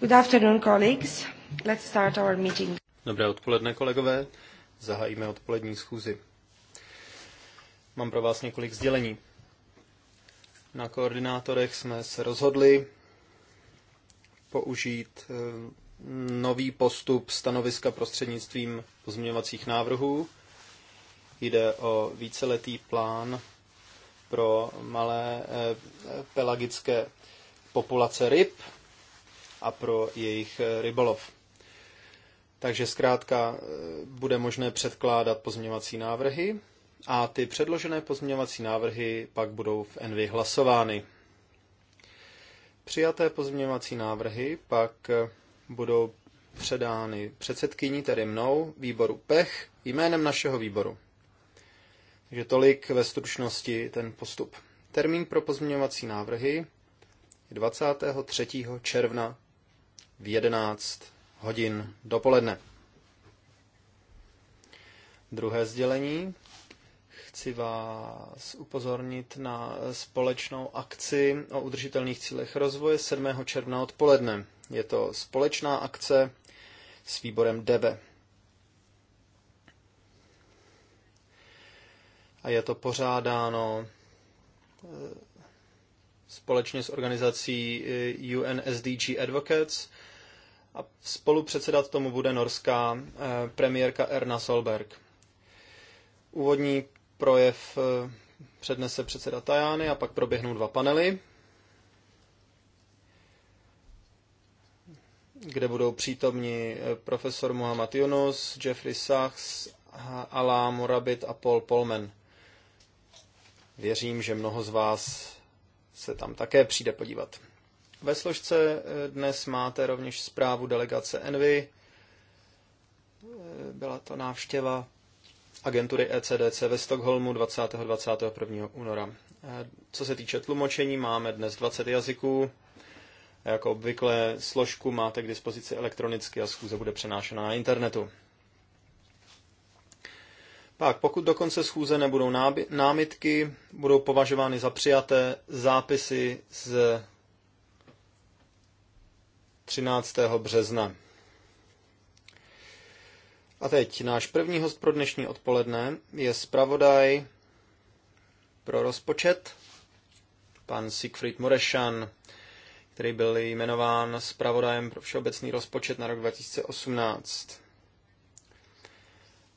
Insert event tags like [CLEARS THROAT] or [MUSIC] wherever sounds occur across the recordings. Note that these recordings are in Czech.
Good afternoon, colleagues. Let's start our meeting. Dobré odpoledne, kolegové. Zahájíme odpolední schůzi. Mám pro vás několik sdělení. Na koordinátorech jsme se rozhodli použít eh, nový postup stanoviska prostřednictvím pozměňovacích návrhů. Jde o víceletý plán pro malé eh, pelagické populace ryb a pro jejich eh, rybolov. Takže zkrátka eh, bude možné předkládat pozměňovací návrhy a ty předložené pozměňovací návrhy pak budou v Envy hlasovány. Přijaté pozměňovací návrhy pak eh, budou předány předsedkyní, tedy mnou, výboru PECH jménem našeho výboru. Takže tolik ve stručnosti ten postup. Termín pro pozměňovací návrhy je 23. června v 11 hodin dopoledne. Druhé sdělení. Chci vás upozornit na společnou akci o udržitelných cílech rozvoje 7. června odpoledne. Je to společná akce s výborem DB A je to pořádáno eh, společně s organizací eh, UN SDG Advocates – a spolupředsedat tomu bude norská eh, premiérka Erna Solberg. Úvodní projev eh, přednese předseda Tajány a pak proběhnou dva panely, kde budou přítomni eh, profesor Muhammad Yunus, Jeffrey Sachs, Alá Morabit a Paul Polman. Věřím, že mnoho z vás se tam také přijde podívat. Ve složce eh, dnes máte rovněž zprávu delegace Envy. Eh, byla to návštěva agentury ECDC ve Stockholmu 20. 21. února. Eh, co se týče tlumočení, máme dnes 20 jazyků. Jako obvykle složku máte k dispozici elektronicky a schůze bude přenášena na internetu. Pak, pokud do konce schůze nebudou námitky, budou považovány za přijaté zápisy z 13. března. A teď náš první host pro dnešní odpoledne je zpravodaj pro rozpočet, pan Siegfried Morešan, který byl jmenován zpravodajem pro všeobecný rozpočet na rok 2018.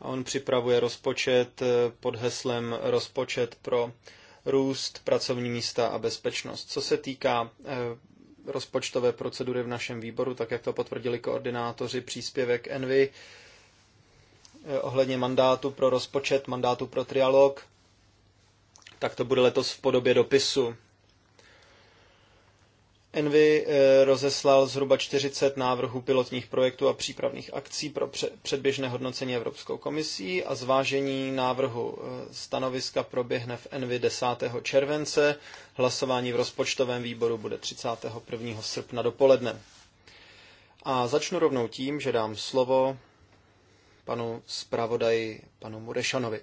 A on připravuje rozpočet pod heslem Rozpočet pro růst, pracovní místa a bezpečnost. Co se týká eh, rozpočtové procedury v našem výboru, tak jak to potvrdili koordinátoři příspěvek Envy eh, ohledně mandátu pro rozpočet, mandátu pro trialog, tak to bude letos v podobě dopisu Envy eh, rozeslal zhruba 40 návrhů pilotních projektů a přípravných akcí pro předběžné hodnocení Evropskou komisí a zvážení návrhu eh, stanoviska proběhne v Envy 10. července. Hlasování v rozpočtovém výboru bude 31. srpna dopoledne. A začnu rovnou tím, že dám slovo panu zpravodaji, panu Murešanovi.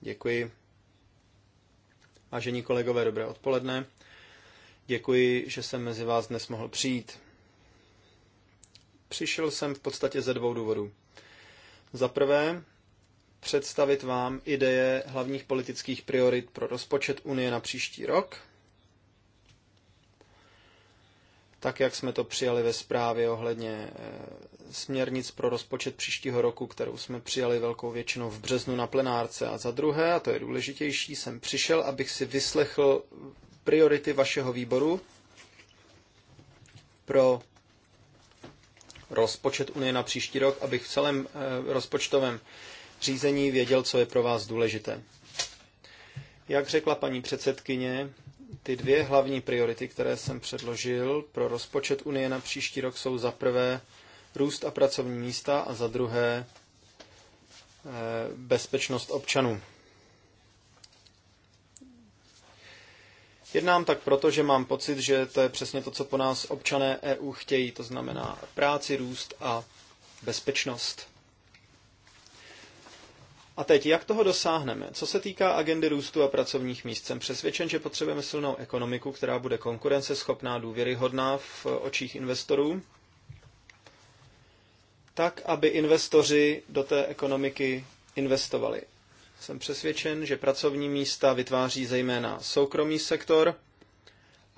Děkuji. Vážení kolegové, dobré odpoledne. Děkuji, že jsem mezi vás dnes mohl přijít. Přišel jsem v podstatě ze dvou důvodů. Za prvé, představit vám ideje hlavních politických priorit pro rozpočet Unie na příští rok, tak jak jsme to přijali ve zprávě ohledně eh, směrnic pro rozpočet příštího roku, kterou jsme přijali velkou většinou v březnu na plenárce. A za druhé, a to je důležitější, jsem přišel, abych si vyslechl priority vašeho výboru pro rozpočet Unie na příští rok, abych v celém eh, rozpočtovém řízení věděl, co je pro vás důležité. Jak řekla paní předsedkyně, ty dvě hlavní priority, které jsem předložil pro rozpočet Unie na příští rok, jsou za prvé růst a pracovní místa a za druhé eh, bezpečnost občanů. Jednám tak proto, že mám pocit, že to je přesně to, co po nás občané EU chtějí, to znamená práci, růst a bezpečnost. A teď, jak toho dosáhneme? Co se týká agendy růstu a pracovních míst, jsem přesvědčen, že potřebujeme silnou ekonomiku, která bude konkurenceschopná, důvěryhodná v očích investorů, tak, aby investoři do té ekonomiky investovali. Jsem přesvědčen, že pracovní místa vytváří zejména soukromý sektor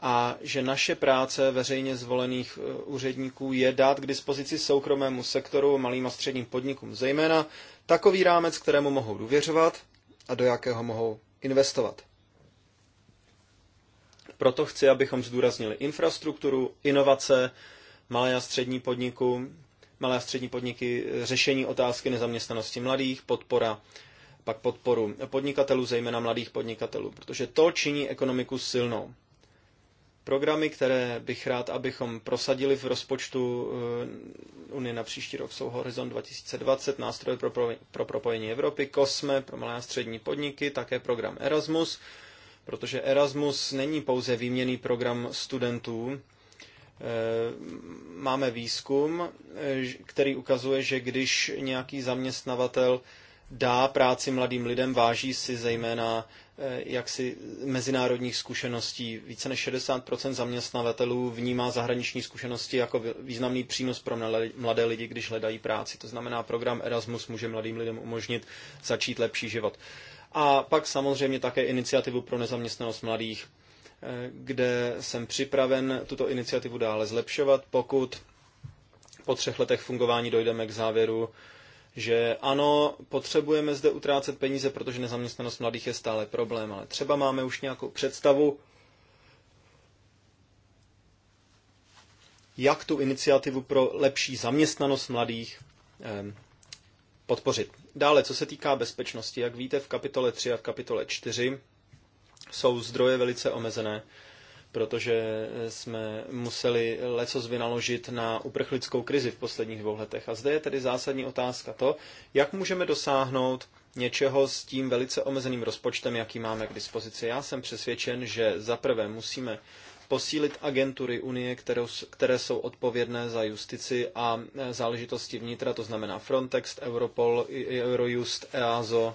a že naše práce veřejně zvolených e, úředníků je dát k dispozici soukromému sektoru, malým a středním podnikům zejména, takový rámec, kterému mohou důvěřovat a do jakého mohou investovat. Proto chci, abychom zdůraznili infrastrukturu, inovace, malé a střední podniku, malé a střední podniky, e, řešení otázky nezaměstnanosti mladých, podpora pak podporu podnikatelů, zejména mladých podnikatelů, protože to činí ekonomiku silnou. Programy, které bych rád, abychom prosadili v rozpočtu eh, Unie na příští rok, jsou Horizon 2020, nástroje pro, pro, pro propojení Evropy, COSME pro malé a střední podniky, také program Erasmus, protože Erasmus není pouze výměný program studentů. Eh, máme výzkum, eh, který ukazuje, že když nějaký zaměstnavatel dá práci mladým lidem, váží si zejména eh, jaksi mezinárodních zkušeností. Více než 60% zaměstnavatelů vnímá zahraniční zkušenosti jako významný přínos pro mladé lidi, když hledají práci. To znamená, program Erasmus může mladým lidem umožnit začít lepší život. A pak samozřejmě také iniciativu pro nezaměstnanost mladých, eh, kde jsem připraven tuto iniciativu dále zlepšovat, pokud po třech letech fungování dojdeme k závěru, že ano, potřebujeme zde utrácet peníze, protože nezaměstnanost mladých je stále problém, ale třeba máme už nějakou představu, jak tu iniciativu pro lepší zaměstnanost mladých podpořit. Dále, co se týká bezpečnosti, jak víte, v kapitole 3 a v kapitole 4 jsou zdroje velice omezené protože jsme museli lecos vynaložit na uprchlickou krizi v posledních dvou letech. A zde je tedy zásadní otázka to, jak můžeme dosáhnout něčeho s tím velice omezeným rozpočtem, jaký máme k dispozici. Já jsem přesvědčen, že zaprvé musíme posílit agentury Unie, kterou, které jsou odpovědné za justici a e, záležitosti vnitra, to znamená Frontex, Europol, Eurojust, EASO,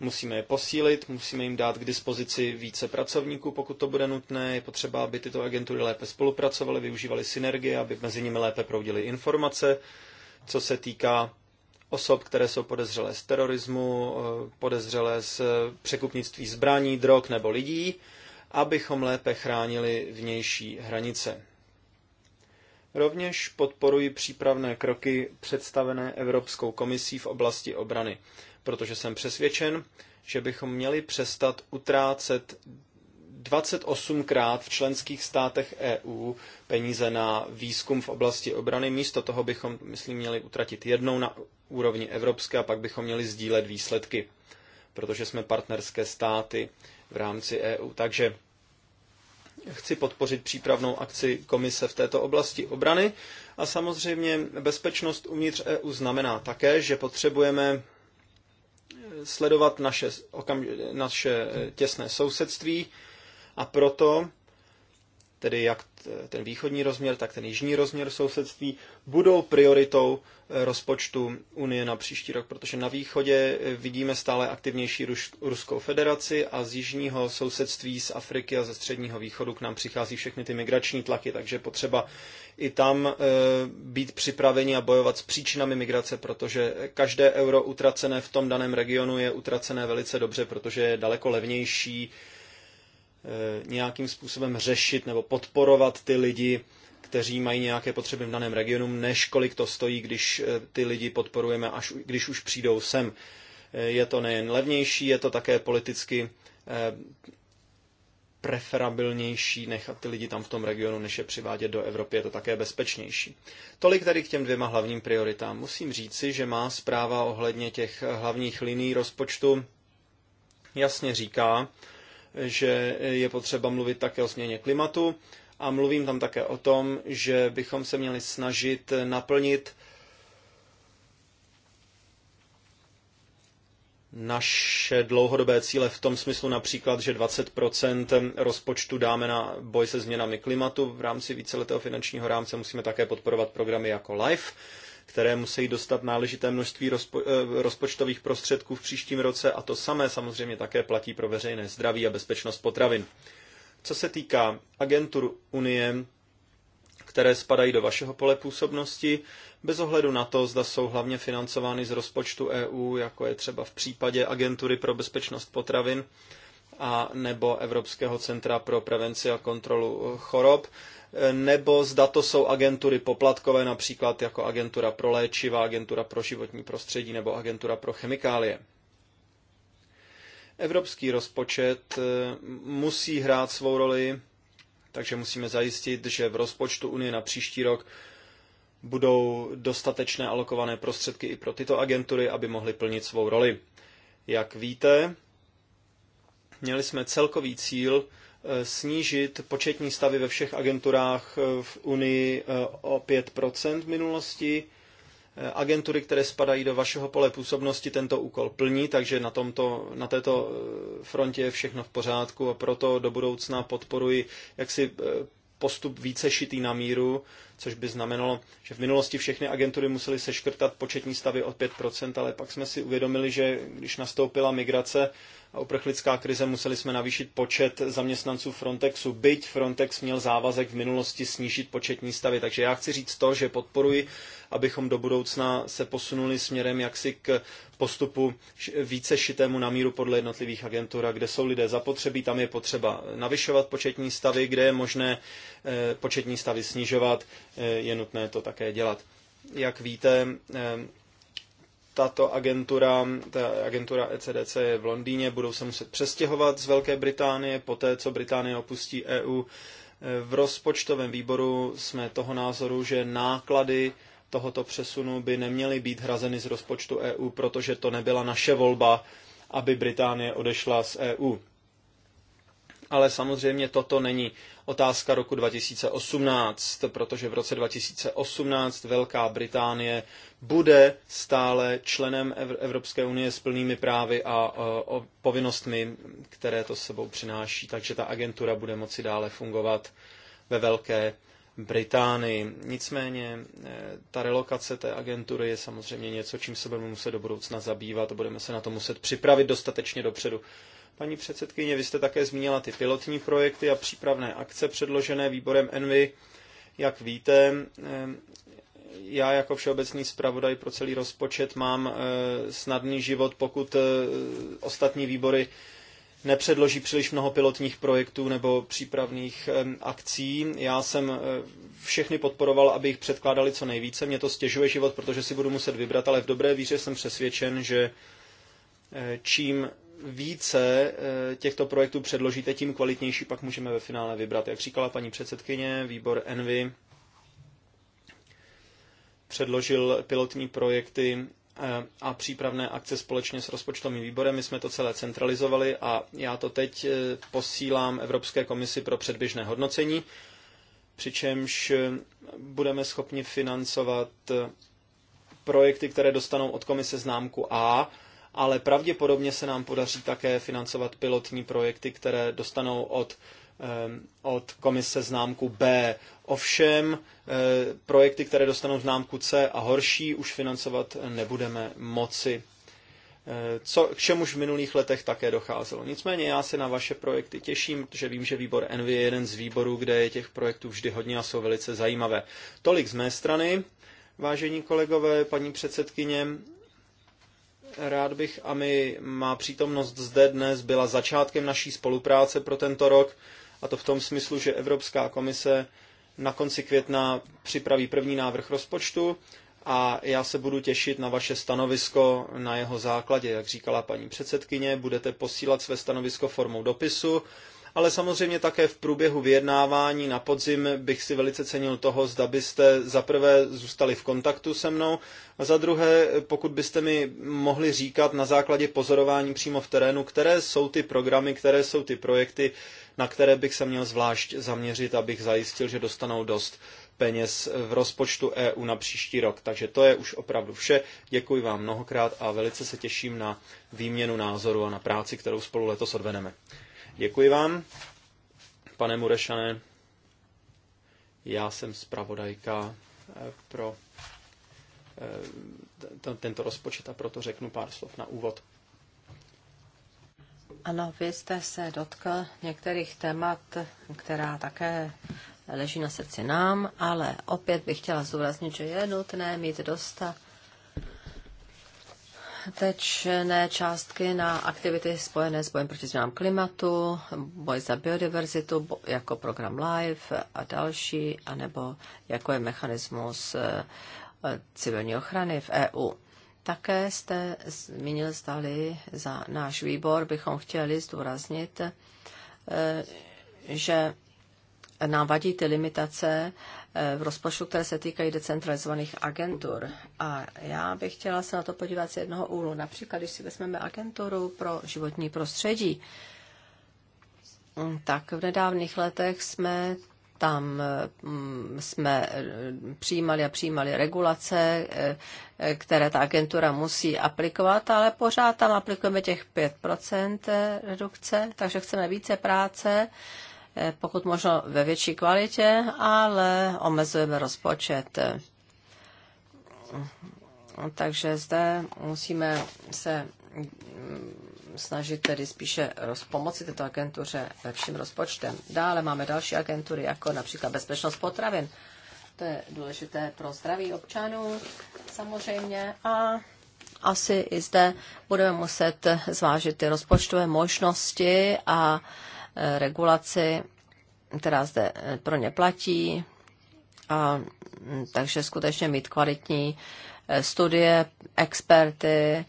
Musíme je posílit, musíme jim dát k dispozici více pracovníků, pokud to bude nutné. Je potřeba, aby tyto agentury lépe spolupracovaly, využívaly synergie, aby mezi nimi lépe proudily informace, co se týká osob, které jsou podezřelé z terorismu, eh, podezřelé z eh, překupnictví zbraní, drog nebo lidí, abychom lépe chránili vnější hranice. Rovněž podporuji přípravné kroky představené Evropskou komisí v oblasti obrany protože jsem přesvědčen, že bychom měli přestat utrácet 28krát v členských státech EU peníze na výzkum v oblasti obrany. Místo toho bychom, myslím, měli utratit jednou na úrovni evropské a pak bychom měli sdílet výsledky, protože jsme partnerské státy v rámci EU. Takže chci podpořit přípravnou akci komise v této oblasti obrany a samozřejmě bezpečnost uvnitř EU znamená také, že potřebujeme sledovat naše, okamž- naše těsné sousedství a proto tedy jak ten východní rozměr, tak ten jižní rozměr sousedství, budou prioritou eh, rozpočtu Unie na příští rok, protože na východě eh, vidíme stále aktivnější Ruskou federaci a z jižního sousedství z Afriky a ze středního východu k nám přichází všechny ty migrační tlaky, takže potřeba i tam eh, být připraveni a bojovat s příčinami migrace, protože každé euro utracené v tom daném regionu je utracené velice dobře, protože je daleko levnější Eh, nějakým způsobem řešit nebo podporovat ty lidi, kteří mají nějaké potřeby v daném regionu, než kolik to stojí, když eh, ty lidi podporujeme, až když už přijdou sem. Eh, je to nejen levnější, je to také politicky preferabilnější nechat ty lidi tam v tom regionu, než je přivádět do Evropy, je to také bezpečnější. Tolik tedy k těm dvěma hlavním prioritám. Musím říci, že má zpráva ohledně těch hlavních liní rozpočtu jasně říká, že je potřeba mluvit také o změně klimatu a mluvím tam také o tom, že bychom se měli snažit naplnit naše dlouhodobé cíle v tom smyslu například, že 20% rozpočtu dáme na boj se změnami klimatu v rámci víceletého finančního rámce. Musíme také podporovat programy jako LIFE, které musí dostat náležité množství rozpo, eh, rozpočtových prostředků v příštím roce a to samé samozřejmě také platí pro veřejné zdraví a bezpečnost potravin. Co se týká agentur Unie, které spadají do vašeho pole působnosti, bez ohledu na to, zda jsou hlavně financovány z rozpočtu EU, jako je třeba v případě Agentury pro bezpečnost potravin a nebo Evropského centra pro prevenci a kontrolu chorob, nebo zda to jsou agentury poplatkové, například jako agentura pro léčiva, agentura pro životní prostředí nebo agentura pro chemikálie. Evropský rozpočet eh, musí hrát svou roli, takže musíme zajistit, že v rozpočtu Unie na příští rok budou dostatečné alokované prostředky i pro tyto agentury, aby mohly plnit svou roli. Jak víte, měli jsme celkový cíl Eh, snížit početní stavy ve všech agenturách eh, v Unii eh, o 5% v minulosti. Agentury, které spadají do vašeho pole působnosti, tento úkol plní, takže na, tomto, na této frontě je všechno v pořádku a proto do budoucna podporuji jaksi postup více šitý na míru, což by znamenalo, že v minulosti všechny agentury musely seškrtat početní stavy o 5%, ale pak jsme si uvědomili, že když nastoupila migrace, a uprchlická krize, museli jsme navýšit počet zaměstnanců Frontexu, byť Frontex měl závazek v minulosti snížit početní stavy. Takže já chci říct to, že podporuji, abychom do budoucna se posunuli směrem jaksi k postupu více šitému na míru podle jednotlivých agentur, a kde jsou lidé zapotřebí, tam je potřeba navyšovat početní stavy, kde je možné eh, početní stavy snižovat, eh, je nutné to také dělat. Jak víte, eh, tato agentura, ta agentura ECDC je v Londýně, budou se muset přestěhovat z Velké Británie, poté co Británie opustí EU. V rozpočtovém výboru jsme toho názoru, že náklady tohoto přesunu by neměly být hrazeny z rozpočtu EU, protože to nebyla naše volba, aby Británie odešla z EU ale samozřejmě toto není otázka roku 2018, protože v roce 2018 Velká Británie bude stále členem Evropské unie s plnými právy a e, povinnostmi, které to sebou přináší, takže ta agentura bude moci dále fungovat ve Velké Británii. Nicméně e, ta relokace té agentury je samozřejmě něco, čím se budeme muset do budoucna zabývat a budeme se na to muset připravit dostatečně dopředu. Paní předsedkyně, vy jste také zmínila ty pilotní projekty a přípravné akce předložené výborem Envy. Jak víte, eh, já jako všeobecný zpravodaj pro celý rozpočet mám eh, snadný život, pokud eh, ostatní výbory nepředloží příliš mnoho pilotních projektů nebo přípravných akcí. Já jsem všechny podporoval, aby jich předkládali co nejvíce. Mě to stěžuje život, protože si budu muset vybrat, ale v dobré víře jsem přesvědčen, že čím více eh, těchto projektů předložíte, tím kvalitnější pak můžeme ve finále vybrat. Jak říkala paní předsedkyně, výbor Envy předložil pilotní projekty eh, a přípravné akce společně s rozpočtovým výborem. My jsme to celé centralizovali a já to teď eh, posílám Evropské komisi pro předběžné hodnocení, přičemž budeme schopni financovat projekty, které dostanou od komise známku A, ale pravděpodobně se nám podaří také financovat pilotní projekty, které dostanou od od komise známku B. Ovšem, eh, projekty, které dostanou známku C a horší, už financovat nebudeme moci. Eh, co, k čemuž v minulých letech také docházelo. Nicméně já se na vaše projekty těším, protože vím, že výbor NV je jeden z výborů, kde je těch projektů vždy hodně a jsou velice zajímavé. Tolik z mé strany, vážení kolegové, paní předsedkyně, Rád bych, aby má přítomnost zde dnes byla začátkem naší spolupráce pro tento rok, a to v tom smyslu, že Evropská komise na konci května připraví první návrh rozpočtu a já se budu těšit na vaše stanovisko na jeho základě. Jak říkala paní předsedkyně, budete posílat své stanovisko formou dopisu ale samozřejmě také v průběhu vyjednávání na podzim bych si velice cenil toho, zda byste za prvé zůstali v kontaktu se mnou a za druhé, pokud byste mi mohli říkat na základě pozorování přímo v terénu, které jsou ty programy, které jsou ty projekty, na které bych se měl zvlášť zaměřit, abych zajistil, že dostanou dost peněz v rozpočtu EU na příští rok. Takže to je už opravdu vše. Děkuji vám mnohokrát a velice se těším na výměnu názoru a na práci, kterou spolu letos odvedeme. Děkuji vám, pane Murešane. Já jsem zpravodajka eh, pro eh, tento rozpočet a proto řeknu pár slov na úvod. Ano, vy jste se dotkl některých témat, která také leží na srdci nám, ale opět bych chtěla zdůraznit, že je nutné mít dostat tečné částky na aktivity spojené s bojem proti změnám klimatu, boj za biodiverzitu jako program LIFE a další, anebo jako je mechanismus eh, civilní ochrany v EU. Také jste zmínil, zdali za náš výbor bychom chtěli zdůraznit, eh, že nám vadí ty limitace v rozpočtu, které se týkají decentralizovaných agentur. A já bych chtěla se na to podívat z jednoho úhlu. Například, když si vezmeme agenturu pro životní prostředí, tak v nedávných letech jsme tam mm, jsme eh, přijímali a přijímali regulace, eh, které ta agentura musí aplikovat, ale pořád tam aplikujeme těch 5% eh, redukce, takže chceme více práce pokud možno ve větší kvalitě, ale omezujeme rozpočet. Takže zde musíme se snažit tedy spíše pomoci této agentuře lepším rozpočtem. Dále máme další agentury, jako například bezpečnost potravin. To je důležité pro zdraví občanů samozřejmě a asi i zde budeme muset zvážit ty rozpočtové možnosti a Eh, regulaci, která zde eh, pro ně platí. A, mm, takže skutečně mít kvalitní eh, studie, experty,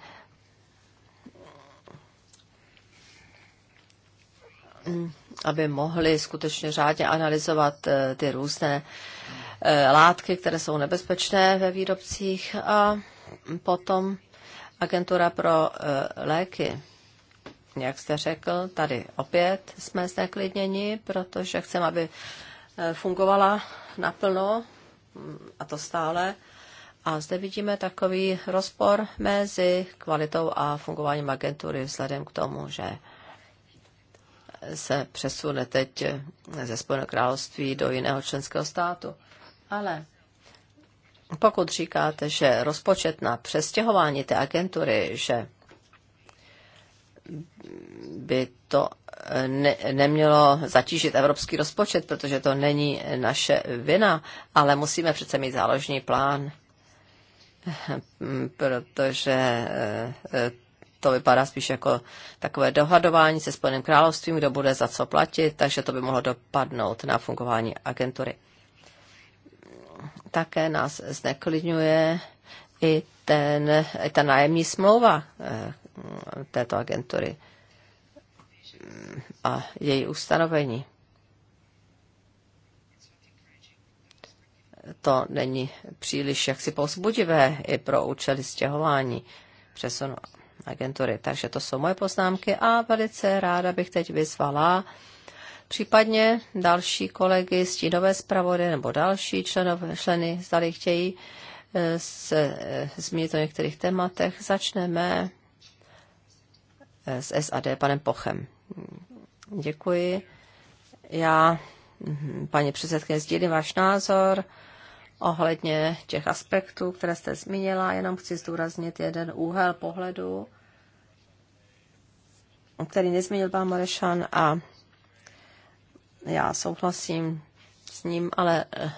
mm, aby mohli skutečně řádně analyzovat ty různé látky, které jsou nebezpečné ve výrobcích a potom agentura pro léky jak jste řekl, tady opět jsme zneklidněni, protože chceme, aby eh, fungovala naplno mm, a to stále. A zde vidíme takový rozpor mezi kvalitou a fungováním agentury vzhledem k tomu, že se přesune teď eh, ze Spojeného království do jiného členského státu. Ale pokud říkáte, že rozpočet na přestěhování té agentury, že by to eh, ne, nemělo zatížit evropský rozpočet, protože to není naše vina, ale musíme přece mít záložní plán, [LAUGHS] protože eh, eh, to vypadá spíš jako takové dohadování se Spojeným královstvím, kdo bude za co platit, takže to by mohlo dopadnout na fungování agentury. Také nás zneklidňuje i ten, ta nájemní smlouva, této agentury a její ustanovení. To není příliš jaksi povzbudivé i pro účely stěhování přesunu agentury. Takže to jsou moje poznámky a velice ráda bych teď vyzvala případně další kolegy, stínové zpravody nebo další členové, členy, zdali chtějí eh, se eh, zmínit o některých tématech. Začneme s SAD panem Pochem. Děkuji. Já, paní předsedkyně, sdílím váš názor ohledně těch aspektů, které jste zmínila. Jenom chci zdůraznit jeden úhel pohledu, který nezmínil pan Marešan a já souhlasím s ním, ale eh,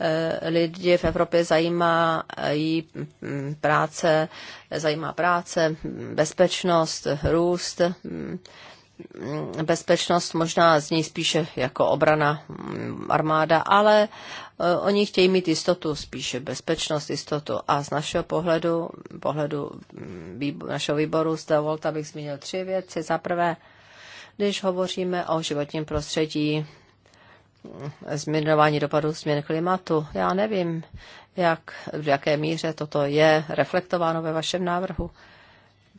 Eh, lidi v Evropě zajímá jí mm, práce, zajímá práce, mm, bezpečnost, růst, mm, bezpečnost možná z ní spíše jako obrana armáda, ale eh, oni chtějí mít jistotu, spíše bezpečnost, jistotu. A z našeho pohledu, pohledu našeho výboru z Volta bych zmínil tři věci. Za prvé, když hovoříme o životním prostředí, zmírňování dopadů změn klimatu. Já nevím, jak, v jaké míře toto je reflektováno ve vašem návrhu.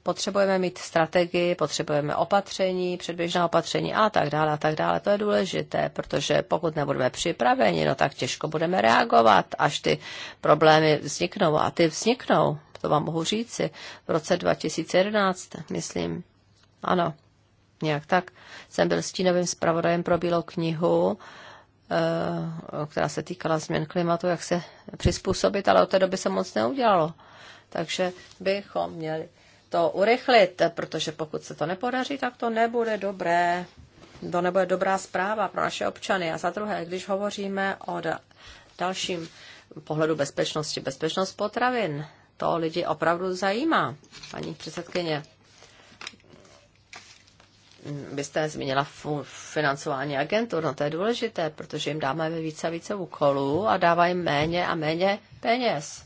Potřebujeme mít strategii, potřebujeme opatření, předběžná opatření a tak dále a tak dále. To je důležité, protože pokud nebudeme připraveni, no tak těžko budeme reagovat, až ty problémy vzniknou. A ty vzniknou, to vám mohu říci, v roce 2011, myslím. Ano, nějak tak. Jsem byl stínovým zpravodajem pro Bílou knihu Eh, která se týkala změn klimatu, jak se přizpůsobit, ale od té doby se moc neudělalo. Takže bychom měli to urychlit, protože pokud se to nepodaří, tak to nebude dobré. To nebude dobrá zpráva pro naše občany. A za druhé, když hovoříme o dalším pohledu bezpečnosti, bezpečnost potravin, to lidi opravdu zajímá, paní předsedkyně byste zmínila financování agentů, no to je důležité, protože jim dáme více a více úkolů a dávají méně a méně peněz.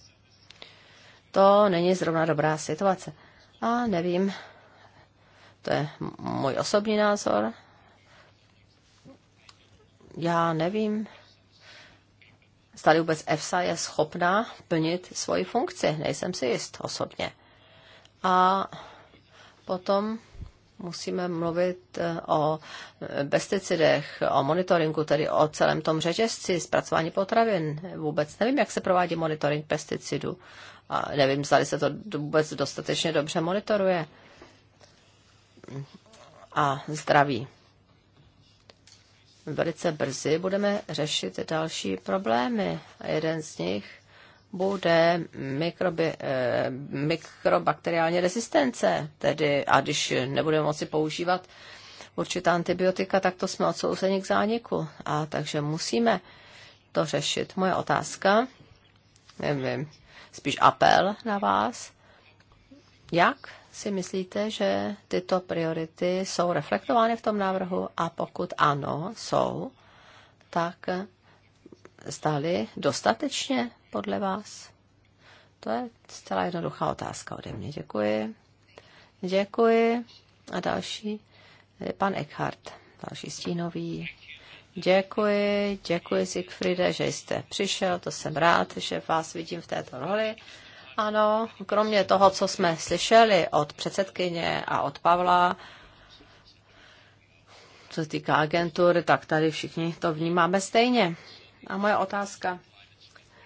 To není zrovna dobrá situace. A nevím, to je můj osobní názor. Já nevím, zda vůbec EFSA je schopná plnit svoji funkci. Nejsem si jist osobně. A potom musíme mluvit eh, o pesticidech, o monitoringu, tedy o celém tom řetězci zpracování potravin. Vůbec nevím, jak se provádí monitoring pesticidů. A nevím, zda se to vůbec dostatečně dobře monitoruje. A zdraví. Velice brzy budeme řešit další problémy. A jeden z nich bude mikrobi, eh, mikrobakteriální rezistence. Tedy, a když nebudeme moci používat určitá antibiotika, tak to jsme odsouzeni k zániku. A takže musíme to řešit. Moje otázka, nevím, spíš apel na vás. Jak si myslíte, že tyto priority jsou reflektovány v tom návrhu? A pokud ano, jsou, tak stály dostatečně podle vás? To je zcela jednoduchá otázka ode mě. Děkuji. Děkuji. A další eh, pan Eckhart, další stínový. Děkuji, děkuji Siegfriede, že jste přišel, to jsem rád, že vás vidím v této roli. Ano, kromě toho, co jsme slyšeli od předsedkyně a od Pavla, co se týká agentury, tak tady všichni to vnímáme stejně. A moje otázka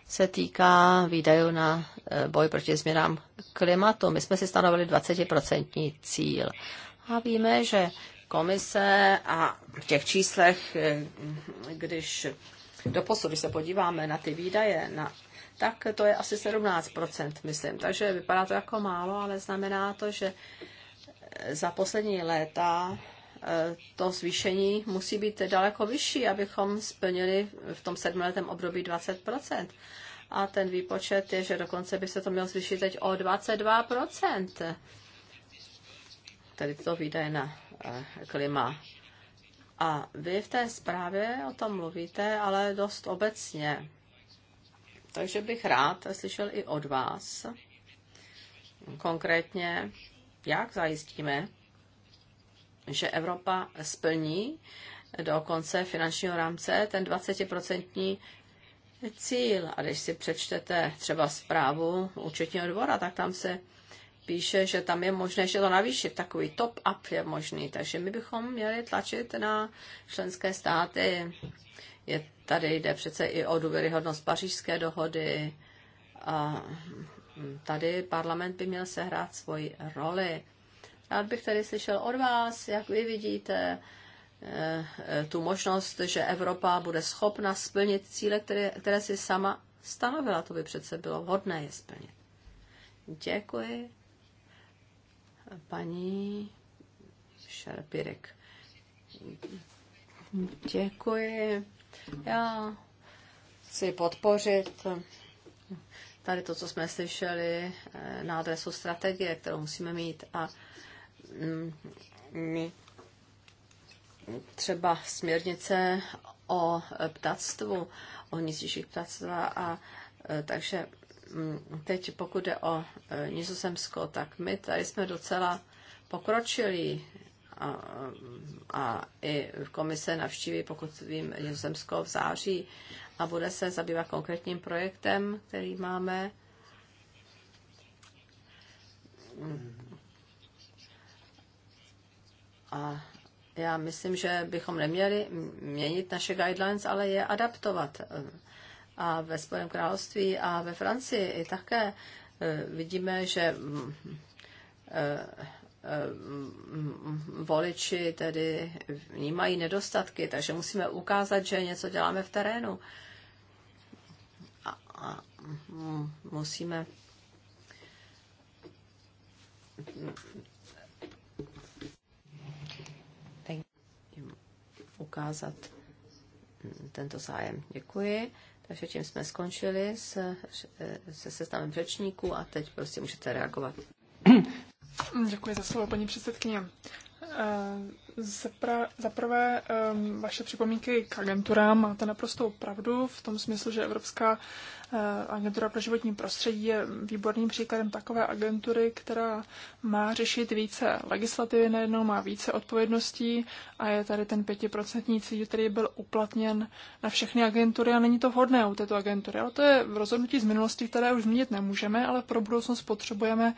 se týká výdajů na e, boj proti změnám klimatu. My jsme si stanovili 20% cíl. A víme, že komise a v těch číslech, e, když do když se podíváme na ty výdaje, na, tak to je asi 17%, myslím. Takže vypadá to jako málo, ale znamená to, že za poslední léta to zvýšení musí být daleko vyšší, abychom splnili v tom sedmiletém období 20 A ten výpočet je, že dokonce by se to mělo zvýšit teď o 22 tedy to výdaje na eh, klima. A vy v té zprávě o tom mluvíte, ale dost obecně. Takže bych rád slyšel i od vás konkrétně, jak zajistíme, že Evropa splní do konce finančního rámce ten 20% cíl. A když si přečtete třeba zprávu účetního dvora, tak tam se píše, že tam je možné že to navýšit, takový top-up je možný. Takže my bychom měli tlačit na členské státy. Je, tady jde přece i o důvěryhodnost pařížské dohody. A tady parlament by měl sehrát svoji roli rád bych tady slyšel od vás, jak vy vidíte eh, eh, tu možnost, že Evropa bude schopna splnit cíle, které, které si sama stanovila. To by přece bylo vhodné je splnit. Děkuji. Paní Šarpirek. Děkuji. Já chci podpořit tady to, co jsme slyšeli eh, na adresu strategie, kterou musíme mít. A Mm, mm, třeba směrnice o e, ptactvu, o nízčích ptactva a e, takže mm, teď pokud jde o e, Nizozemsko, tak my tady jsme docela pokročili a, a i komise navštíví, pokud vím, Nizozemsko v září a bude se zabývat konkrétním projektem, který máme a já myslím, že bychom neměli měnit naše guidelines, ale je adaptovat. A ve Spojeném království a ve Francii i také e, vidíme, že e, voliči tedy vnímají nedostatky, takže musíme ukázat, že něco děláme v terénu. A, a musíme ukázat tento zájem. Děkuji. Takže tím jsme skončili se, se seznamem řečníků a teď prostě můžete reagovat. Děkuji za slovo, paní předsedkyně. Eh, Zaprvé prvé, eh, vaše připomínky k agenturám máte naprostou pravdu v tom smyslu, že Evropská eh, agentura pro životní prostředí je výborným příkladem takové agentury, která má řešit více legislativy najednou, má více odpovědností a je tady ten pětiprocentní cíl, který byl uplatněn na všechny agentury a není to vhodné u této agentury. Ale to je v rozhodnutí z minulosti, které už změnit nemůžeme, ale pro budoucnost potřebujeme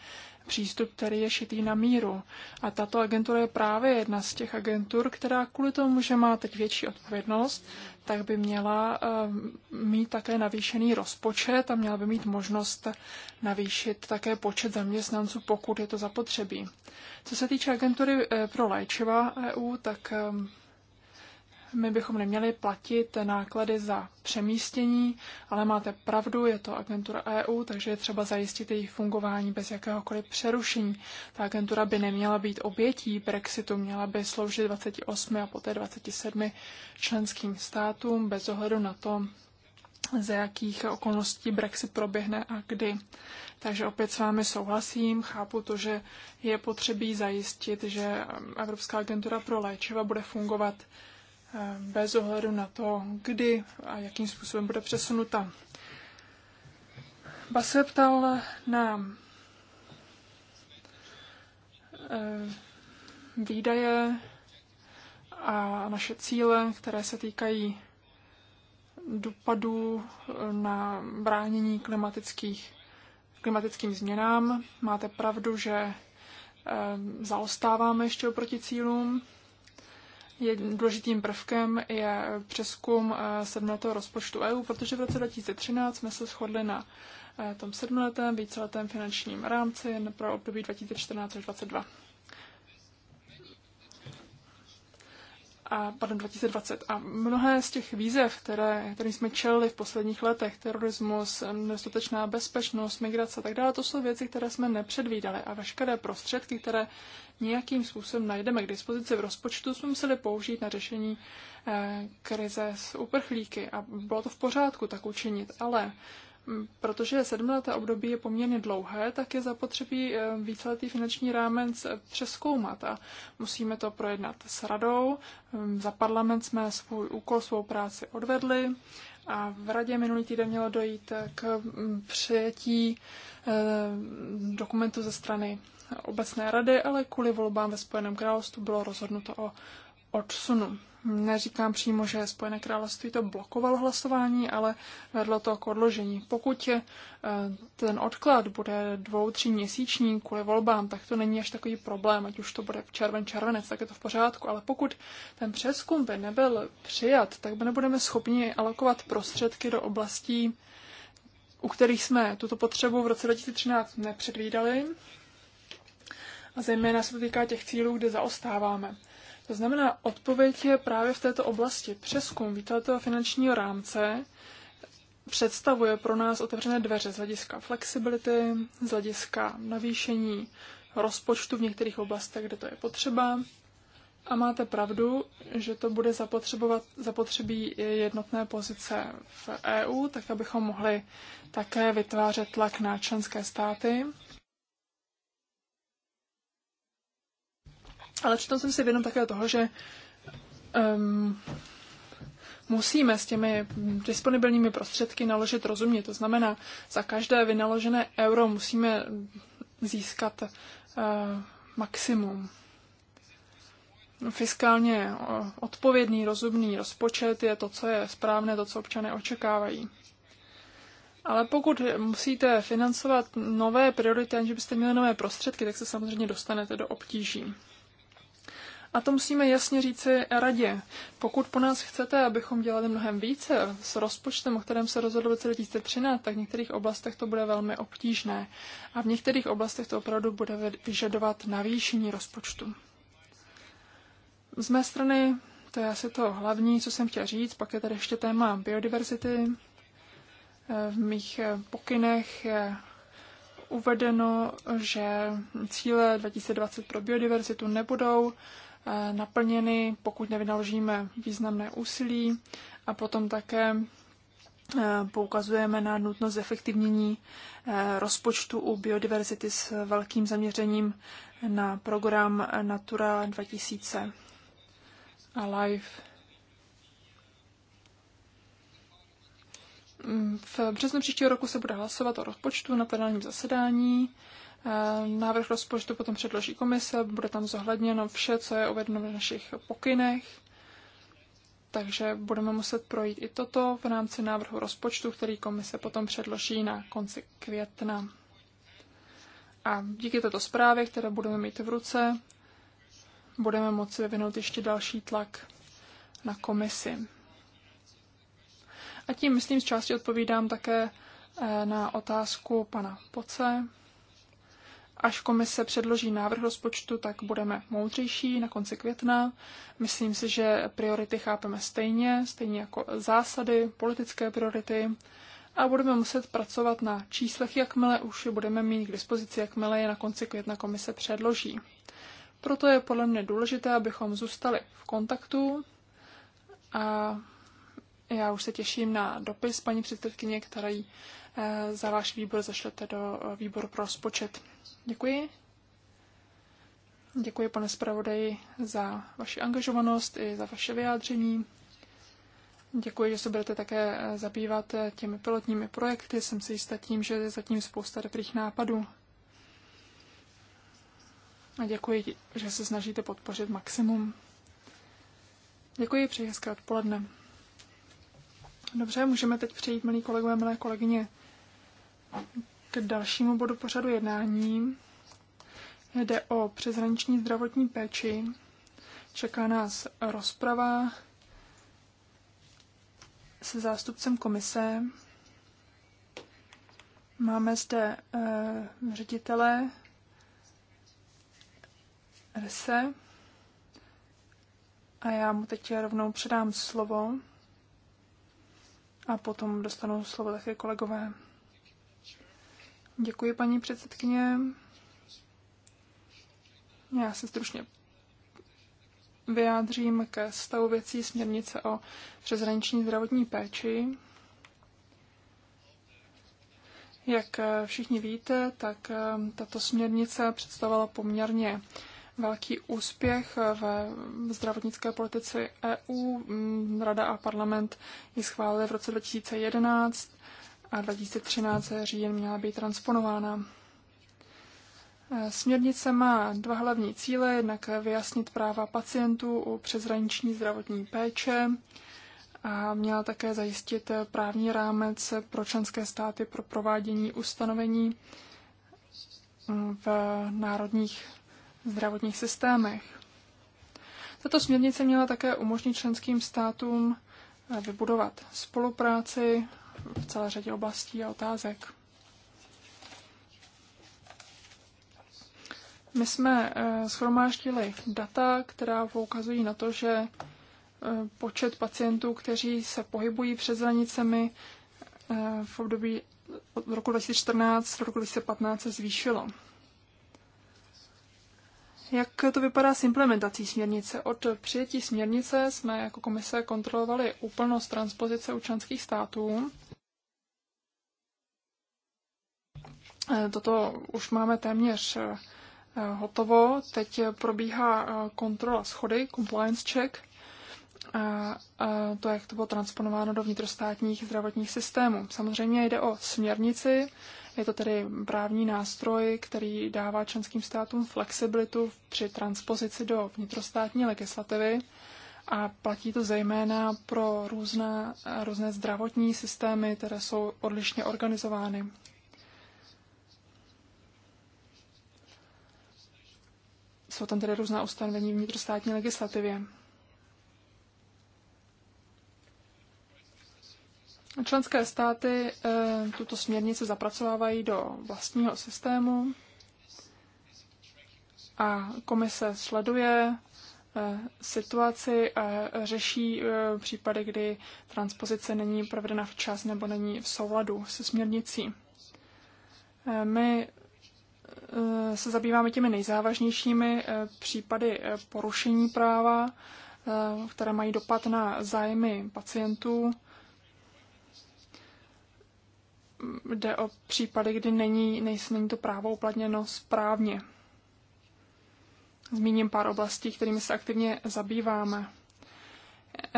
přístup, který je šitý na míru. A tato agentura je právě jedna z těch agentur, která kvůli tomu, že má teď větší odpovědnost, tak by měla eh, mít také navýšený rozpočet a měla by mít možnost navýšit také počet zaměstnanců, pokud je to zapotřebí. Co se týče agentury eh, pro léčiva EU, tak eh, my bychom neměli platit náklady za přemístění, ale máte pravdu, je to agentura EU, takže je třeba zajistit její fungování bez jakéhokoliv přerušení. Ta agentura by neměla být obětí Brexitu, měla by sloužit 28 a poté 27 členským státům bez ohledu na to, ze jakých okolností Brexit proběhne a kdy. Takže opět s vámi souhlasím, chápu to, že je potřebí zajistit, že Evropská agentura pro léčiva bude fungovat bez ohledu na to, kdy a jakým způsobem bude přesunuta. Bas se ptal na eh, výdaje a naše cíle, které se týkají dopadů eh, na bránění klimatických, klimatickým změnám. Máte pravdu, že eh, zaostáváme ještě oproti cílům. Jedním důležitým prvkem je přeskum eh, sedmletého rozpočtu EU, protože v roce 2013 jsme se shodli na eh, tom sedmletém víceletém finančním rámci pro období 2014 až 2022. a, pardon, 2020. A mnohé z těch výzev, které, které jsme čelili v posledních letech, terorismus, nedostatečná bezpečnost, migrace a tak dále, to jsou věci, které jsme nepředvídali. A veškeré prostředky, které nějakým způsobem najdeme k dispozici v rozpočtu, jsme museli použít na řešení eh, krize s uprchlíky. A bylo to v pořádku tak učinit. Ale Protože sedmileté období je poměrně dlouhé, tak je zapotřebí eh, víceletý finanční rámec eh, přeskoumat a musíme to projednat s radou. Eh, za parlament jsme svůj úkol, svou práci odvedli a v radě minulý týden mělo dojít k mm, přijetí dokumentu ze strany obecné rady, ale kvůli volbám ve Spojeném království bylo rozhodnuto o odsunu. Neříkám přímo, že Spojené království to blokovalo hlasování, ale vedlo to k odložení. Pokud eh, ten odklad bude dvou, tři měsíční kvůli volbám, tak to není až takový problém, ať už to bude červen, červenec, tak je to v pořádku. Ale pokud ten přeskum by nebyl přijat, tak by nebudeme schopni alokovat prostředky do oblastí, u kterých jsme tuto potřebu v roce 2013 nepředvídali. A zejména se to týká těch cílů, kde zaostáváme. To znamená, odpověď je právě v této oblasti. Přeskum víteletého finančního rámce představuje pro nás otevřené dveře z hlediska flexibility, z hlediska navýšení rozpočtu v některých oblastech, kde to je potřeba. A máte pravdu, že to bude zapotřebovat, zapotřebí jednotné pozice v EU, tak abychom mohli také vytvářet tlak na členské státy. Ale přitom jsem si vědom také toho, že um, musíme s těmi disponibilními prostředky naložit rozumně. To znamená, za každé vynaložené euro musíme získat uh, maximum. Fiskálně eh, odpovědný, rozumný rozpočet je to, co je správné, to, co občané očekávají. Ale pokud musíte financovat nové priority, aniž byste měli nové prostředky, tak se samozřejmě dostanete do obtíží. A to musíme jasně říci radě. Pokud po nás chcete, abychom dělali mnohem více s rozpočtem, o kterém se rozhodlo v 2013, tak v některých oblastech to bude velmi obtížné. A v některých oblastech to opravdu bude vyžadovat navýšení rozpočtu. Z mé strany to je asi to hlavní, co jsem chtěla říct. Pak je tady ještě téma biodiverzity. V mých pokynech je uvedeno, že cíle 2020 pro biodiverzitu nebudou Eh, naplněny, pokud nevynaložíme významné úsilí a potom také eh, poukazujeme na nutnost efektivnění eh, rozpočtu u biodiverzity s velkým zaměřením na program Natura 2000 a Life. V březnu příštího roku se bude hlasovat o rozpočtu na plenárním zasedání. Eh, návrh rozpočtu potom předloží komise, bude tam zohledněno vše, co je uvedeno v našich pokynech, takže budeme muset projít i toto v rámci návrhu rozpočtu, který komise potom předloží na konci května. A díky této zprávě, které budeme mít v ruce, budeme moci vyvinout ještě další tlak na komisi. A tím, myslím, z části odpovídám také eh, na otázku pana Poce. Až komise předloží návrh rozpočtu, tak budeme moudřejší na konci května. Myslím si, že priority chápeme stejně, stejně jako zásady, politické priority a budeme muset pracovat na číslech, jakmile už je budeme mít k dispozici, jakmile je na konci května komise předloží. Proto je podle mě důležité, abychom zůstali v kontaktu a já už se těším na dopis paní předsedkyně, který eh, za váš výbor zašlete do eh, výboru pro rozpočet. Děkuji. Děkuji, pane zpravodaji, za vaši angažovanost i za vaše vyjádření. Děkuji, že se budete také zabývat těmi pilotními projekty. Jsem si jistá tím, že je zatím spousta dobrých nápadů. A děkuji, že se snažíte podpořit maximum. Děkuji, přeji hezké odpoledne. Dobře, můžeme teď přejít, milí kolegové, milé kolegyně, k dalšímu bodu pořadu jednání. Jde o přeshraniční zdravotní péči. Čeká nás rozprava se zástupcem komise. Máme zde e, ředitele RSE a já mu teď rovnou předám slovo a potom dostanou slovo také kolegové. Děkuji, paní předsedkyně. Já se stručně vyjádřím ke stavu věcí směrnice o přeshraniční zdravotní péči. Jak všichni víte, tak eh, tato směrnice představovala poměrně velký úspěch ve zdravotnické politice EU. Mm, Rada a parlament ji schválili v roce 2011 a 2013 říjen měla být transponována. Eh, směrnice má dva hlavní cíle, jednak vyjasnit práva pacientů u přeshraniční zdravotní péče a měla také zajistit právní rámec pro členské státy pro provádění ustanovení mm, v národních zdravotních systémech. Tato směrnice měla také umožnit členským státům eh, vybudovat spolupráci v celé řadě oblastí a otázek. My jsme eh, schromáždili data, která poukazují na to, že eh, počet pacientů, kteří se pohybují přes hranicemi eh, v období od roku 2014 do roku 2015 se zvýšilo. Jak to vypadá s implementací směrnice? Od přijetí směrnice jsme jako komise kontrolovali úplnost transpozice u členských států Eh, toto už máme téměř eh, eh, hotovo. Teď probíhá kontrola schody, compliance check, a, to, jak to bylo transponováno do vnitrostátních zdravotních systémů. Samozřejmě jde o směrnici, je to tedy právní nástroj, který dává členským státům flexibilitu při transpozici do vnitrostátní legislativy a platí to zejména pro různé, různé zdravotní systémy, které jsou odlišně organizovány. Jsou tam tedy různá ustanovení vnitrostátní legislativě. Členské státy eh, tuto směrnici zapracovávají do vlastního systému a komise sleduje eh, situaci a řeší eh, případy, kdy transpozice není provedena včas nebo není v souladu se směrnicí. My Eh, se zabýváme těmi nejzávažnějšími eh, případy eh, porušení práva, které mají dopad na zájmy pacientů. Mm, jde o případy, kdy není, není to právo uplatněno správně. Zmíním pár oblastí, kterými se aktivně zabýváme.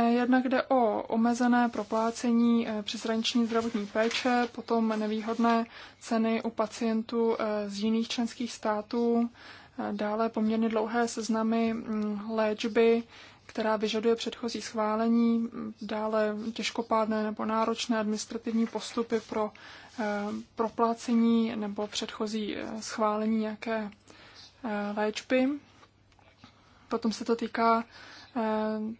Jednak jde o omezené proplácení eh, přeshraniční zdravotní péče, potom nevýhodné ceny u pacientů eh, z jiných členských států, eh, dále poměrně dlouhé seznamy mm, léčby, která vyžaduje předchozí schválení, mm, dále těžkopádné nebo náročné administrativní postupy pro proplácení nebo předchozí schválení nějaké léčby. Potom se to týká Eh,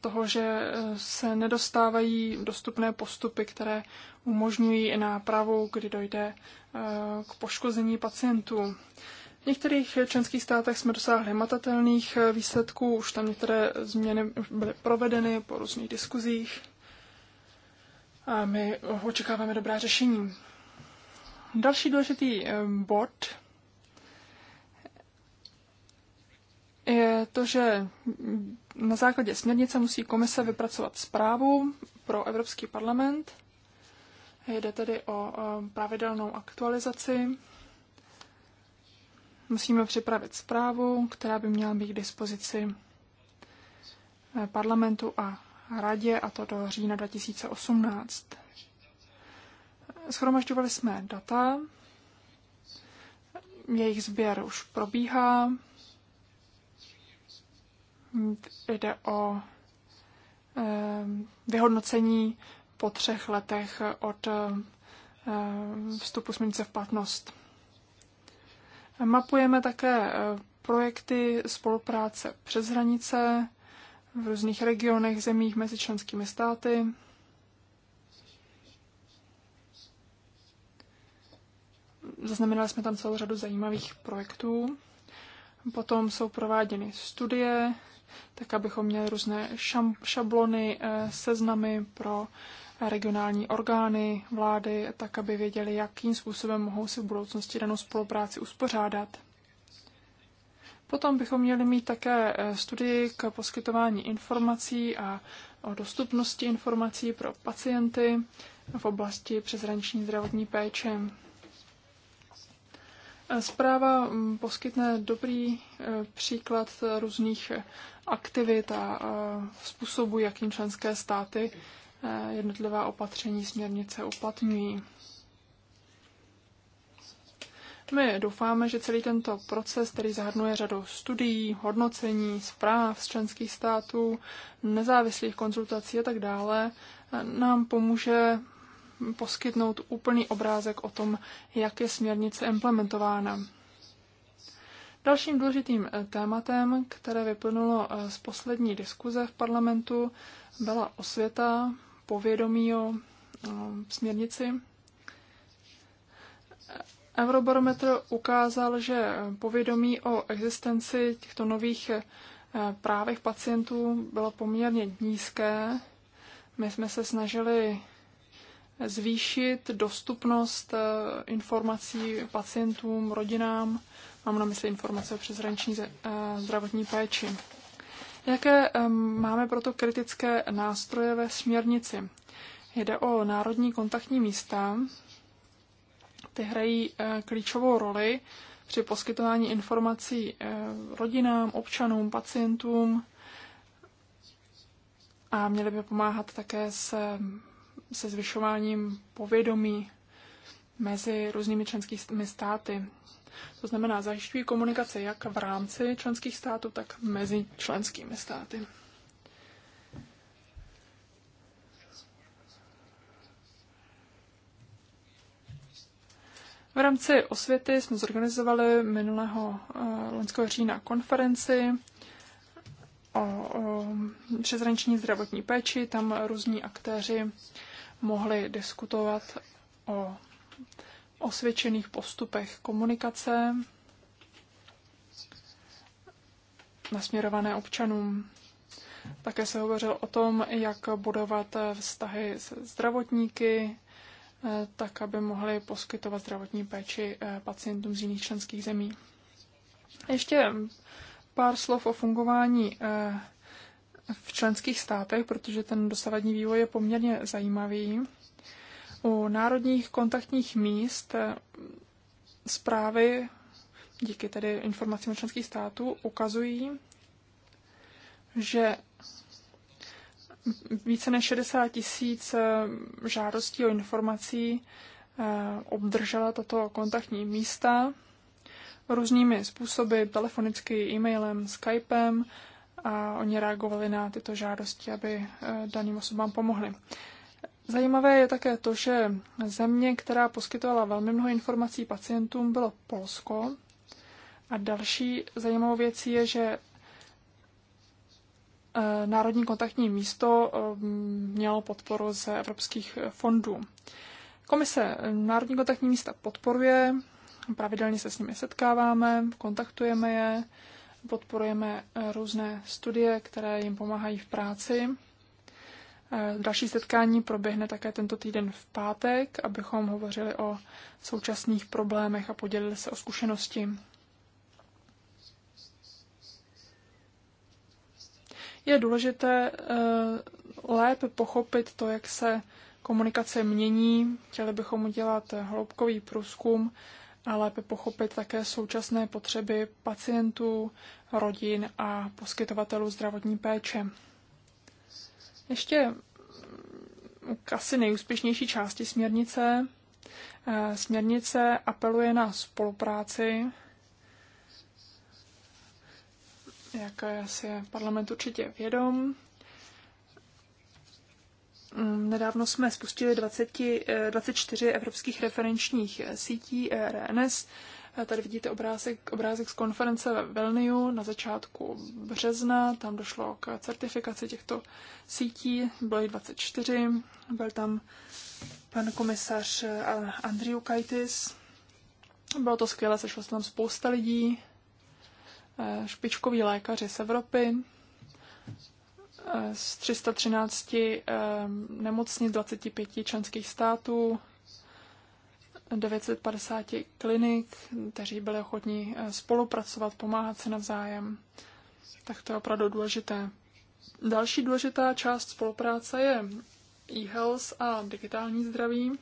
toho, že eh, se nedostávají dostupné postupy, které umožňují nápravu, kdy dojde eh, k poškození pacientů. V některých členských státech jsme dosáhli matatelných výsledků, už tam některé změny byly provedeny po různých diskuzích a my očekáváme dobrá řešení. Další důležitý bod je to, že na základě směrnice musí komise vypracovat zprávu pro Evropský parlament. Jde tedy o pravidelnou aktualizaci. Musíme připravit zprávu, která by měla být k dispozici eh, parlamentu a radě, a to do října 2018. Schromažďovali jsme data, jejich sběr už probíhá, Jde o eh, vyhodnocení po třech letech od eh, vstupu směrnice v platnost. Mapujeme také eh, projekty spolupráce přes hranice v různých regionech, zemích mezi členskými státy. Zaznamenali jsme tam celou řadu zajímavých projektů. Potom jsou prováděny studie, tak abychom měli různé šam, šablony, eh, seznamy pro regionální orgány vlády, tak aby věděli, jakým způsobem mohou si v budoucnosti danou spolupráci uspořádat. Potom bychom měli mít také eh, studii k poskytování informací a o dostupnosti informací pro pacienty v oblasti přeshraniční zdravotní péče. Zpráva mm, poskytne dobrý e, příklad různých aktivit a e, způsobů, jakým členské státy e, jednotlivá opatření směrnice uplatňují. My doufáme, že celý tento proces, který zahrnuje řadu studií, hodnocení, zpráv z členských států, nezávislých konzultací a tak dále, nám pomůže poskytnout úplný obrázek o tom, jak je směrnice implementována. Dalším důležitým eh, tématem, které vyplnulo eh, z poslední diskuze v parlamentu, byla osvěta, povědomí o směrnici. Eurobarometr ukázal, že povědomí o existenci těchto nových eh, právech pacientů bylo poměrně nízké. My jsme se snažili zvýšit dostupnost eh, informací pacientům, rodinám, mám na mysli informace o přeshraniční eh, zdravotní péči. Jaké máme proto kritické nástroje ve směrnici? Jde o národní kontaktní místa. Ty hrají eh, klíčovou roli při poskytování informací rodinám, občanům, pacientům a měly by pomáhat také s se zvyšováním povědomí mezi různými členskými státy. To znamená, zajišťují komunikace jak v rámci členských států, tak mezi členskými státy. V rámci osvěty jsme zorganizovali minulého eh, loňského října konferenci o, o přeshraniční zdravotní péči. Tam různí aktéři mohli diskutovat o osvědčených postupech komunikace nasměrované občanům. Také se hovořil o tom, jak budovat vztahy s zdravotníky, eh, tak aby mohli poskytovat zdravotní péči eh, pacientům z jiných členských zemí. Ještě pár slov o fungování eh, v členských státech, protože ten dosavadní vývoj je poměrně zajímavý. U národních kontaktních míst eh, zprávy díky tedy informacím členských států ukazují, že více než 60 tisíc eh, žádostí o informací eh, obdržela tato kontaktní místa různými způsoby, telefonicky, e-mailem, Skypem a oni reagovali na tyto žádosti, aby eh, daným osobám pomohli. Zajímavé je také to, že země, která poskytovala velmi mnoho informací pacientům, bylo Polsko. A další zajímavou věcí je, že eh, Národní kontaktní místo eh, mělo podporu z evropských fondů. Komise Národní kontaktní místa podporuje, pravidelně se s nimi setkáváme, kontaktujeme je, podporujeme eh, různé studie, které jim pomáhají v práci. Eh, další setkání proběhne také tento týden v pátek, abychom hovořili o současných problémech a podělili se o zkušenosti. Je důležité eh, lépe pochopit to, jak se komunikace mění. Chtěli bychom udělat hloubkový průzkum a lépe pochopit také současné potřeby pacientů, rodin a poskytovatelů zdravotní péče. Ještě k asi nejúspěšnější části směrnice. Eh, směrnice apeluje na spolupráci, jak si je parlament určitě vědom. Mm, nedávno jsme spustili 20, 24 eh, evropských referenčních eh, sítí eh, RNS. Tady vidíte obrázek, obrázek z konference ve Vilniu na začátku března. Tam došlo k certifikaci těchto sítí. Bylo jich 24. Byl tam pan komisař Andriu Kaitis. Bylo to skvělé, sešlo se tam spousta lidí. Špičkoví lékaři z Evropy z 313 ehm, nemocnic 25 členských států, 950 klinik, kteří byli ochotní eh, spolupracovat, pomáhat se navzájem. Tak to je opravdu důležité. Další důležitá část spolupráce je e-health a digitální zdraví.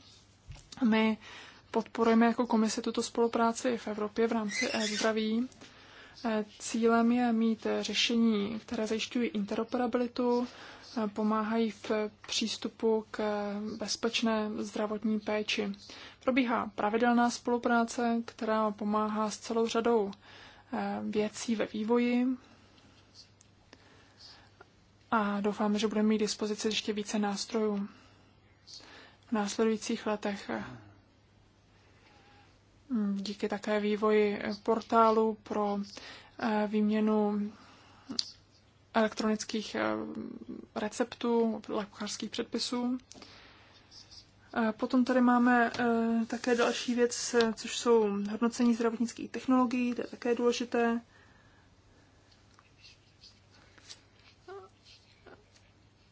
My podporujeme jako komise tuto spolupráci v Evropě v rámci e-zdraví. Eh, cílem je mít eh, řešení, které zajišťují interoperabilitu, eh, pomáhají v přístupu k bezpečné zdravotní péči. Probíhá pravidelná spolupráce, která pomáhá s celou řadou věcí ve vývoji a doufáme, že budeme mít dispozici ještě více nástrojů v následujících letech díky také vývoji eh, portálu pro eh, výměnu eh, elektronických receptů, lékařských předpisů. Potom tady máme také další věc, což jsou hodnocení zdravotnických technologií, to je také důležité.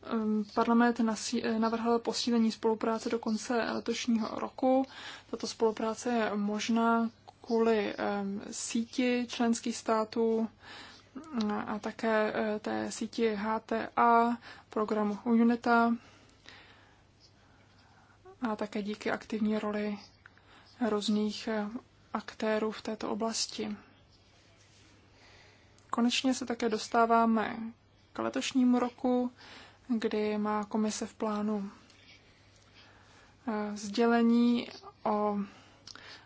Ehm, parlament eh, navrhl posílení spolupráce do konce letošního roku. Tato spolupráce je možná kvůli ehm, síti členských států mm, a také eh, té síti HTA, programu UNITA a také díky aktivní roli různých eh, aktérů v této oblasti. Konečně se také dostáváme k letošnímu roku kdy má komise v plánu eh, sdělení o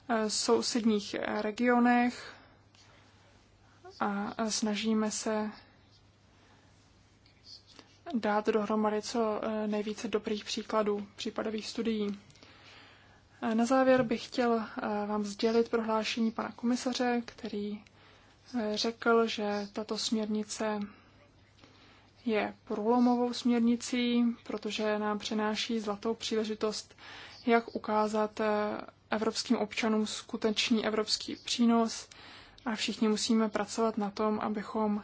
eh, sousedních regionech a snažíme se dát dohromady co eh, nejvíce dobrých příkladů, případových studií. Na závěr bych chtěl vám sdělit prohlášení pana komisaře, který řekl, že tato směrnice je průlomovou směrnicí, protože nám přináší zlatou příležitost, jak ukázat eh, evropským občanům skutečný evropský přínos a všichni musíme pracovat na tom, abychom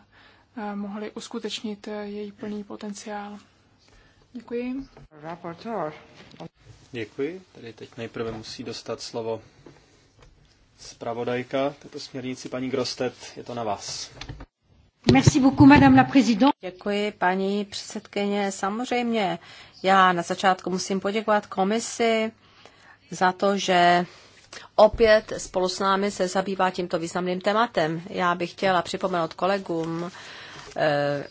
eh, mohli uskutečnit eh, její plný potenciál. Děkuji. Raportor. Děkuji. Tady teď nejprve musí dostat slovo zpravodajka této směrnici paní Grostet. Je to na vás. Děkuji, paní předsedkyně. Samozřejmě, já na začátku musím poděkovat komisi za to, že opět spolu s námi se zabývá tímto významným tématem. Já bych chtěla připomenout kolegům, eh,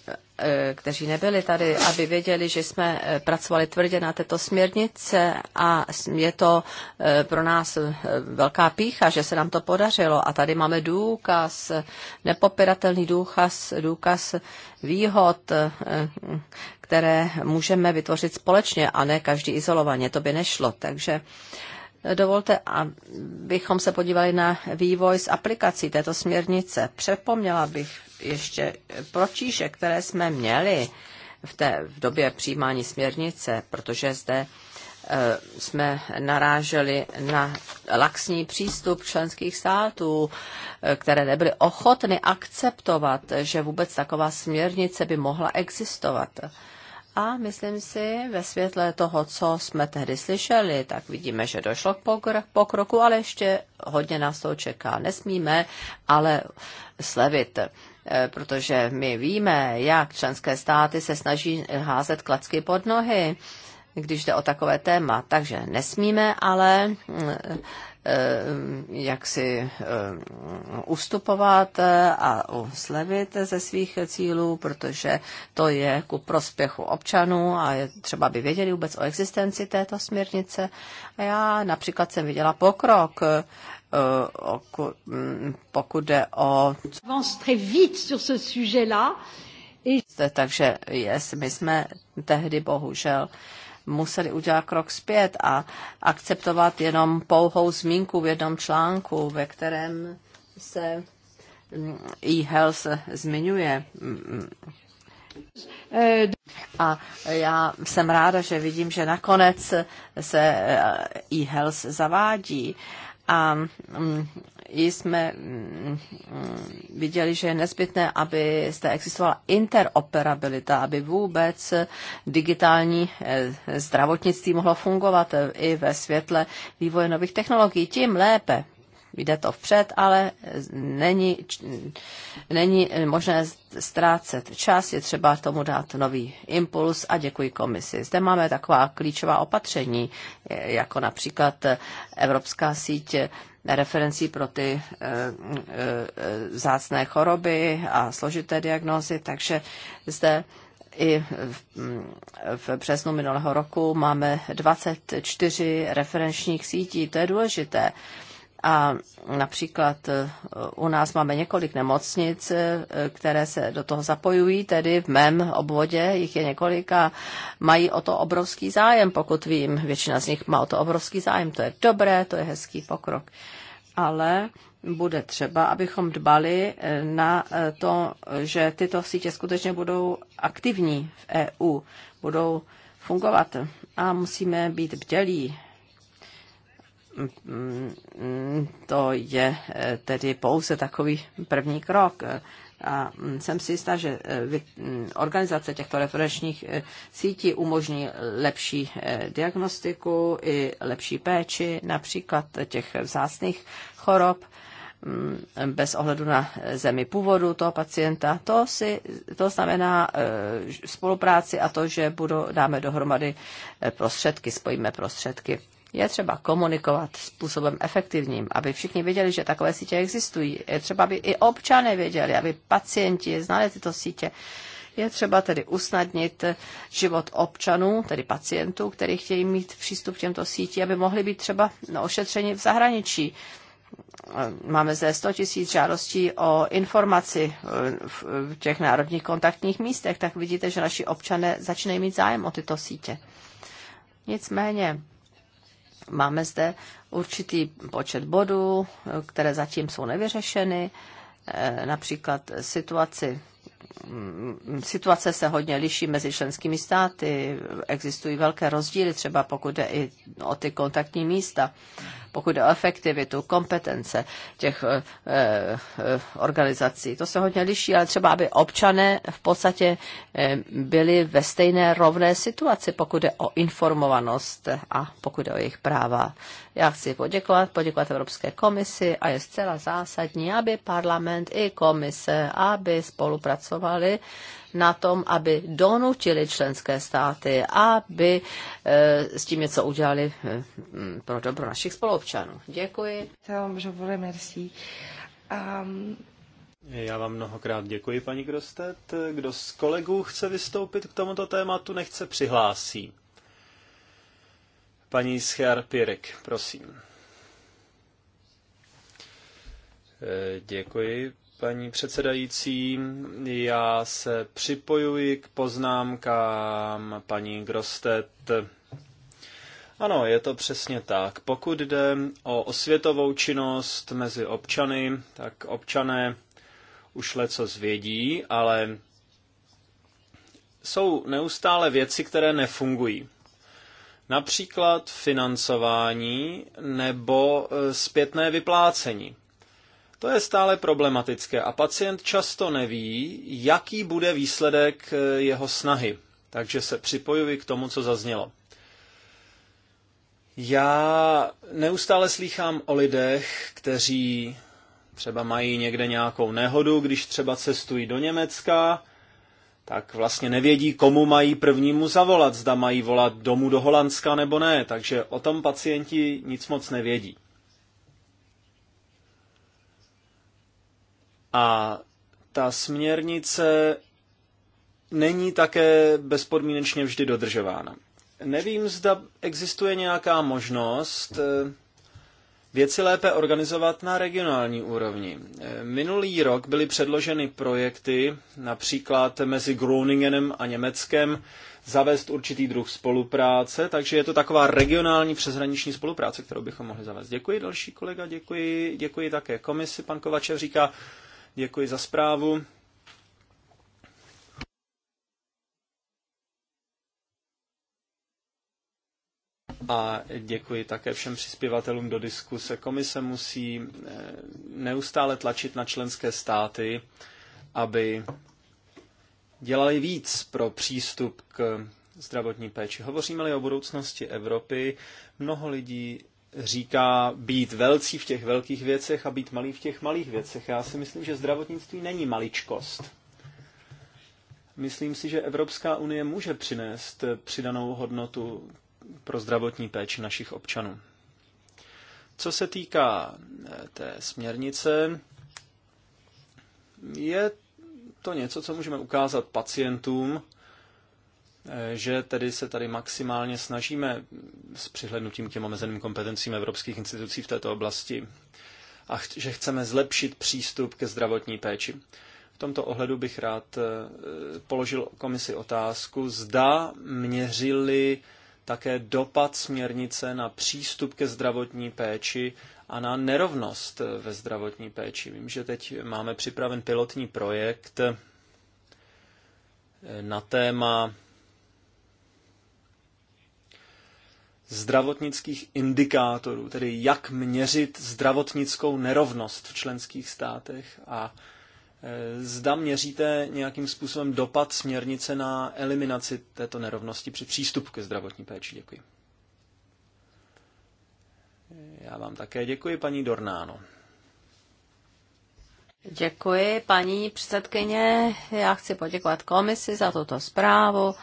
Eh, kteří nebyli tady, aby věděli, že jsme eh, pracovali tvrdě na této směrnice a je to eh, pro nás velká pícha, že se nám to podařilo. A tady máme důkaz, nepopiratelný důkaz, důkaz výhod, které můžeme vytvořit společně a ne každý izolovaně. To by nešlo. Takže Dovolte, abychom se podívali na vývoj s aplikací této směrnice. Přepomněla bych ještě pročíše, které jsme měli v, té, v době přijímání směrnice, protože zde e, jsme naráželi na laxní přístup členských států, e, které nebyly ochotny akceptovat, že vůbec taková směrnice by mohla existovat. A myslím si, ve světle toho, co jsme tehdy slyšeli, tak vidíme, že došlo k pokroku, ale ještě hodně nás to čeká. Nesmíme ale slevit eh, protože my víme, jak členské státy se snaží házet klacky pod nohy, když jde o takové téma. Takže nesmíme ale eh, Eh, jak si eh, ustupovat a uslevit ze svých cílů, protože to je ku prospěchu občanů a je třeba by věděli vůbec o existenci této směrnice. A já například jsem viděla pokrok, eh, mm, pokud jde o... Takže yes, my jsme tehdy bohužel uh, museli udělat krok zpět a akceptovat jenom pouhou zmínku v jednom článku, ve kterém se e-health mm, zmiňuje. A já jsem ráda, že vidím, že nakonec se e-health zavádí. A mm, jsme mm, viděli, že je nezbytné, aby zde existovala interoperabilita, aby vůbec digitální eh, zdravotnictví mohlo fungovat eh, i ve světle vývoje nových technologií. Tím lépe jde to vpřed, ale eh, není, není možné ztrácet čas, je třeba tomu dát nový impuls a děkuji komisi. Zde máme taková klíčová opatření, jako například Evropská síť referencí pro ty eh, eh, vzácné choroby a složité diagnózy, takže zde i v, mm, v březnu minulého roku máme 24 referenčních sítí, to je důležité. A například eh, u nás máme několik nemocnic, eh, které se do toho zapojují, tedy v mém obvodě jich je několik a mají o to obrovský zájem, pokud vím. Většina z nich má o to obrovský zájem. To je dobré, to je hezký pokrok. Ale bude třeba, abychom dbali eh, na to, že tyto sítě skutečně budou aktivní v EU, budou fungovat a musíme být bdělí to je eh, tedy pouze takový první krok. Eh, a jsem si jistá, že eh, mm, organizace těchto referenčních sítí umožní lepší diagnostiku i lepší péči, například těch vzácných chorob, mm, bez ohledu na zemi původu toho pacienta. To, si, to znamená spolupráci a to, že budu, dáme dohromady prostředky, spojíme prostředky. Je třeba komunikovat způsobem efektivním, aby všichni věděli, že takové sítě existují. Je třeba, aby i občané věděli, aby pacienti znali tyto sítě. Je třeba tedy usnadnit život občanů, tedy pacientů, kteří chtějí mít přístup k těmto sítí, aby mohli být třeba ošetřeni v zahraničí. Máme zde 100 tisíc žádostí o informaci v těch národních kontaktních místech, tak vidíte, že naši občané začínají mít zájem o tyto sítě. Nicméně Máme zde určitý počet bodů, které zatím jsou nevyřešeny, eh, například situaci Mm, situace se hodně liší mezi členskými státy, existují velké rozdíly, třeba pokud jde i o ty kontaktní místa, pokud jde o efektivitu, kompetence těch eh, eh, organizací. To se hodně liší, ale třeba aby občané v podstatě eh, byli ve stejné rovné situaci, pokud jde o informovanost a pokud jde o jejich práva já chci poděkovat, poděkovat Evropské komisi a je zcela zásadní, aby parlament i komise, aby spolupracovali na tom, aby donutili členské státy, aby e, s tím něco udělali e, pro dobro našich spoluobčanů. Děkuji. Um... Já vám mnohokrát děkuji, paní Grostet. Kdo z kolegů chce vystoupit k tomuto tématu, nechce přihlásit? Paní Schiar Pirek, prosím. Eh, děkuji, paní předsedající. Já se připojuji k poznámkám paní Grostet. Ano, je to přesně tak. Pokud jde o osvětovou činnost mezi občany, tak občané už leco zvědí, ale jsou neustále věci, které nefungují. Například financování nebo e, zpětné vyplácení. To je stále problematické a pacient často neví, jaký bude výsledek e, jeho snahy. Takže se připojuji k tomu, co zaznělo. Já neustále slýchám o lidech, kteří třeba mají někde nějakou nehodu, když třeba cestují do Německa tak vlastně nevědí, komu mají prvnímu zavolat, zda mají volat domů do Holandska nebo ne, takže o tom pacienti nic moc nevědí. A ta směrnice není také bezpodmínečně vždy dodržována. Nevím, zda existuje nějaká možnost, eh, věci lépe organizovat na regionální úrovni. E, minulý rok byly předloženy projekty, například mezi Groningenem a Německem, zavést určitý druh spolupráce, takže je to taková regionální přeshraniční spolupráce, kterou bychom mohli zavést. Děkuji další kolega, děkuji, děkuji také komisi, pan Kovačev říká, děkuji za zprávu. a děkuji také všem přispěvatelům do diskuse. Komise musí eh, neustále tlačit na členské státy, aby dělali víc pro přístup k zdravotní péči. Hovoříme-li o budoucnosti Evropy, mnoho lidí říká být velcí v těch velkých věcech a být malý v těch malých věcech. Já si myslím, že zdravotnictví není maličkost. Myslím si, že Evropská unie může přinést přidanou hodnotu pro zdravotní péči našich občanů. Co se týká eh, té směrnice, je to něco, co můžeme ukázat pacientům, eh, že tedy se tady maximálně snažíme s přihlednutím k těm omezeným kompetencím evropských institucí v této oblasti a ch- že chceme zlepšit přístup ke zdravotní péči. V tomto ohledu bych rád eh, položil komisi otázku, zda měřili také dopad směrnice na přístup ke zdravotní péči a na nerovnost ve zdravotní péči. Vím, že teď máme připraven pilotní projekt eh, na téma zdravotnických indikátorů, tedy jak měřit zdravotnickou nerovnost v členských státech a Eh, zda měříte nějakým způsobem dopad směrnice na eliminaci této nerovnosti při přístupu ke zdravotní péči. Děkuji. Já vám také děkuji, paní Dornáno. Děkuji, paní předsedkyně. Já chci poděkovat komisi za tuto zprávu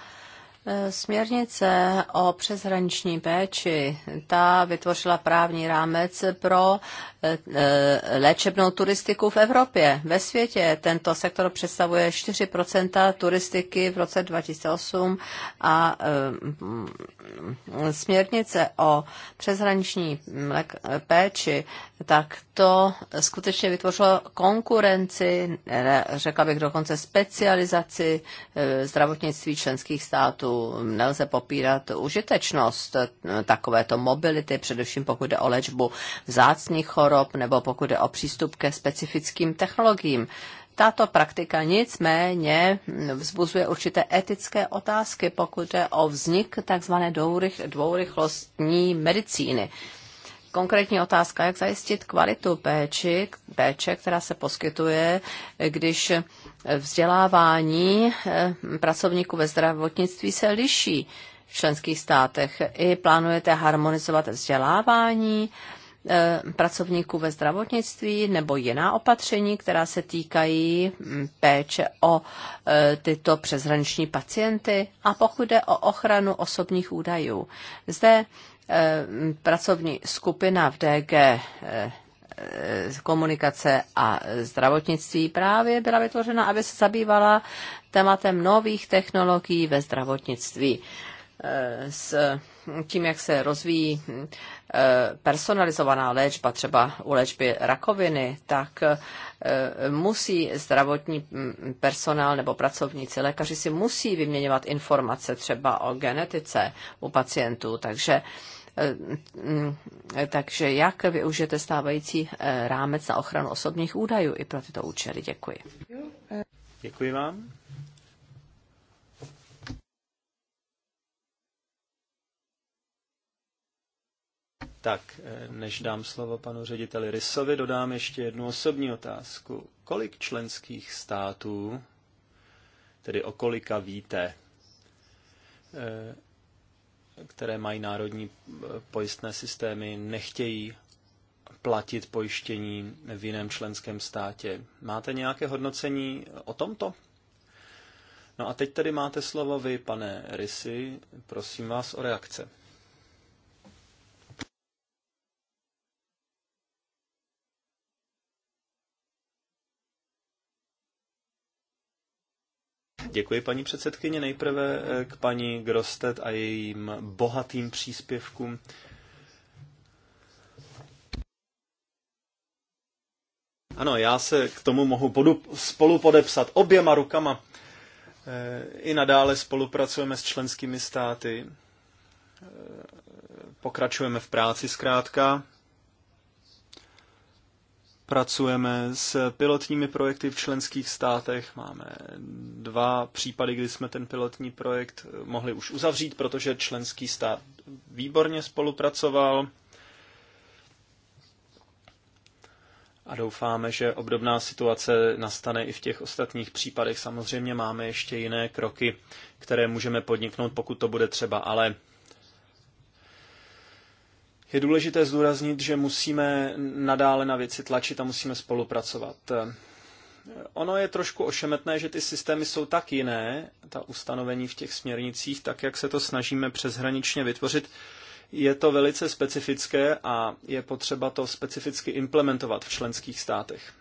E, směrnice o přeshraniční péči, ta vytvořila právní rámec pro e, e, léčebnou turistiku v Evropě. Ve světě tento sektor představuje 4 turistiky v roce 2008 a směrnice o přeshraniční mm, péči, tak to skutečně vytvořilo konkurenci, řekla bych dokonce specializaci zdravotnictví členských států tu Nelze popírat užitečnost takovéto mobility, především pokud jde o léčbu vzácných chorob nebo pokud jde o přístup ke specifickým technologiím. Tato praktika nicméně vzbuzuje určité etické otázky, pokud jde o vznik tzv. dvourychlostní medicíny. Konkrétní otázka, jak zajistit kvalitu péči, péče, která se poskytuje, když vzdělávání eh, pracovníků ve zdravotnictví se liší v členských státech. I plánujete harmonizovat vzdělávání eh, pracovníků ve zdravotnictví nebo jiná opatření, která se týkají hm, péče o eh, tyto přeshraniční pacienty a pokud jde o ochranu osobních údajů. Zde pracovní skupina v DG Eh, komunikace a zdravotnictví právě byla vytvořena, aby se zabývala tématem nových technologií ve zdravotnictví eh, s tím, jak se rozvíjí eh, personalizovaná léčba, třeba u léčby rakoviny, tak musí zdravotní mm, personál nebo pracovníci, lékaři si musí vyměňovat informace třeba o genetice u pacientů, takže Eh, mm, takže jak využijete stávající eh, rámec na ochranu osobních údajů i pro tyto účely? Děkuji. Děkuji vám. Tak, eh, než dám slovo panu řediteli Rysovi, dodám ještě jednu osobní otázku. Kolik členských států, tedy o kolika víte, které mají národní eh, pojistné systémy, nechtějí platit pojištění v jiném členském státě. Máte nějaké hodnocení o tomto? No a teď tedy máte slovo vy, pane Rysi, prosím vás o reakce. Děkuji paní předsedkyně nejprve eh, k paní Grostet a jejím bohatým příspěvkům. Ano, já se k tomu mohu podu, spolu podepsat oběma rukama. Eh, I nadále spolupracujeme s členskými státy. Eh, pokračujeme v práci zkrátka Pracujeme s pilotními projekty v členských státech. Máme dva případy, kdy jsme ten pilotní projekt mohli už uzavřít, protože členský stát výborně spolupracoval. A doufáme, že obdobná situace nastane i v těch ostatních případech. Samozřejmě máme ještě jiné kroky, které můžeme podniknout, pokud to bude třeba, ale je důležité zdůraznit, že musíme nadále na věci tlačit a musíme spolupracovat. Ono je trošku ošemetné, že ty systémy jsou tak jiné, ta ustanovení v těch směrnicích, tak jak se to snažíme přeshraničně vytvořit, je to velice specifické a je potřeba to specificky implementovat v členských státech.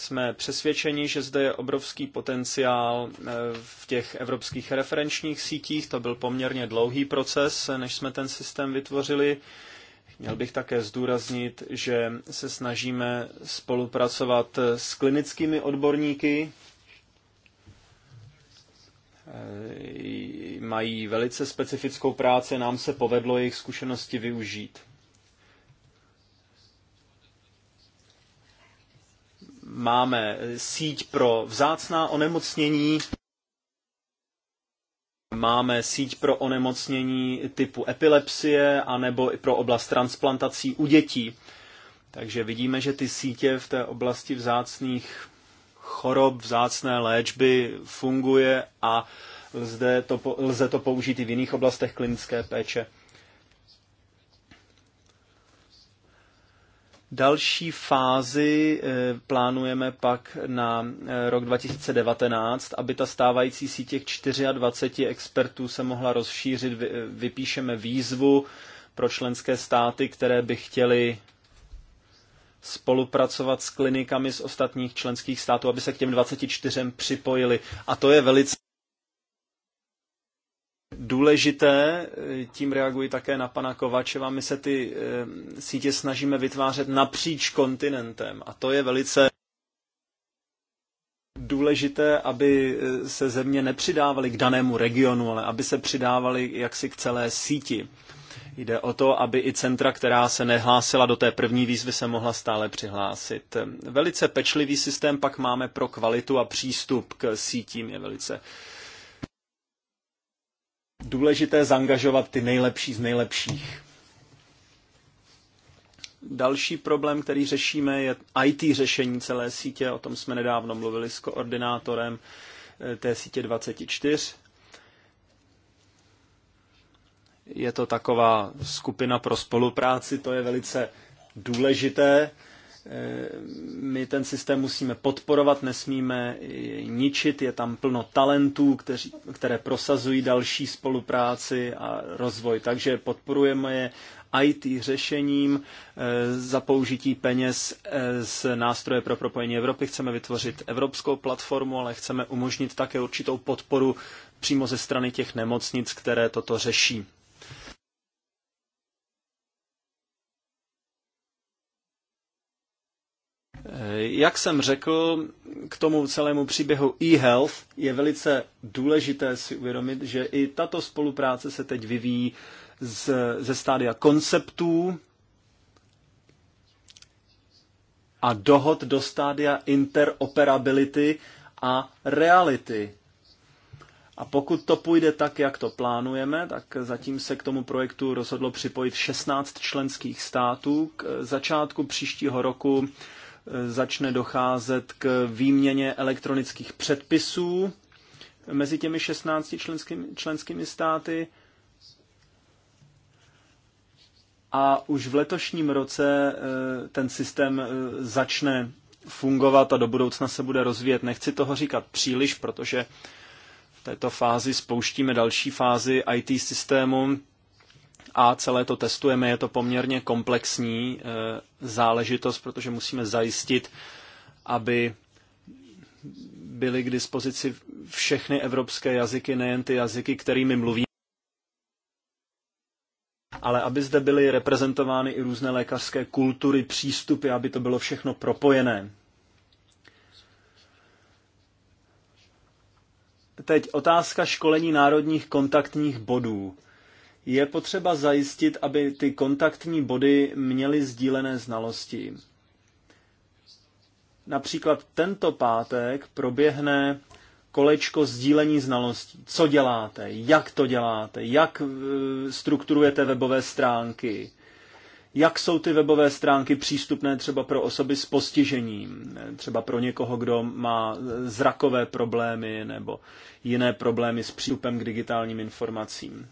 Jsme přesvědčeni, že zde je obrovský potenciál eh, v těch evropských referenčních sítích. To byl poměrně dlouhý proces, než jsme ten systém vytvořili. Měl bych také zdůraznit, že se snažíme spolupracovat eh, s klinickými odborníky. Eh, mají velice specifickou práci, nám se povedlo jejich zkušenosti využít. Máme síť pro vzácná onemocnění, máme síť pro onemocnění typu epilepsie, anebo i pro oblast transplantací u dětí. Takže vidíme, že ty sítě v té oblasti vzácných chorob, vzácné léčby funguje a lze to, lze to použít i v jiných oblastech klinické péče. Další fázi eh, plánujeme pak na eh, rok 2019, aby ta stávající síť těch 24 expertů se mohla rozšířit. Eh, vypíšeme výzvu pro členské státy, které by chtěly spolupracovat s klinikami z ostatních členských států, aby se k těm 24 připojili. A to je velice důležité, tím reaguji také na pana Kovačeva, my se ty eh, sítě snažíme vytvářet napříč kontinentem a to je velice důležité, aby eh, se země nepřidávaly k danému regionu, ale aby se přidávaly jaksi k celé síti. Jde o to, aby i centra, která se nehlásila do té první výzvy, se mohla stále přihlásit. Velice pečlivý systém pak máme pro kvalitu a přístup k sítím je velice důležité zangažovat ty nejlepší z nejlepších. Další problém, který řešíme, je IT řešení celé sítě. O tom jsme nedávno mluvili s koordinátorem eh, té sítě 24. Je to taková skupina pro spolupráci, to je velice důležité Eh, my ten systém musíme podporovat, nesmíme ničit, je tam plno talentů, kteří, které prosazují další spolupráci a rozvoj. Takže podporujeme je IT řešením eh, za použití peněz eh, z nástroje pro propojení Evropy. Chceme vytvořit evropskou platformu, ale chceme umožnit také určitou podporu přímo ze strany těch nemocnic, které toto řeší. Jak jsem řekl, k tomu celému příběhu e-health je velice důležité si uvědomit, že i tato spolupráce se teď vyvíjí z, ze stádia konceptů a dohod do stádia interoperability a reality. A pokud to půjde tak, jak to plánujeme, tak zatím se k tomu projektu rozhodlo připojit 16 členských států. K začátku příštího roku začne docházet k výměně elektronických předpisů mezi těmi 16 členskými, členskými státy. A už v letošním roce eh, ten systém eh, začne fungovat a do budoucna se bude rozvíjet. Nechci toho říkat příliš, protože v této fázi spouštíme další fázi IT systému, a celé to testujeme. Je to poměrně komplexní eh, záležitost, protože musíme zajistit, aby byly k dispozici všechny evropské jazyky, nejen ty jazyky, kterými mluví, ale aby zde byly reprezentovány i různé lékařské kultury, přístupy, aby to bylo všechno propojené. Teď otázka školení národních kontaktních bodů je potřeba zajistit, aby ty kontaktní body měly sdílené znalosti. Například tento pátek proběhne kolečko sdílení znalostí. Co děláte, jak to děláte, jak e, strukturujete webové stránky, jak jsou ty webové stránky přístupné třeba pro osoby s postižením, třeba pro někoho, kdo má e, zrakové problémy nebo jiné problémy s přístupem k digitálním informacím.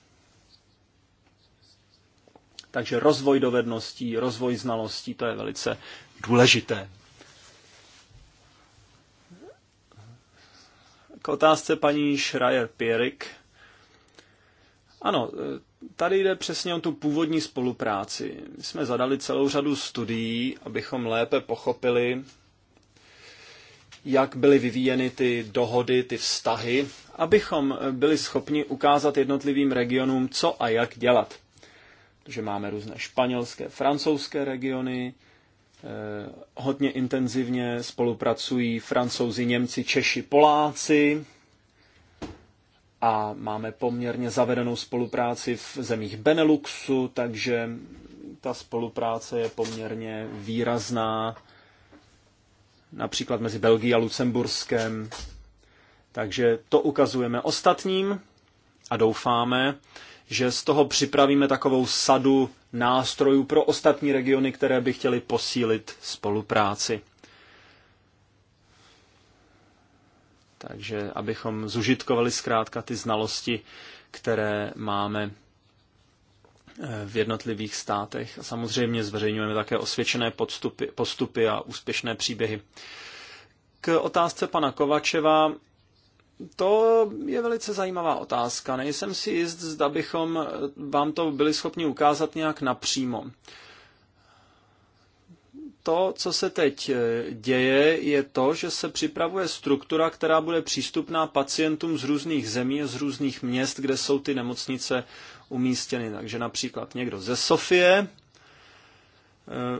Takže rozvoj dovedností, rozvoj znalostí, to je velice důležité. K otázce paní Schreier-Pierik. Ano, e, tady jde přesně o tu původní spolupráci. My jsme zadali celou řadu studií, abychom lépe pochopili, jak byly vyvíjeny ty dohody, ty vztahy, abychom byli schopni ukázat jednotlivým regionům, co a jak dělat protože máme různé španělské, francouzské regiony, eh, hodně intenzivně spolupracují francouzi, Němci, Češi, Poláci a máme poměrně zavedenou spolupráci v zemích Beneluxu, takže ta spolupráce je poměrně výrazná, například mezi Belgií a Lucemburskem. Takže to ukazujeme ostatním a doufáme, že z toho připravíme takovou sadu nástrojů pro ostatní regiony, které by chtěly posílit spolupráci. Takže abychom zužitkovali zkrátka ty znalosti, které máme eh, v jednotlivých státech. A samozřejmě zveřejňujeme také osvědčené podstupy, postupy a úspěšné příběhy. K otázce pana Kovačeva to je velice zajímavá otázka. Nejsem si jist, zda bychom vám to byli schopni ukázat nějak napřímo. To, co se teď eh, děje, je to, že se připravuje struktura, která bude přístupná pacientům z různých zemí, z různých měst, kde jsou ty nemocnice umístěny. Takže například někdo ze Sofie, eh,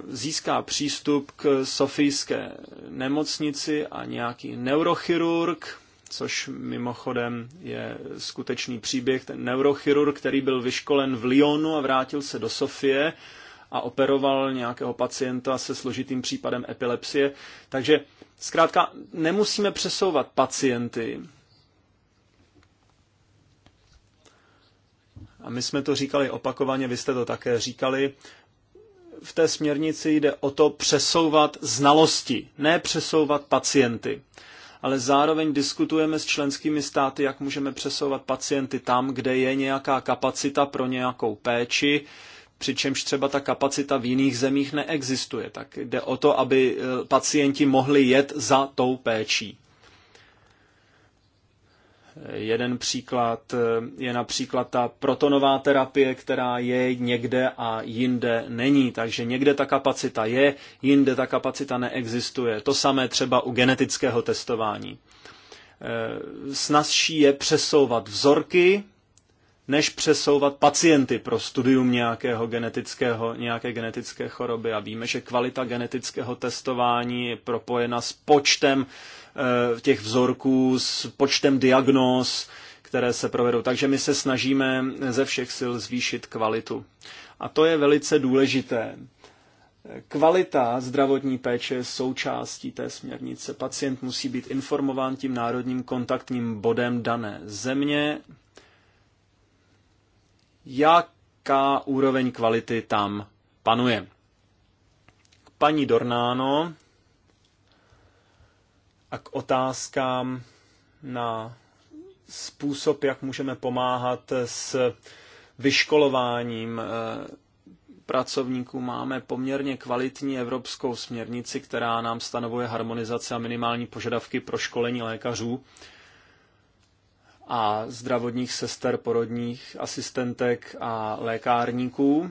získá přístup k sofijské nemocnici a nějaký neurochirurg což mimochodem je skutečný příběh. Ten neurochirurg, který byl vyškolen v Lyonu a vrátil se do Sofie a operoval nějakého pacienta se složitým případem epilepsie. Takže zkrátka nemusíme přesouvat pacienty. A my jsme to říkali opakovaně, vy jste to také říkali. V té směrnici jde o to přesouvat znalosti, ne přesouvat pacienty ale zároveň diskutujeme s členskými státy, jak můžeme přesouvat pacienty tam, kde je nějaká kapacita pro nějakou péči, přičemž třeba ta kapacita v jiných zemích neexistuje. Tak jde o to, aby eh, pacienti mohli jet za tou péčí. Jeden příklad eh, je například ta protonová terapie, která je někde a jinde není. Takže někde ta kapacita je, jinde ta kapacita neexistuje. To samé třeba u genetického testování. Eh, snazší je přesouvat vzorky než přesouvat pacienty pro studium nějakého genetického, nějaké genetické choroby. A víme, že kvalita genetického testování je propojena s počtem e, těch vzorků, s počtem diagnóz, které se provedou. Takže my se snažíme ze všech sil zvýšit kvalitu. A to je velice důležité. Kvalita zdravotní péče je součástí té směrnice. Pacient musí být informován tím národním kontaktním bodem dané země, jaká úroveň kvality tam panuje. Paní Dornáno a k otázkám na způsob, jak můžeme pomáhat s vyškolováním eh, pracovníků. Máme poměrně kvalitní evropskou směrnici, která nám stanovuje harmonizace a minimální požadavky pro školení lékařů a zdravotních sester, porodních asistentek a lékárníků.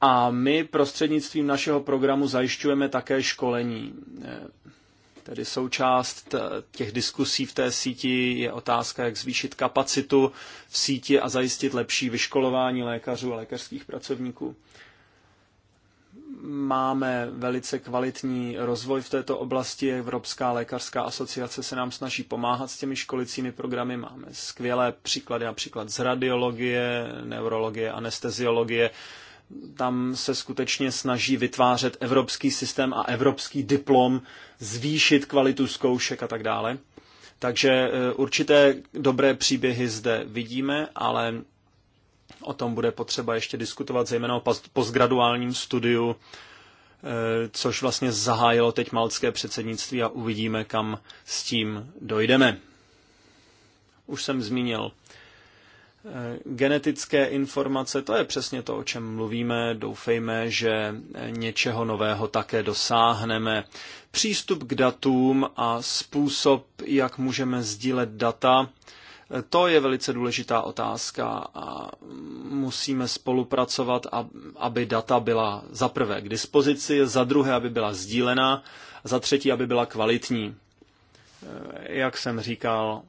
A my prostřednictvím našeho programu zajišťujeme také školení. Tedy součást těch diskusí v té síti je otázka, jak zvýšit kapacitu v síti a zajistit lepší vyškolování lékařů a lékařských pracovníků máme velice kvalitní rozvoj v této oblasti. Evropská lékařská asociace se nám snaží pomáhat s těmi školicími programy. Máme skvělé příklady, například z radiologie, neurologie, anesteziologie. Tam se skutečně snaží vytvářet evropský systém a evropský diplom, zvýšit kvalitu zkoušek a tak dále. Takže eh, určité dobré příběhy zde vidíme, ale O tom bude potřeba ještě diskutovat, zejména o postgraduálním studiu, eh, což vlastně zahájilo teď malcké předsednictví a uvidíme, kam s tím dojdeme. Už jsem zmínil eh, genetické informace, to je přesně to, o čem mluvíme. Doufejme, že něčeho nového také dosáhneme. Přístup k datům a způsob, jak můžeme sdílet data, to je velice důležitá otázka a musíme spolupracovat, aby data byla za prvé k dispozici, za druhé, aby byla sdílená, za třetí, aby byla kvalitní. Jak jsem říkal,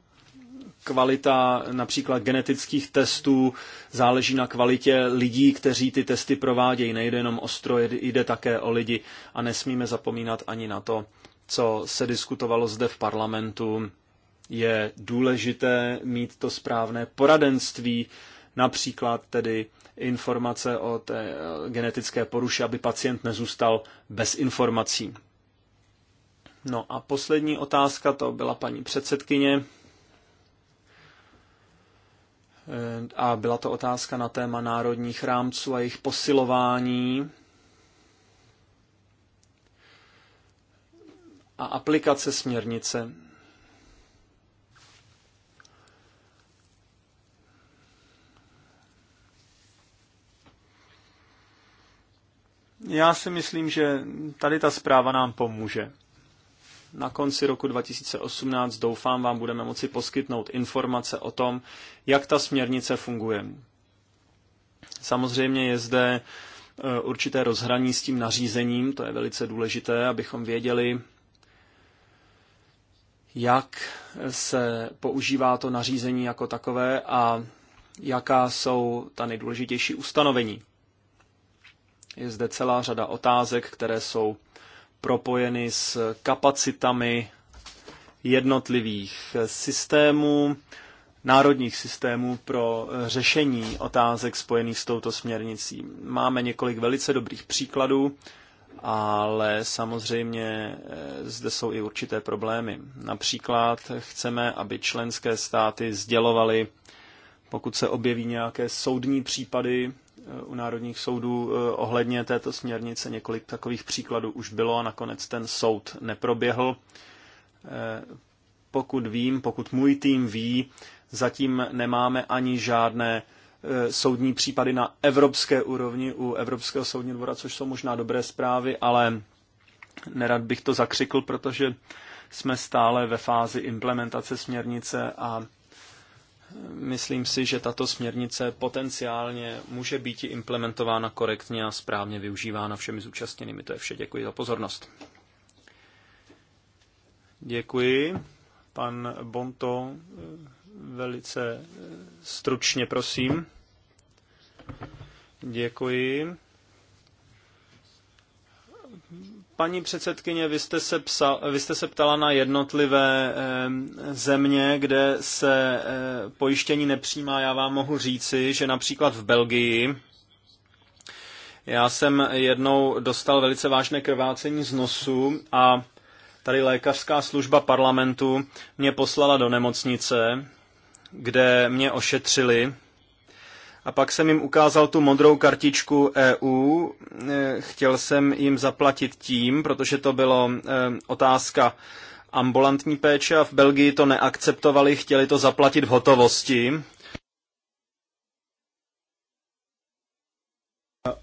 kvalita například genetických testů záleží na kvalitě lidí, kteří ty testy provádějí. Nejde jenom o stroje, jde také o lidi a nesmíme zapomínat ani na to, co se diskutovalo zde v parlamentu je důležité mít to správné poradenství, například tedy informace o té eh, genetické poruše, aby pacient nezůstal bez informací. No a poslední otázka, to byla paní předsedkyně. Eh, a byla to otázka na téma národních rámců a jejich posilování. A aplikace směrnice Já si myslím, že tady ta zpráva nám pomůže. Na konci roku 2018 doufám vám budeme moci poskytnout informace o tom, jak ta směrnice funguje. Samozřejmě je zde e, určité rozhraní s tím nařízením, to je velice důležité, abychom věděli, jak se používá to nařízení jako takové a jaká jsou ta nejdůležitější ustanovení. Je zde celá řada otázek, které jsou propojeny s kapacitami jednotlivých systémů, národních systémů pro řešení otázek spojených s touto směrnicí. Máme několik velice dobrých příkladů, ale samozřejmě eh, zde jsou i určité problémy. Například chceme, aby členské státy sdělovaly, pokud se objeví nějaké soudní případy u národních soudů eh, ohledně této směrnice. Několik takových příkladů už bylo a nakonec ten soud neproběhl. Eh, pokud vím, pokud můj tým ví, zatím nemáme ani žádné eh, soudní případy na evropské úrovni u Evropského soudního dvora, což jsou možná dobré zprávy, ale nerad bych to zakřikl, protože jsme stále ve fázi implementace směrnice a Myslím si, že tato směrnice potenciálně může být implementována korektně a správně využívána všemi zúčastněnými. To je vše. Děkuji za pozornost. Děkuji. Pan Bonto, velice stručně, prosím. Děkuji. Paní předsedkyně, vy jste se, psa, vy jste se ptala na jednotlivé země, kde se eh, pojištění nepřijímá. Já vám mohu říci, že například v Belgii já jsem jednou dostal velice vážné krvácení z nosu a tady lékařská služba parlamentu mě poslala do nemocnice, kde mě ošetřili a pak jsem jim ukázal tu modrou kartičku EU. Eh, chtěl jsem jim zaplatit tím, protože to bylo eh, otázka ambulantní péče a v Belgii to neakceptovali, chtěli to zaplatit v hotovosti.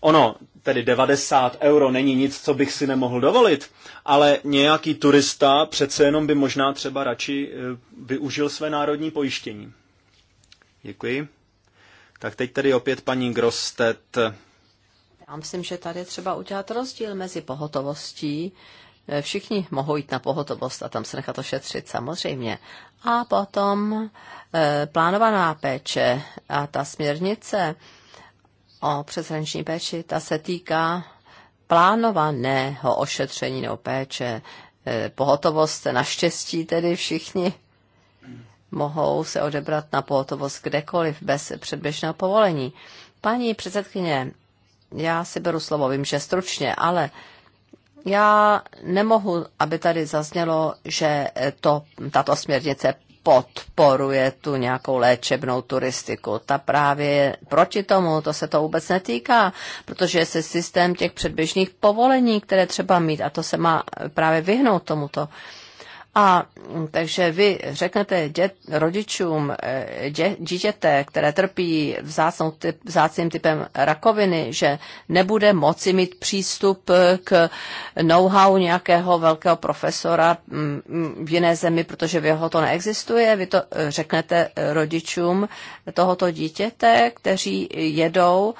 Ono, tedy 90 euro není nic, co bych si nemohl dovolit, ale nějaký turista přece jenom by možná třeba radši eh, využil své národní pojištění. Děkuji. Tak teď tady opět paní Grostet. Já myslím, že tady je třeba udělat rozdíl mezi pohotovostí, eh, všichni mohou jít na pohotovost a tam se nechat ošetřit samozřejmě. A potom e, plánovaná péče a ta směrnice o přeshraniční péči, ta se týká plánovaného ošetření nebo péče. E, pohotovost naštěstí tedy všichni mohou se odebrat na pohotovost kdekoliv bez předběžného povolení. Paní předsedkyně, já si beru slovo, vím, že stručně, ale já nemohu, aby tady zaznělo, že to, tato směrnice podporuje tu nějakou léčebnou turistiku. Ta právě proti tomu, to se to vůbec netýká, protože se systém těch předběžných povolení, které třeba mít a to se má právě vyhnout tomuto. Uh, a takže vy řeknete dět, rodičům eh, dě, dítěte, které trpí vzácnou typ, vzácným typem rakoviny, že nebude moci mít přístup eh, k know-how nějakého velkého profesora mm, mm, v jiné zemi, protože v jeho to neexistuje. Vy to eh, řeknete rodičům tohoto dítěte, kteří jedou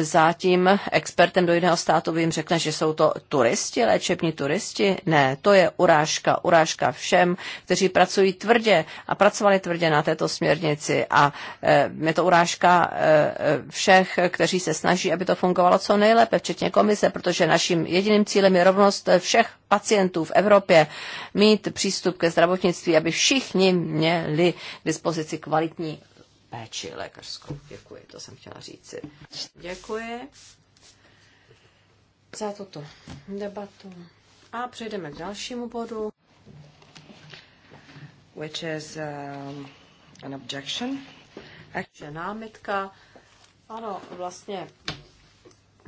zatím expertem do jiného státu by jim řekne, že jsou to turisti, léčební turisti. Ne, to je urážka, urážka všem, kteří pracují tvrdě a pracovali tvrdě na této směrnici a e, je to urážka e, e, všech, kteří se snaží, aby to fungovalo co nejlépe, včetně komise, protože naším jediným cílem je rovnost všech pacientů v Evropě mít přístup ke zdravotnictví, aby všichni měli k dispozici kvalitní péči lékařskou. Děkuji, to jsem chtěla říci. Děkuji za tuto debatu. A přejdeme k dalšímu bodu. Which is um, an objection. Takže námitka. Ano, vlastně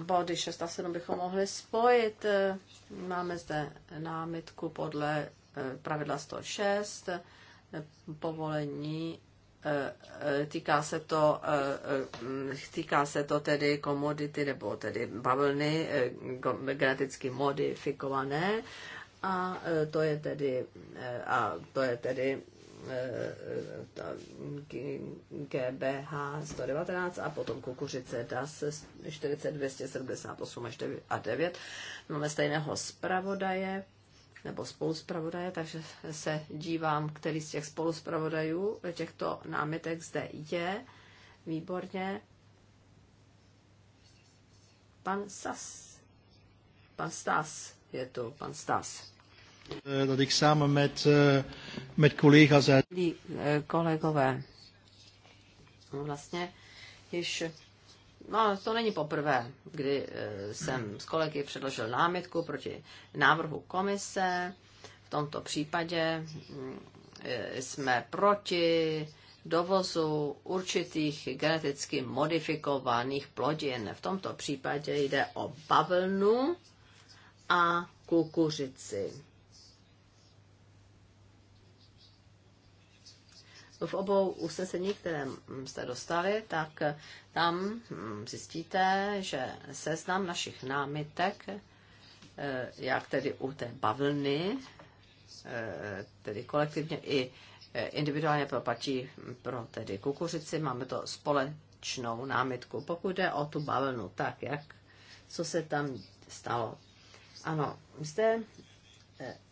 body 6 a 7 bychom mohli spojit. Máme zde námitku podle eh, pravidla 106, povolení Eh, eh, týká se, to, eh, týká se to tedy komodity nebo tedy bavlny geneticky modifikované a to je tedy, a to je tedy GBH 119 a potom kukuřice DAS 4278 a 9. Máme stejného zpravodaje nebo spoluspravodaje, takže se dívám, který z těch spoluspravodajů těchto námitek zde je. Výborně. Pan Sas. Pan Stas je tu, pan Stas. Dat ik met, met collega's uit... Kolegové, vlastně když No, to není poprvé, kdy eh, jsem s kolegy předložil námitku proti návrhu komise. V tomto případě mm, eh, jsme proti dovozu určitých geneticky modifikovaných plodin. V tomto případě jde o bavlnu a kukuřici. v obou usnesení, které jste dostali, tak tam hm, zjistíte, že seznam našich námitek, eh, jak tedy u té bavlny, eh, tedy kolektivně i eh, individuálně pro patří pro tedy kukuřici, máme to společnou námitku. Pokud jde o tu bavlnu, tak jak, co se tam stalo? Ano, jste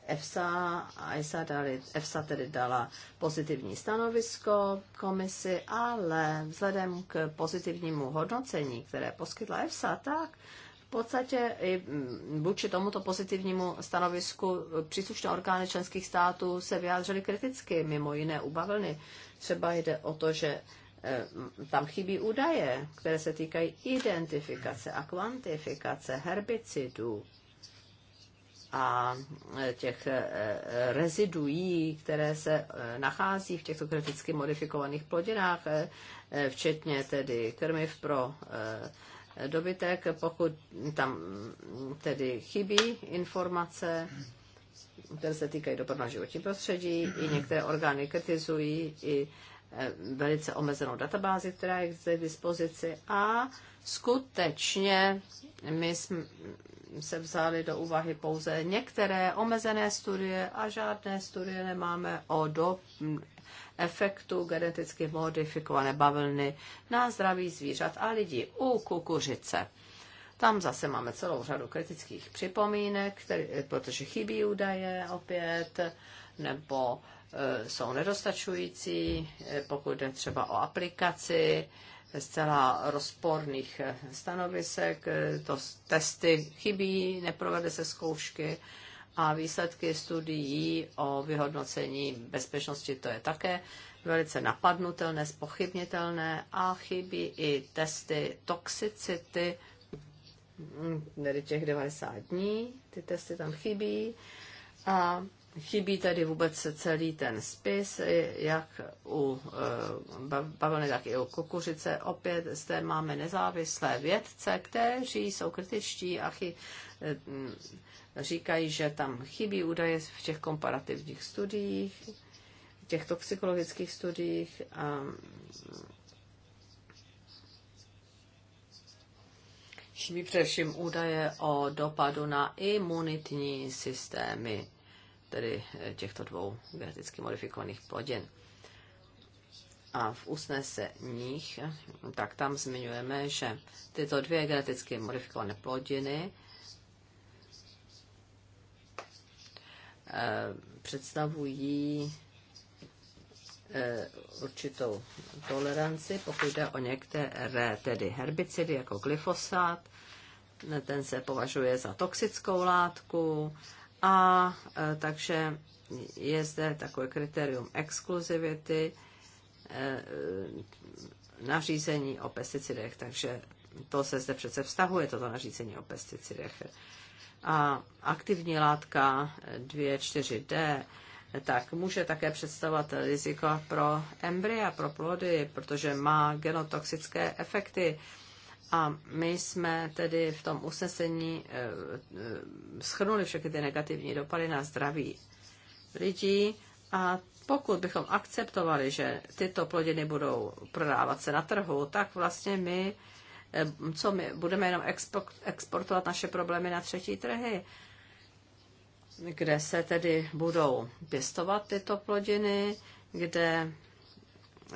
EFSA a ESA dali, EFSA tedy dala pozitivní stanovisko komisi, ale vzhledem k pozitivnímu hodnocení, které poskytla EFSA, tak v podstatě i mm, vůči tomuto pozitivnímu stanovisku příslušné orgány členských států se vyjádřily kriticky, mimo jiné u bavlny. Třeba jde o to, že e, mm, tam chybí údaje, které se týkají identifikace a kvantifikace herbicidů a těch e, e, reziduí, které se e, nachází v těchto kriticky modifikovaných plodinách, včetně tedy krmiv pro dobytek, pokud tam tedy chybí informace, které se týkají dopadu na životní prostředí, i některé orgány kritizují i velice omezenou databázi, která je k dispozici a skutečně my jsme, se vzaly do úvahy pouze některé omezené studie a žádné studie nemáme o do mm, efektu geneticky modifikované bavlny na zdraví zvířat a lidí u kukuřice. Tam zase máme celou řadu kritických připomínek, který, protože chybí údaje opět, nebo e, jsou nedostačující, e, pokud jde třeba o aplikaci, e, zcela rozporných eh, stanovisek, eh, to testy chybí, neprovede se zkoušky a výsledky studií o vyhodnocení bezpečnosti, to je také velice napadnutelné, spochybnitelné a chybí i testy toxicity, mm, tedy těch 90 dní, ty testy tam chybí. A Chybí tady vůbec celý ten spis, jak u eh, bavlny, tak i u kukuřice. Opět zde máme nezávislé vědce, kteří jsou kritičtí a chy, eh, říkají, že tam chybí údaje v těch komparativních studiích, v těch toxikologických studiích. A chybí především údaje o dopadu na imunitní systémy tedy eh, těchto dvou geneticky modifikovaných plodin. A v usneseních, tak tam zmiňujeme, že tyto dvě geneticky modifikované plodiny eh, představují eh, určitou toleranci, pokud jde o některé tedy herbicidy jako glyfosát. Ten se považuje za toxickou látku a e, takže je zde takové kritérium exkluzivity e, nařízení o pesticidech, takže to se zde přece vztahuje, toto nařízení o pesticidech. A aktivní látka 2,4-D tak může také představovat riziko pro embrya, pro plody, protože má genotoxické efekty a my jsme tedy v tom usnesení eh, eh, schrnuli všechny ty negativní dopady na zdraví lidí a pokud bychom akceptovali, že tyto plodiny budou prodávat se na trhu, tak vlastně my, eh, co my budeme jenom exportovat naše problémy na třetí trhy, kde se tedy budou pěstovat tyto plodiny, kde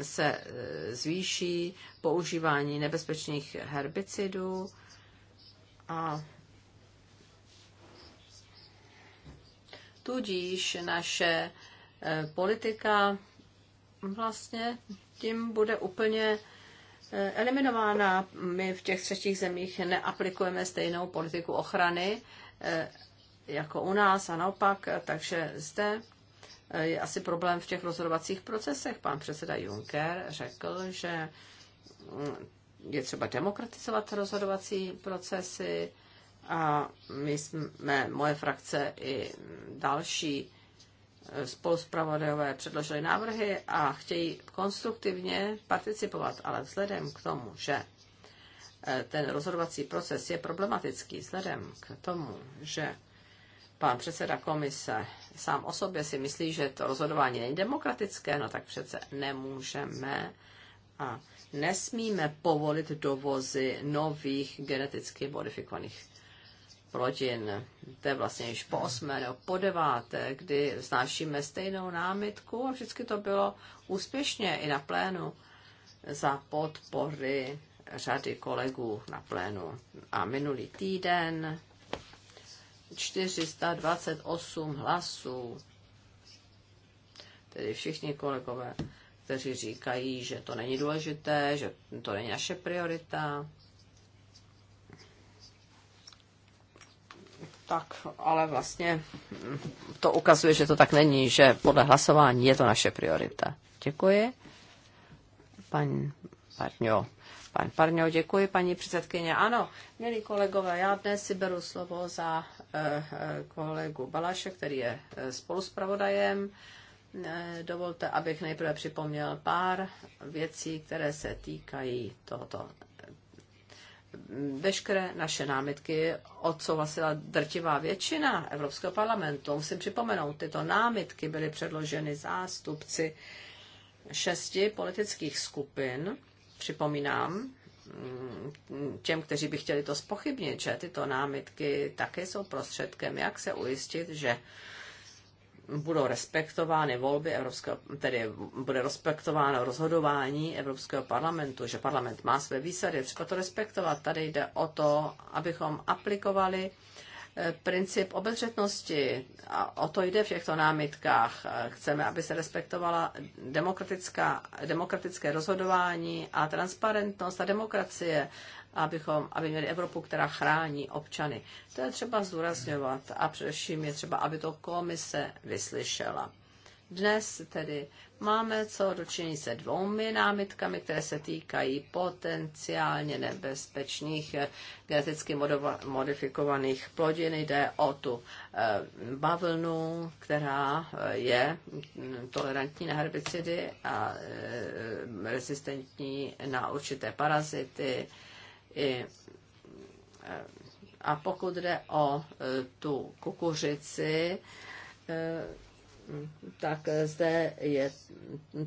se eh, zvýší používání nebezpečných herbicidů a tudíž naše eh, politika vlastně tím bude úplně eh, eliminována. My v těch třetích zemích neaplikujeme stejnou politiku ochrany jako u nás a naopak, takže zde je asi problém v těch rozhodovacích procesech. Pan předseda Juncker řekl, že je třeba demokratizovat rozhodovací procesy a my jsme, moje frakce i další spoluzpravodajové předložili návrhy a chtějí konstruktivně participovat, ale vzhledem k tomu, že eh, ten rozhodovací proces je problematický, vzhledem k tomu, že pan předseda komise sám o sobě si myslí, že to rozhodování není demokratické, no tak přece nemůžeme a nesmíme povolit dovozy nových geneticky modifikovaných plodin. To je vlastně již po osmé nebo po deváté, kdy znášíme stejnou námitku a vždycky to bylo úspěšně i na plénu za podpory řady kolegů na plénu. A minulý týden 428 hlasů. Tedy všichni kolegové, kteří říkají, že to není důležité, že to není naše priorita. Tak, ale vlastně to ukazuje, že to tak není, že podle hlasování je to naše priorita. Děkuji. Pan Parňo. Pan Parňo, děkuji, paní předsedkyně. Ano, milí kolegové, já dnes si beru slovo za eh, eh, kolegu Balaše, který je eh, spoluspravodajem. Dovolte, abych nejprve připomněl pár věcí, které se týkají tohoto. Veškeré naše námitky odsouhlasila drtivá většina Evropského parlamentu. Musím připomenout, tyto námitky byly předloženy zástupci šesti politických skupin Připomínám mm, těm, kteří by chtěli to spochybnit, že tyto námitky také jsou prostředkem, jak se ujistit, že budou respektovány volby Evropského, tedy bude respektováno rozhodování Evropského parlamentu, že parlament má své výsady, třeba to respektovat. Tady jde o to, abychom aplikovali Eh, princip obezřetnosti. A o to jde v těchto námitkách. Eh, chceme, aby se respektovala demokratická, demokratické rozhodování a transparentnost a demokracie, abychom, aby měli Evropu, která chrání občany. To je třeba zdůrazňovat a především je třeba, aby to komise vyslyšela. Dnes tedy máme co dočinit se dvoumi námitkami, které se týkají potenciálně nebezpečných eh, geneticky modifikovaných plodin. Jde o tu eh, bavlnu, která eh, je mm, tolerantní na herbicidy a rezistentní na určité parazity. I a pokud jde o tu kukuřici, tak zde je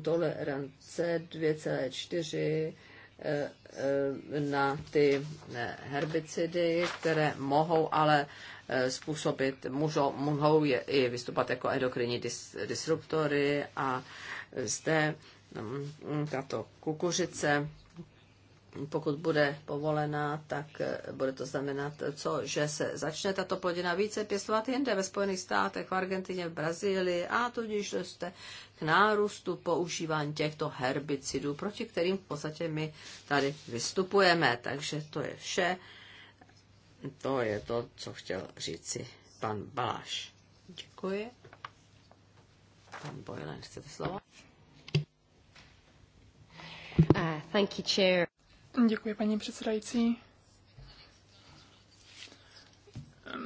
tolerance 2,4 eh, eh, na ty eh, herbicidy, které mohou ale způsobit, můžou, mohou je, i vystupat jako endokrinní dis, disruptory a zde mm, tato kukuřice pokud bude povolená, tak eh, bude to znamenat eh, co, že se začne tato plodina více pěstovat jinde ve Spojených státech, v Argentině, v Brazílii a tudíž jste k nárůstu používání těchto herbicidů, proti kterým v podstatě my tady vystupujeme. Takže to je vše. To je to, co chtěl říci pan Baláš. Děkuji. Pan Bojlen, chcete slovo? Uh, thank you, Chair. Děkuji, paní předsedající.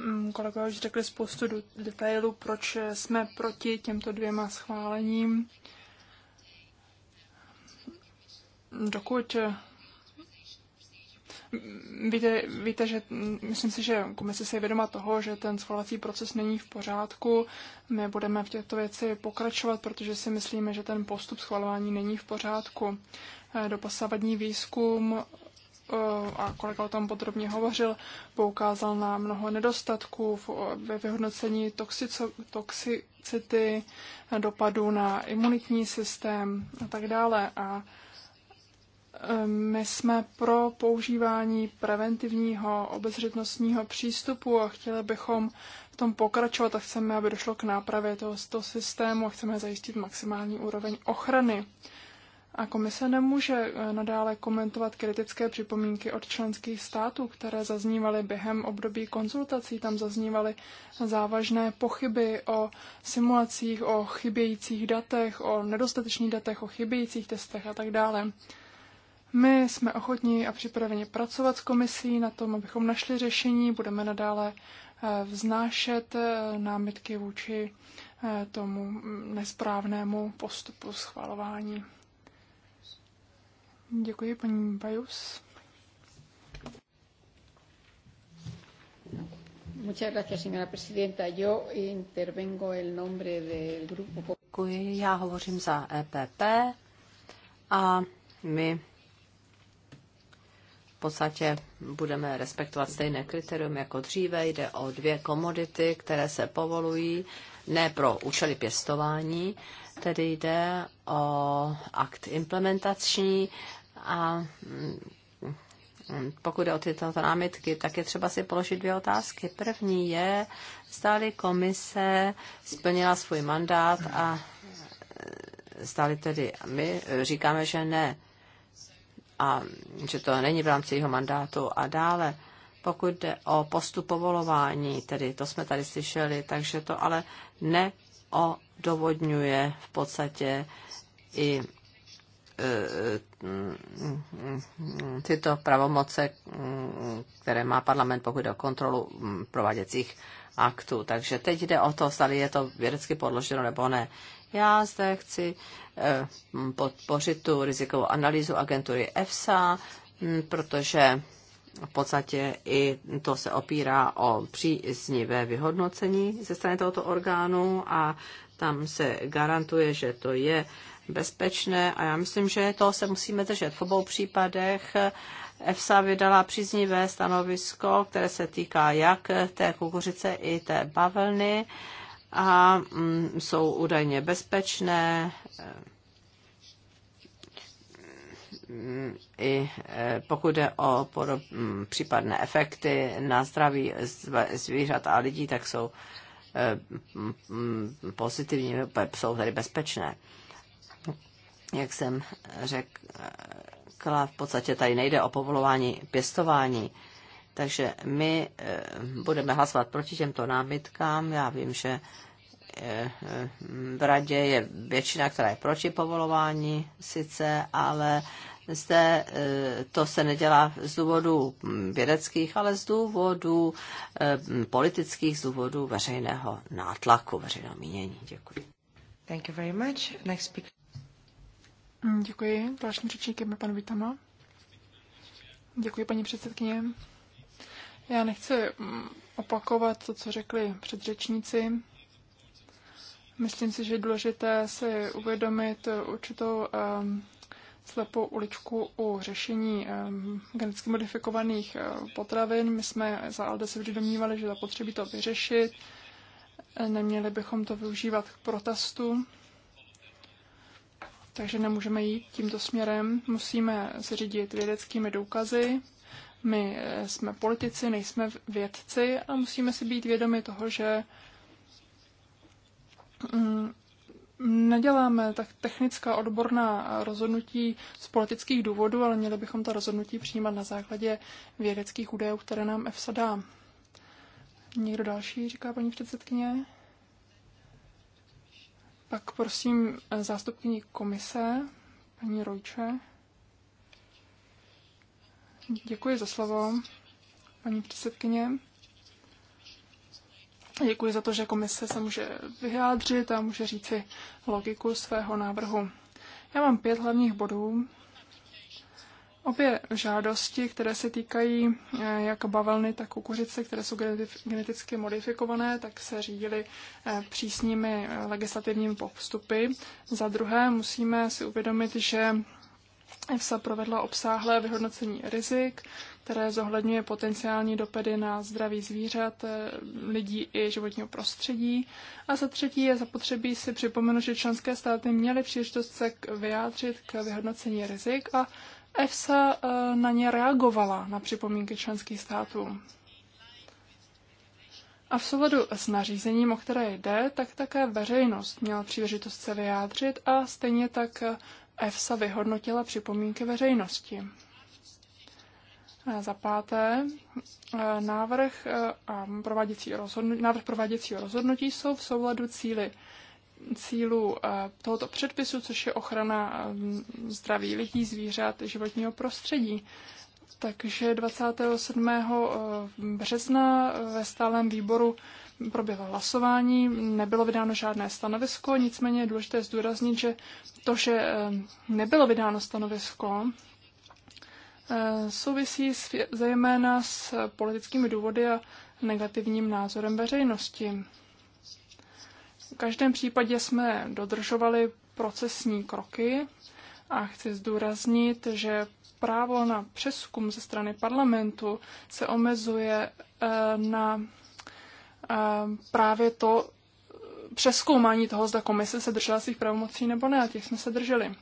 Mm, kolegové už řekli spoustu detailů, proč jsme proti těmto dvěma schválením. Dokud Víte, víte, že myslím si, že komise si je vědoma toho, že ten schvalovací proces není v pořádku. My budeme v těchto věci pokračovat, protože si myslíme, že ten postup schvalování není v pořádku. Eh, Dopasavadní výzkum eh, a kolega o tom podrobně hovořil, poukázal na mnoho nedostatků eh, ve vyhodnocení toxico, toxicity, dopadů na imunitní systém a tak dále. A my jsme pro používání preventivního obezřetnostního přístupu a chtěli bychom v tom pokračovat a chceme, aby došlo k nápravě toho, toho systému a chceme zajistit maximální úroveň ochrany. A komise nemůže eh, nadále komentovat kritické připomínky od členských států, které zaznívaly během období konzultací. Tam zaznívaly závažné pochyby o simulacích, o chybějících datech, o nedostatečných datech, o chybějících testech a tak dále. My jsme ochotní a připraveni pracovat s komisí na tom, abychom našli řešení. Budeme nadále eh, vznášet eh, námitky vůči eh, tomu nesprávnému postupu schvalování. Děkuji, paní Bajus. Muchas gracias, señora presidenta. Yo intervengo el nombre del grupo. Děkuji, já hovořím za EPP a my podstatě budeme respektovat stejné kritérium jako dříve. Jde o dvě komodity, které se povolují ne pro účely pěstování, tedy jde o akt implementační a mm, pokud jde o tyto námitky, tak je třeba si položit dvě otázky. První je, stáli komise splnila svůj mandát a stáli e, tedy, my říkáme, že ne a že to není v rámci jeho mandátu a dále. Pokud jde o postup povolování, tedy to jsme tady slyšeli, takže to ale neodovodňuje v podstatě i e, e, tyto pravomoce, které má parlament, pokud jde o kontrolu prováděcích aktů. Takže teď jde o to, zda je to vědecky podloženo nebo ne. Já zde chci Eh, podpořit tu rizikovou analýzu agentury EFSA, hm, protože v podstatě i to se opírá o příznivé vyhodnocení ze strany tohoto orgánu a tam se garantuje, že to je bezpečné a já myslím, že to se musíme držet. V obou případech EFSA vydala příznivé stanovisko, které se týká jak té kukuřice i té bavlny a mm, jsou údajně bezpečné e, i e, pokud jde o mm, případné efekty na zdraví zvířat a lidí, tak jsou e, mm, pozitivní, jsou tedy bezpečné. Jak jsem řekla, v podstatě tady nejde o povolování pěstování takže my eh, budeme hlasovat proti těmto námitkám. Já vím, že eh, v radě je většina, která je proti povolování sice, ale zde eh, to se nedělá z důvodů vědeckých, ale z důvodů politických, z důvodů veřejného nátlaku, veřejného mínění. Děkuji. Thank you very much. Next speaker. Děkuji. Dalším řečníkem je pan Vitama. Děkuji, paní předsedkyně. Já nechci mm, opakovat to, co řekli předřečníci. Myslím si, že je důležité si uvědomit určitou ehm, slepou uličku u řešení ehm, geneticky modifikovaných eh, potravin. My jsme za ALDE se vždy domnívali, že zapotřebí to vyřešit. Neměli bychom to využívat k protestu, takže nemůžeme jít tímto směrem. Musíme se řídit vědeckými důkazy my eh, jsme politici, nejsme vědci a musíme si být vědomi toho, že mm, neděláme tak technická odborná rozhodnutí z politických důvodů, ale měli bychom ta rozhodnutí přijímat na základě vědeckých údajů, které nám EFSA dá. Někdo další, říká paní předsedkyně? Pak prosím eh, zástupkyní komise, paní Rojče. Děkuji za slovo, paní předsedkyně. Děkuji za to, že komise se může vyjádřit a může říci logiku svého návrhu. Já mám pět hlavních bodů. Obě žádosti, které se týkají eh, jak bavlny, tak kukuřice, které jsou geneticky modifikované, tak se řídily eh, přísnými eh, legislativními postupy. Za druhé musíme si uvědomit, že EFSA provedla obsáhlé vyhodnocení rizik, které zohledňuje potenciální dopady na zdraví zvířat, e, lidí i životního prostředí. A za třetí je zapotřebí si připomenout, že členské státy měly příležitost se vyjádřit k vyhodnocení rizik a EFSA e, na ně reagovala, na připomínky členských států. A v souladu s nařízením, o které jde, tak také veřejnost měla příležitost se vyjádřit a stejně tak EFSA vyhodnotila připomínky veřejnosti. Za páté, e, návrh, e, a prováděcí rozhodnutí, návrh prováděcího rozhodnutí jsou v souladu cíly cílu e, tohoto předpisu, což je ochrana zdraví lidí, zvířat, životního prostředí. Takže 27. března ve stálem výboru proběhlo hlasování, nebylo vydáno žádné stanovisko, nicméně je důležité zdůraznit, že to, že eh, nebylo vydáno stanovisko, eh, souvisí s, zejména s politickými důvody a negativním názorem veřejnosti. V každém případě jsme dodržovali procesní kroky a chci zdůraznit, že právo na přeskum ze strany parlamentu se omezuje eh, na Eh, právě to přeskoumání toho, zda komise se držela svých pravomocí nebo ne, a těch jsme se drželi.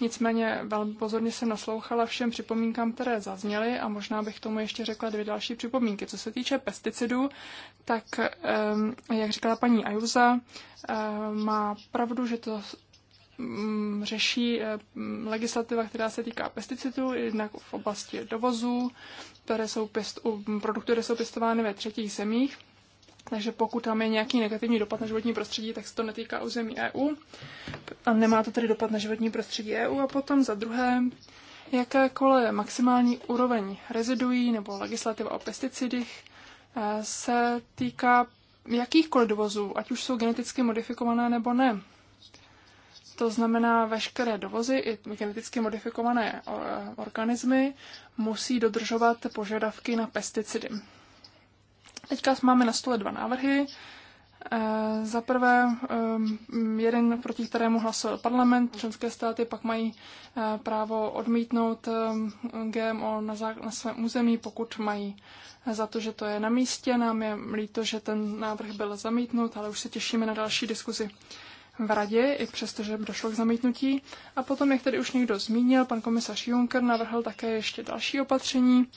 Nicméně velmi pozorně jsem naslouchala všem připomínkám, které zazněly a možná bych tomu ještě řekla dvě další připomínky. Co se týče pesticidů, tak jak říkala paní Ajuza, eh, má pravdu, že to mm, řeší eh, legislativa, která se týká pesticidů, jednak v oblasti dovozů, které jsou pěst, produkty, které jsou pěstovány ve třetích zemích takže pokud tam je nějaký negativní dopad na životní prostředí, tak se to netýká území EU. A nemá to tedy dopad na životní prostředí EU. A potom za druhé, jakékoliv maximální úroveň reziduí nebo legislativa o pesticidech eh, se týká jakýchkoliv dovozů, ať už jsou geneticky modifikované nebo ne. To znamená, veškeré dovozy i geneticky modifikované eh, organismy musí dodržovat požadavky na pesticidy. Teďka máme na stole dva návrhy. Eh, za prvé, ehm, jeden, proti kterému hlasoval parlament, členské státy pak mají eh, právo odmítnout ehm, GMO na, zá, na svém území, pokud mají za to, že to je na místě. Nám je líto, že ten návrh byl zamítnut, ale už se těšíme na další diskuzi v radě, i přestože došlo k zamítnutí. A potom, jak tady už někdo zmínil, pan komisař Juncker navrhl také ještě další opatření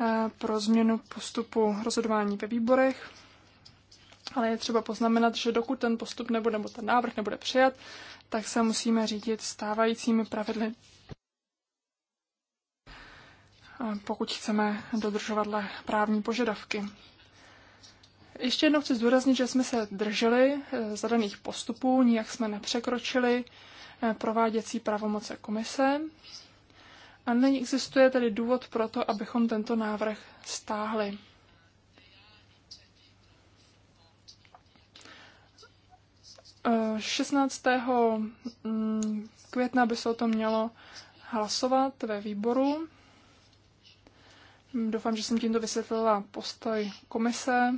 eh, pro změnu postupu rozhodování ve výborech. Ale je třeba poznamenat, že dokud ten postup nebo, nebo ten návrh nebude přijat, tak se musíme řídit stávajícími pravidly pokud chceme dodržovat právní požadavky. Ještě jednou chci zdůraznit, že jsme se drželi eh, zadaných postupů, nijak jsme nepřekročili eh, prováděcí pravomoce komise a není existuje tedy důvod pro to, abychom tento návrh stáhli. E, eh, 16. Mm, května by se o tom mělo hlasovat ve výboru. Doufám, že jsem tímto vysvětlila postoj komise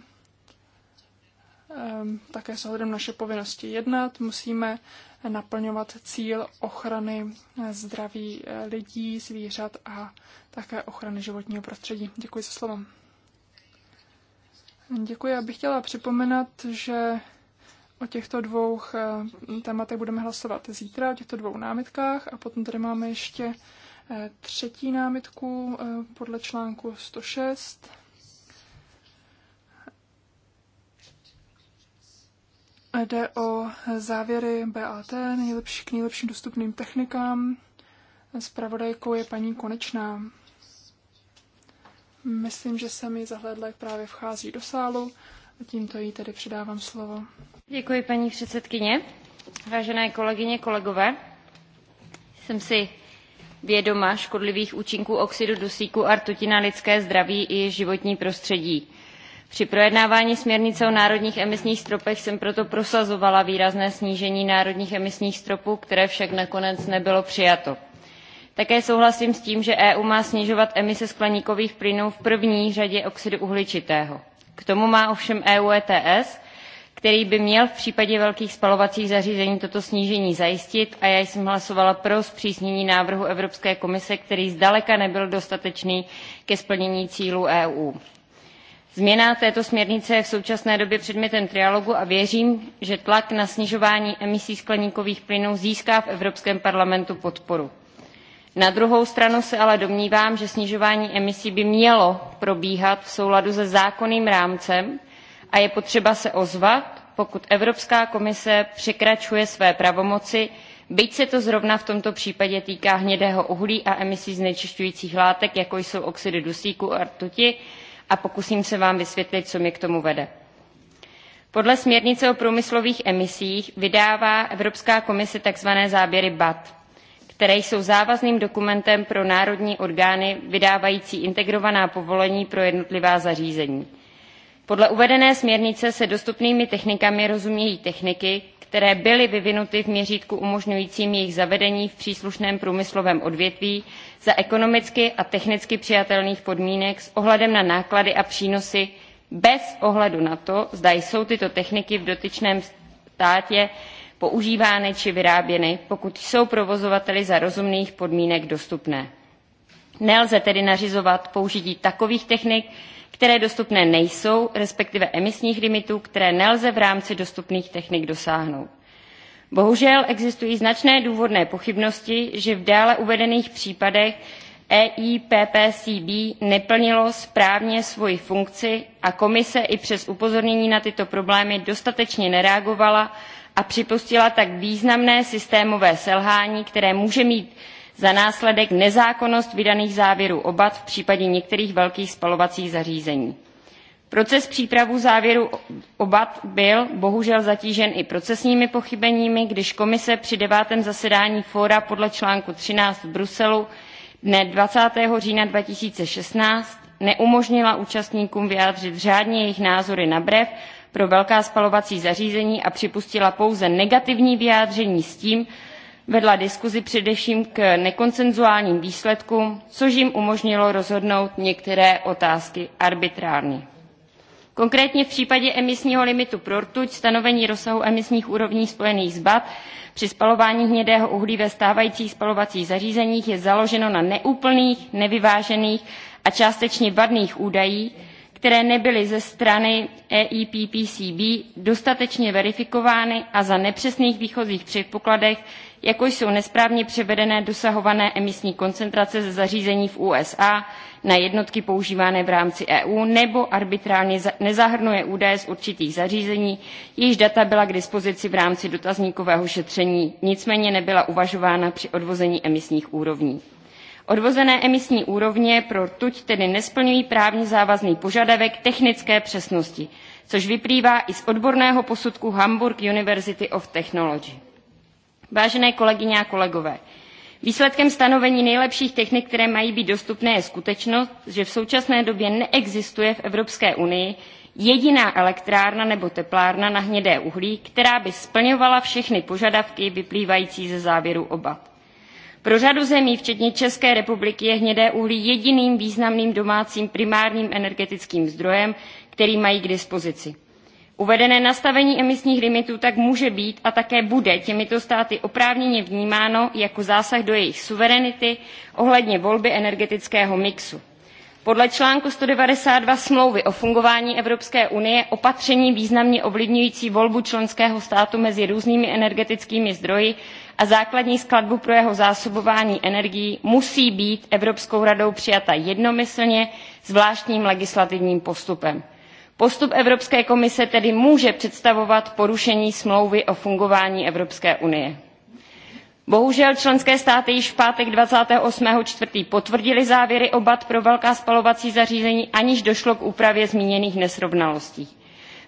Ehm, také s ohledem naše povinnosti jednat. Musíme naplňovat cíl ochrany eh, zdraví eh, lidí, zvířat a také ochrany životního prostředí. Děkuji za slovo. Děkuji. Já bych chtěla připomenat, že o těchto dvou eh, tématech budeme hlasovat zítra, o těchto dvou námitkách a potom tady máme ještě třetí námitku podle článku 106 Jde o závěry BAT nejlepší, k nejlepším dostupným technikám. Spravodajkou je paní Konečná. Myslím, že se mi zahledla, jak právě vchází do sálu. A tímto jí tedy předávám slovo. Děkuji, paní předsedkyně. Vážené kolegyně, kolegové, jsem si vědoma škodlivých účinků oxidu dusíku a rtuti na lidské zdraví i životní prostředí při projednávání směrnice o národních emisních stropech jsem proto prosazovala výrazné snížení národních emisních stropů, které však nakonec nebylo přijato. Také souhlasím s tím, že EU má snižovat emise skleníkových plynů v první řadě oxidu uhličitého. K tomu má ovšem EU ETS, který by měl v případě velkých spalovacích zařízení toto snížení zajistit a já jsem hlasovala pro zpřísnění návrhu Evropské komise, který zdaleka nebyl dostatečný ke splnění cílů EU změna této směrnice je v současné době předmětem trialogu a věřím že tlak na snižování emisí skleníkových plynů získá v evropském parlamentu podporu. na druhou stranu se ale domnívám že snižování emisí by mělo probíhat v souladu se zákonným rámcem a je potřeba se ozvat pokud evropská komise překračuje své pravomoci byť se to zrovna v tomto případě týká hnědého uhlí a emisí znečišťujících látek jako jsou oxidy dusíku a rtuti a pokusím se vám vysvětlit, co mě k tomu vede. Podle směrnice o průmyslových emisích vydává Evropská komise tzv. záběry BAT, které jsou závazným dokumentem pro národní orgány vydávající integrovaná povolení pro jednotlivá zařízení. Podle uvedené směrnice se dostupnými technikami rozumějí techniky, které byly vyvinuty v měřítku umožňujícím jejich zavedení v příslušném průmyslovém odvětví za ekonomicky a technicky přijatelných podmínek s ohledem na náklady a přínosy bez ohledu na to zda jsou tyto techniky v dotyčném státě používány či vyráběny pokud jsou provozovateli za rozumných podmínek dostupné. nelze tedy nařizovat použití takových technik které dostupné nejsou, respektive emisních limitů, které nelze v rámci dostupných technik dosáhnout. Bohužel existují značné důvodné pochybnosti, že v dále uvedených případech EIPPCB neplnilo správně svoji funkci a komise i přes upozornění na tyto problémy dostatečně nereagovala a připustila tak významné systémové selhání, které může mít za následek nezákonnost vydaných závěrů obat v případě některých velkých spalovacích zařízení. Proces přípravu závěru obat byl bohužel zatížen i procesními pochybeními, když komise při devátém zasedání fóra podle článku 13 v Bruselu dne 20. října 2016 neumožnila účastníkům vyjádřit řádně jejich názory na brev pro velká spalovací zařízení a připustila pouze negativní vyjádření s tím, vedla diskuzi především k nekonsenzuálním výsledkům, což jim umožnilo rozhodnout některé otázky arbitrárně. Konkrétně v případě emisního limitu pro rtuť stanovení rozsahu emisních úrovní spojených s BAT při spalování hnědého uhlí ve stávajících spalovacích zařízeních je založeno na neúplných, nevyvážených a částečně vadných údajích, které nebyly ze strany EIPPCB dostatečně verifikovány a za nepřesných výchozích předpokladech jako jsou nesprávně převedené dosahované emisní koncentrace ze zařízení v USA na jednotky používané v rámci EU nebo arbitrálně nezahrnuje údaje z určitých zařízení, jejichž data byla k dispozici v rámci dotazníkového šetření, nicméně nebyla uvažována při odvození emisních úrovní. Odvozené emisní úrovně pro rtuť tedy nesplňují právně závazný požadavek technické přesnosti, což vyplývá i z odborného posudku Hamburg University of Technology. Vážené kolegyně a kolegové, Výsledkem stanovení nejlepších technik, které mají být dostupné, je skutečnost, že v současné době neexistuje v Evropské unii jediná elektrárna nebo teplárna na hnědé uhlí, která by splňovala všechny požadavky vyplývající ze závěru oba. Pro řadu zemí, včetně České republiky, je hnědé uhlí jediným významným domácím primárním energetickým zdrojem, který mají k dispozici Uvedené nastavení emisních limitů tak může být a také bude těmito státy oprávněně vnímáno jako zásah do jejich suverenity ohledně volby energetického mixu. Podle článku 192 smlouvy o fungování Evropské unie opatření významně ovlivňující volbu členského státu mezi různými energetickými zdroji a základní skladbu pro jeho zásobování energií musí být Evropskou radou přijata jednomyslně zvláštním legislativním postupem postup evropské komise tedy může představovat porušení smlouvy o fungování evropské unie. bohužel členské státy již v pátek. twenty eight. four potvrdily závěry obat pro velká spalovací zařízení aniž došlo k úpravě zmíněných nesrovnalostí.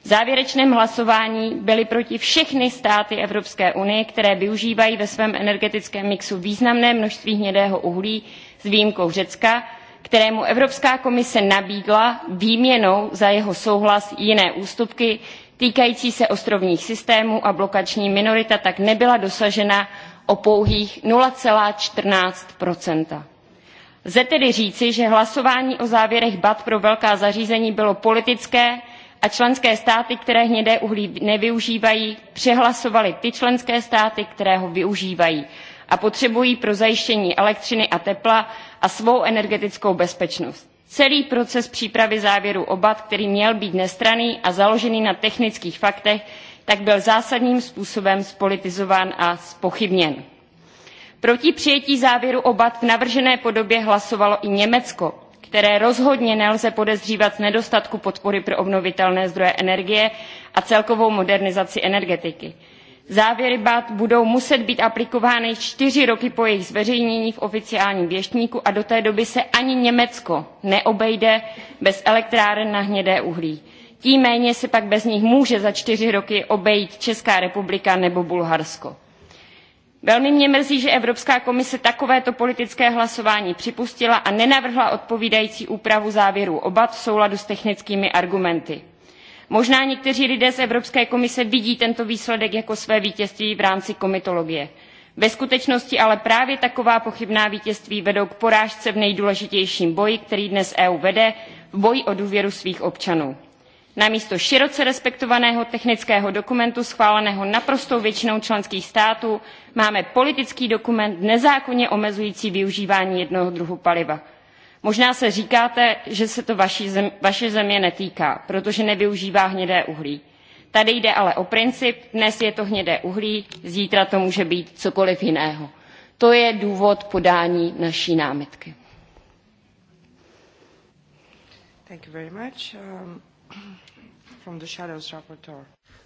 v závěrečném hlasování byly proti všechny státy evropské unie které využívají ve svém energetickém mixu významné množství hnědého uhlí s výjimkou řecka kterému Evropská komise nabídla výměnou za jeho souhlas jiné ústupky týkající se ostrovních systémů a blokační minorita tak nebyla dosažena o pouhých 0,14 Lze tedy říci, že hlasování o závěrech BAT pro velká zařízení bylo politické a členské státy, které hnědé uhlí nevyužívají, přehlasovaly ty členské státy, které ho využívají a potřebují pro zajištění elektřiny a tepla a svou energetickou bezpečnost. celý proces přípravy závěrů obat který měl být nestranný a založený na technických faktech tak byl zásadním způsobem zpolitizován a zpochybněn. proti přijetí závěrů obat v navržené podobě hlasovalo i německo které rozhodně nelze podezřívat z nedostatku podpory pro obnovitelné zdroje energie a celkovou modernizaci energetiky závěry bat budou muset být aplikovány čtyři roky po jejich zveřejnění v oficiálním věštníku a do té doby se ani německo neobejde bez elektráren na hnědé uhlí tím méně se pak bez nich může za čtyři roky obejít česká republika nebo bulharsko. velmi mě mrzí že evropská komise takovéto politické hlasování připustila a nenavrhla odpovídající úpravu závěrů obat v souladu s technickými argumenty možná někteří lidé z evropské komise vidí tento výsledek jako své vítězství v rámci komitologie. ve skutečnosti ale právě taková pochybná vítězství vedou k porážce v nejdůležitějším boji který dnes eu vede v boji o důvěru svých občanů. namísto široce respektovaného technického dokumentu schváleného naprostou většinou členských států máme politický dokument nezákonně omezující využívání jednoho druhu paliva možná se říkáte že se to vaše země netýká protože nevyužívá hnědé uhlí. tady jde ale o princip dnes je to hnědé uhlí zítra to může být cokoliv jiného. to je důvod podání naší námitky. Thank you very much. Um, from the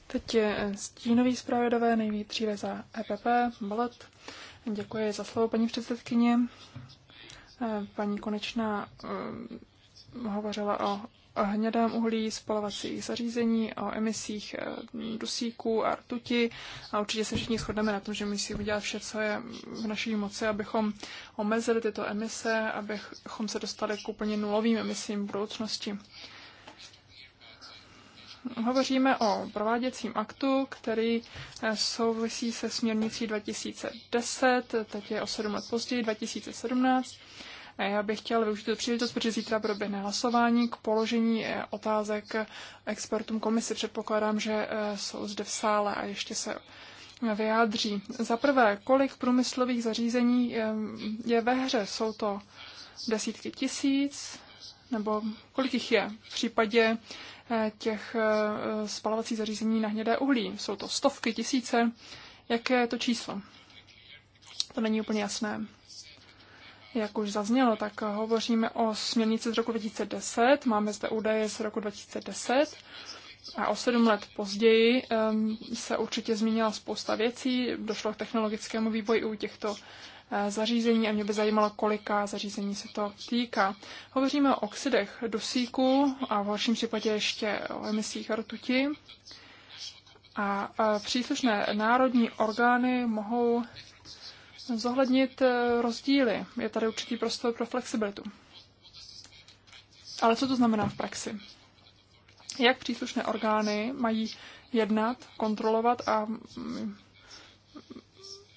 Teď je stínový zpravodové nejdříve za EPP, Bolet. Děkuji za slovo, paní předsedkyně. Paní Konečná eh, hovořila o hnědém uhlí, spalovacích zařízení, o emisích eh, dusíků a rtuti. A určitě se všichni shodneme na tom, že musí udělat vše, co je v naší moci, abychom omezili tyto emise, abychom se dostali k úplně nulovým emisím v budoucnosti. Hovoříme o prováděcím aktu, který eh, souvisí se směrnicí 2010, teď je o sedm let později, 2017. Já bych chtěl využít tu příležitost, protože zítra proběhne hlasování k položení eh, otázek eh, expertům komise. Předpokládám, že eh, jsou zde v sále a ještě se vyjádří. Za prvé, kolik průmyslových zařízení je ve hře? Jsou to desítky tisíc? Nebo kolik jich je v případě těch spalovacích zařízení na hnědé uhlí? Jsou to stovky, tisíce? Jaké je to číslo? To není úplně jasné. Jak už zaznělo, tak hovoříme o směrnici z roku 2010, máme zde údaje z roku 2010 a o sedm let později um, se určitě změnila spousta věcí, došlo k technologickému vývoji u těchto eh, zařízení a mě by zajímalo, kolika zařízení se to týká. Hovoříme o oxidech dusíku a v horším případě ještě o emisích rtuti. A eh, příslušné národní orgány mohou zohlednit eh, rozdíly. Je tady určitý prostor pro flexibilitu. Ale co to znamená v praxi? Jak příslušné orgány mají jednat, kontrolovat a mm,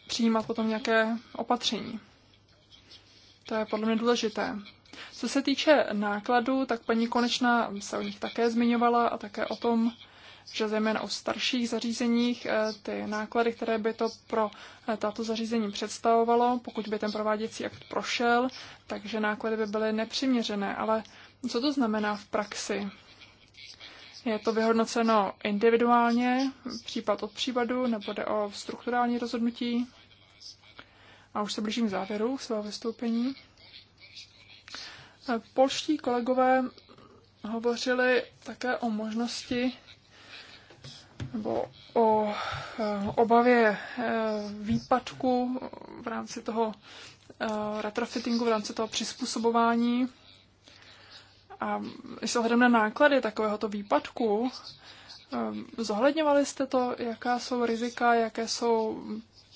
přijímat potom nějaké opatření? To je podle mě důležité. Co se týče nákladu, tak paní Konečná se o nich také zmiňovala a také o tom, že zejména u starších zařízeních eh, ty náklady, které by to pro eh, tato zařízení představovalo, pokud by ten prováděcí akt prošel, takže náklady by byly nepřiměřené. Ale co to znamená v praxi? Je to vyhodnoceno individuálně, případ od případu, nebo jde o strukturální rozhodnutí? A už se blížím k závěru svého vystoupení. Eh, polští kolegové hovořili také o možnosti nebo o eh, obavě eh, výpadku v rámci toho eh, retrofittingu, v rámci toho přizpůsobování. A s ohledem na náklady takovéhoto výpadku, zohledňovali jste to, jaká jsou rizika, jaké jsou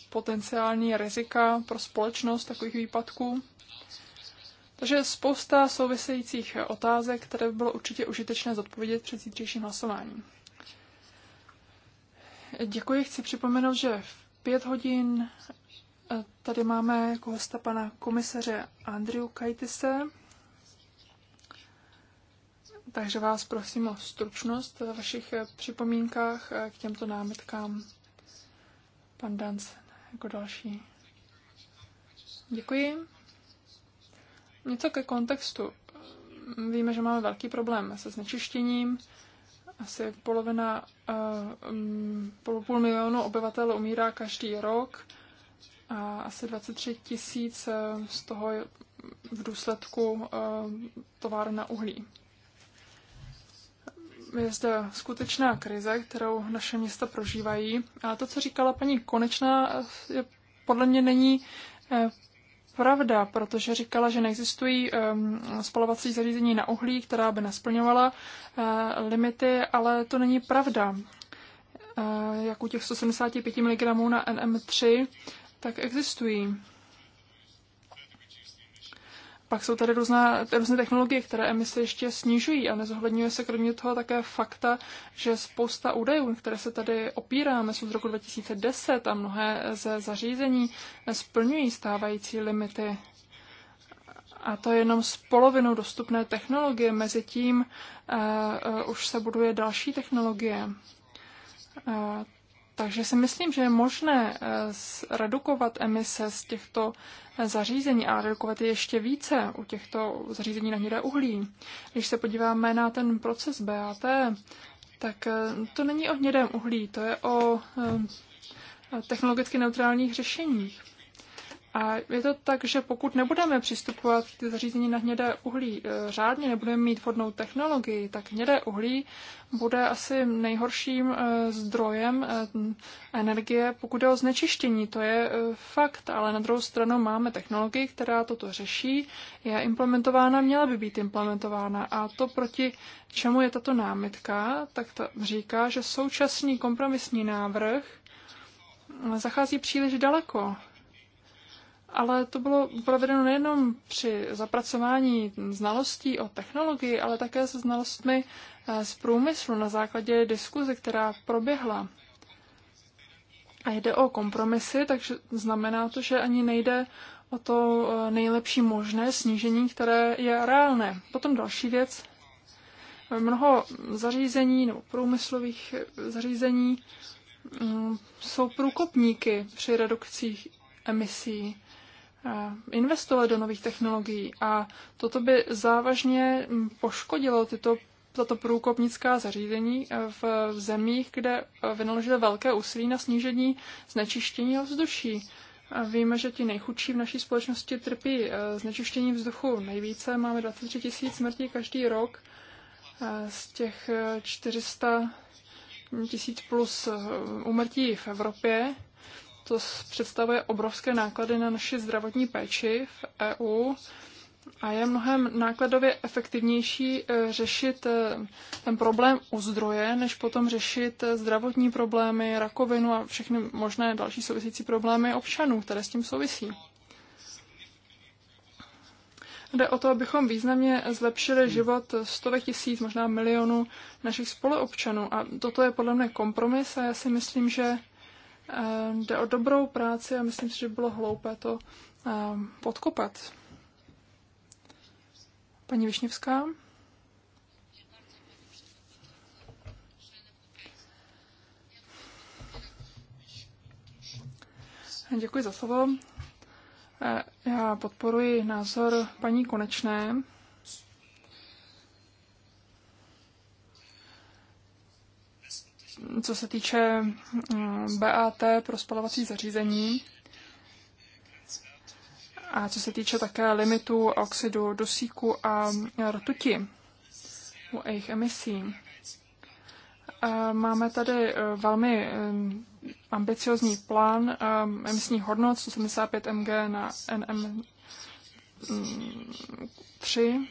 potenciální rizika pro společnost takových výpadků? Takže spousta souvisejících otázek, které by bylo určitě užitečné zodpovědět před zítřejším hlasováním. Děkuji, chci připomenout, že v pět hodin eh, tady máme jako hosta pana komisaře Andriu Kajtise. Takže vás prosím o stručnost ve vašich eh, připomínkách eh, k těmto námitkám. Pan Danc jako další. Děkuji. Něco ke kontextu. Víme, že máme velký problém se znečištěním asi polovina, uh, půl milionu obyvatel umírá každý rok a asi 23 tisíc eh, z toho je v důsledku uh, eh, továr na uhlí. Je zde skutečná krize, kterou naše města prožívají. A to, co říkala paní Konečná, je, podle mě není pravda, protože říkala, že neexistují um, spalovací zařízení na uhlí, která by nesplňovala uh, limity, ale to není pravda. Uh, jak u těch 175 mg na NM3, tak existují. Pak jsou tady různé, různé technologie, které emise ještě snižují a nezohledňuje se kromě toho také fakta, že spousta údajů, které se tady opíráme, jsou z roku 2010 a mnohé ze zařízení splňují stávající limity. A to je jenom s polovinou dostupné technologie, mezi tím uh, eh, uh, eh, už se buduje další technologie. Uh, takže si myslím, že je možné eh, redukovat emise z těchto eh, zařízení a redukovat je ještě více u těchto zařízení na hnědé uhlí. Když se podíváme na ten proces BAT, tak eh, to není o hnědém uhlí, to je o technologicky neutrálních řešeních. A je to tak, že pokud nebudeme přistupovat k zařízení na hnědé uhlí eh, řádně, nebudeme mít vhodnou technologii, tak hnědé uhlí bude asi nejhorším eh, zdrojem eh, energie, pokud je o znečištění. To je fakt, ale na druhou stranu máme technologii, která toto řeší, je implementována, měla by být implementována. A to proti čemu je tato námitka, tak to říká, že současný kompromisní návrh zachází příliš daleko ale to bylo provedeno nejenom při zapracování znalostí o technologii, ale také se znalostmi eh, z průmyslu na základě diskuze, která proběhla. A jde o kompromisy, takže znamená to, že ani nejde o to eh, nejlepší možné snížení, které je reálné. Potom další věc. Mnoho zařízení nebo průmyslových zařízení mm, jsou průkopníky při redukcích emisí investovat do nových technologií a toto by závažně poškodilo tyto tato průkopnická zařízení eh, v zemích, kde eh, vynaložili velké úsilí na snížení znečištění ovzduší. Víme, že ti nejchudší v naší společnosti trpí eh, znečištění vzduchu nejvíce. Máme 23 tisíc smrtí každý rok z těch 400 tisíc plus umrtí v Evropě. To představuje obrovské náklady na naši zdravotní péči v EU a je mnohem nákladově efektivnější eh, řešit eh, ten problém u zdroje, než potom řešit eh, zdravotní problémy, rakovinu a všechny možné další související problémy občanů, které s tím souvisí. Jde o to, abychom významně zlepšili život stovek tisíc, možná milionů našich spoluobčanů. A toto je podle mě kompromis a já si myslím, že Eh, jde o dobrou práci a myslím si, že bylo hloupé to eh, podkopat. Paní Višněvská? Děkuji za slovo. Eh, já podporuji názor paní Konečné. co se týče mm, BAT pro spalovací zařízení a co se týče také limitu oxidu dusíku a rtuti u jejich emisí. Máme tady eh, velmi eh, ambiciozní plán eh, emisních hodnot 175 mg na NM3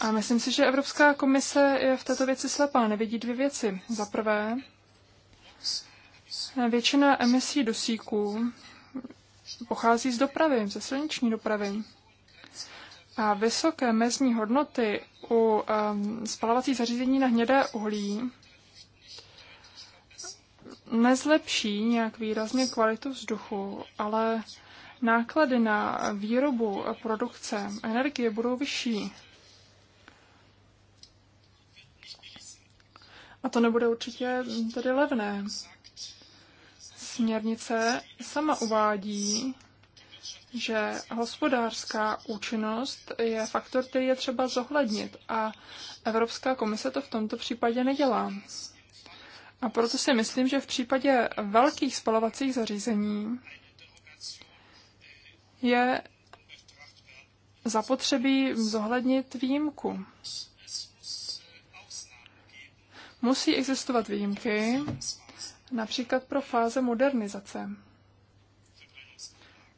a myslím si, že Evropská komise je v této věci slepá. Nevidí dvě věci. Za prvé, většina emisí dusíků pochází z dopravy, ze silniční dopravy. A vysoké mezní hodnoty u um, spalovacích zařízení na hnědé uhlí nezlepší nějak výrazně kvalitu vzduchu, ale náklady na výrobu, produkce, energie budou vyšší. A to nebude určitě tedy levné. Směrnice sama uvádí, že hospodářská účinnost je faktor, který je třeba zohlednit a Evropská komise to v tomto případě nedělá. A proto si myslím, že v případě velkých spalovacích zařízení je zapotřebí zohlednit výjimku. Musí existovat výjimky, například pro fáze modernizace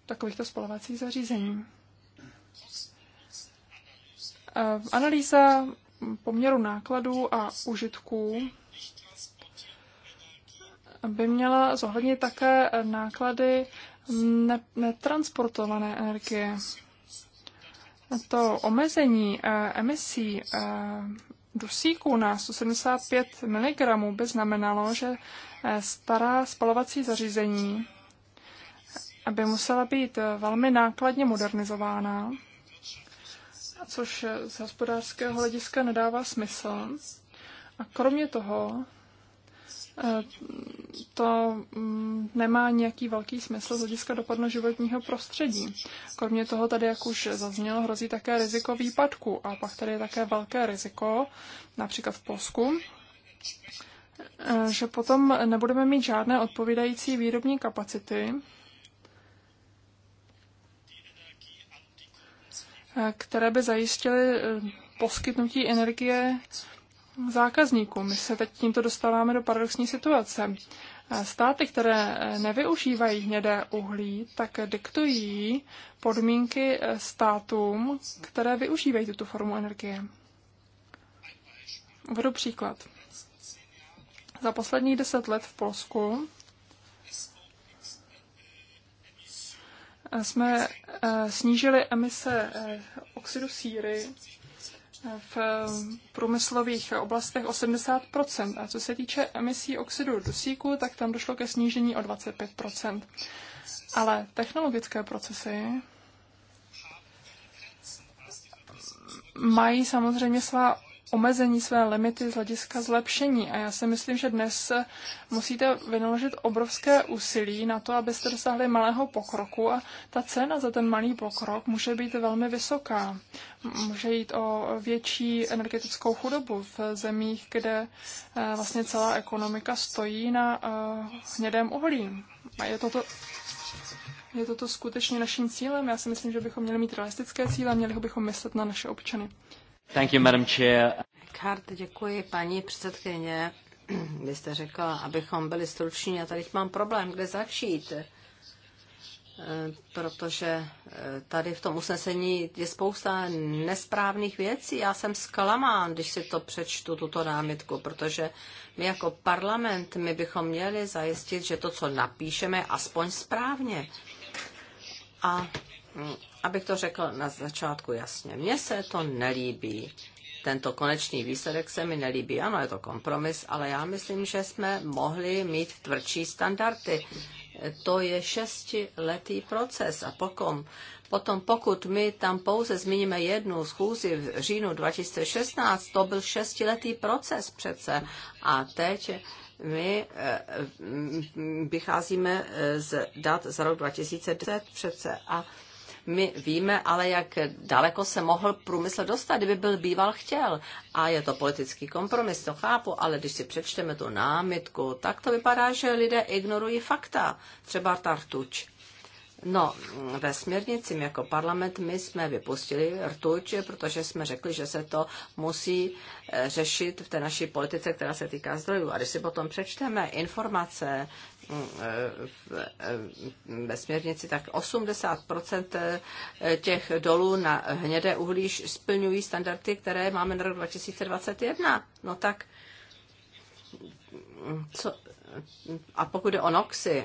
takovýchto spalovacích zařízení. Analýza poměru nákladů a užitků by měla zohlednit také náklady netransportované energie. To omezení eh, emisí eh, dusíku na 175 mg by znamenalo, že eh, stará spalovací zařízení eh, by musela být eh, velmi nákladně modernizována, což z hospodářského hlediska nedává smysl. A kromě toho Eh, to mm, nemá nějaký velký smysl z hlediska dopadno životního prostředí. Kromě toho tady, jak už zaznělo, hrozí také riziko výpadku a pak tady je také velké riziko, například v Polsku, eh, že potom nebudeme mít žádné odpovídající výrobní kapacity, eh, které by zajistily poskytnutí energie zákazníků. My se teď tímto dostáváme do paradoxní situace. Státy, které eh, nevyužívají hnědé uhlí, tak diktují podmínky eh, státům, které využívají tuto formu energie. Uvedu příklad. Za posledních deset let v Polsku eh, jsme snížili emise oxidu síry v eh, průmyslových oblastech 80 A co se týče emisí oxidu dusíku, tak tam došlo ke snížení o 25 Ale technologické procesy mají samozřejmě svá omezení, své limity z hlediska zlepšení. A já si myslím, že dnes musíte vynaložit obrovské úsilí na to, abyste dosáhli malého pokroku a ta cena za ten malý pokrok může být velmi vysoká. Může jít o větší energetickou chudobu v zemích, kde eh, vlastně celá ekonomika stojí na eh, hnědém uhlí. A je toto je toto skutečně naším cílem. Já si myslím, že bychom měli mít realistické cíle a měli bychom myslet na naše občany. Thank you, Madam Chair. Kart, děkuji, paní předsedkyně. [CLEARS THROAT] Vy jste řekla, abychom byli struční a tady mám problém, kde začít. Eh, protože eh, tady v tom usnesení je spousta nesprávných věcí. Já jsem zklamán, když si to přečtu, tuto námitku, protože my jako parlament, my bychom měli zajistit, že to, co napíšeme, je aspoň správně. A mm, abych to řekl na začátku jasně, mně se to nelíbí. Tento konečný výsledek se mi nelíbí. Ano, je to kompromis, ale já myslím, že jsme mohli mít tvrdší standardy. To je šestiletý proces a pokom, potom pokud my tam pouze zmíníme jednu schůzi v říjnu 2016, to byl šestiletý proces přece a teď my eh, vycházíme eh, z dat za rok 2010 přece a my víme ale, jak daleko se mohl průmysl dostat, kdyby byl býval chtěl. A je to politický kompromis, to chápu, ale když si přečteme tu námitku, tak to vypadá, že lidé ignorují fakta. Třeba tartuč. No, ve směrnici jako parlament my jsme vypustili rtuč, protože jsme řekli, že se to musí eh, řešit v té naší politice, která se týká zdrojů. A když si potom přečteme informace ve směrnici, tak 80% eh, těch dolů na hnědé uhlí splňují standardy, které máme na rok 2021. No tak co, a pokud je o NOXy,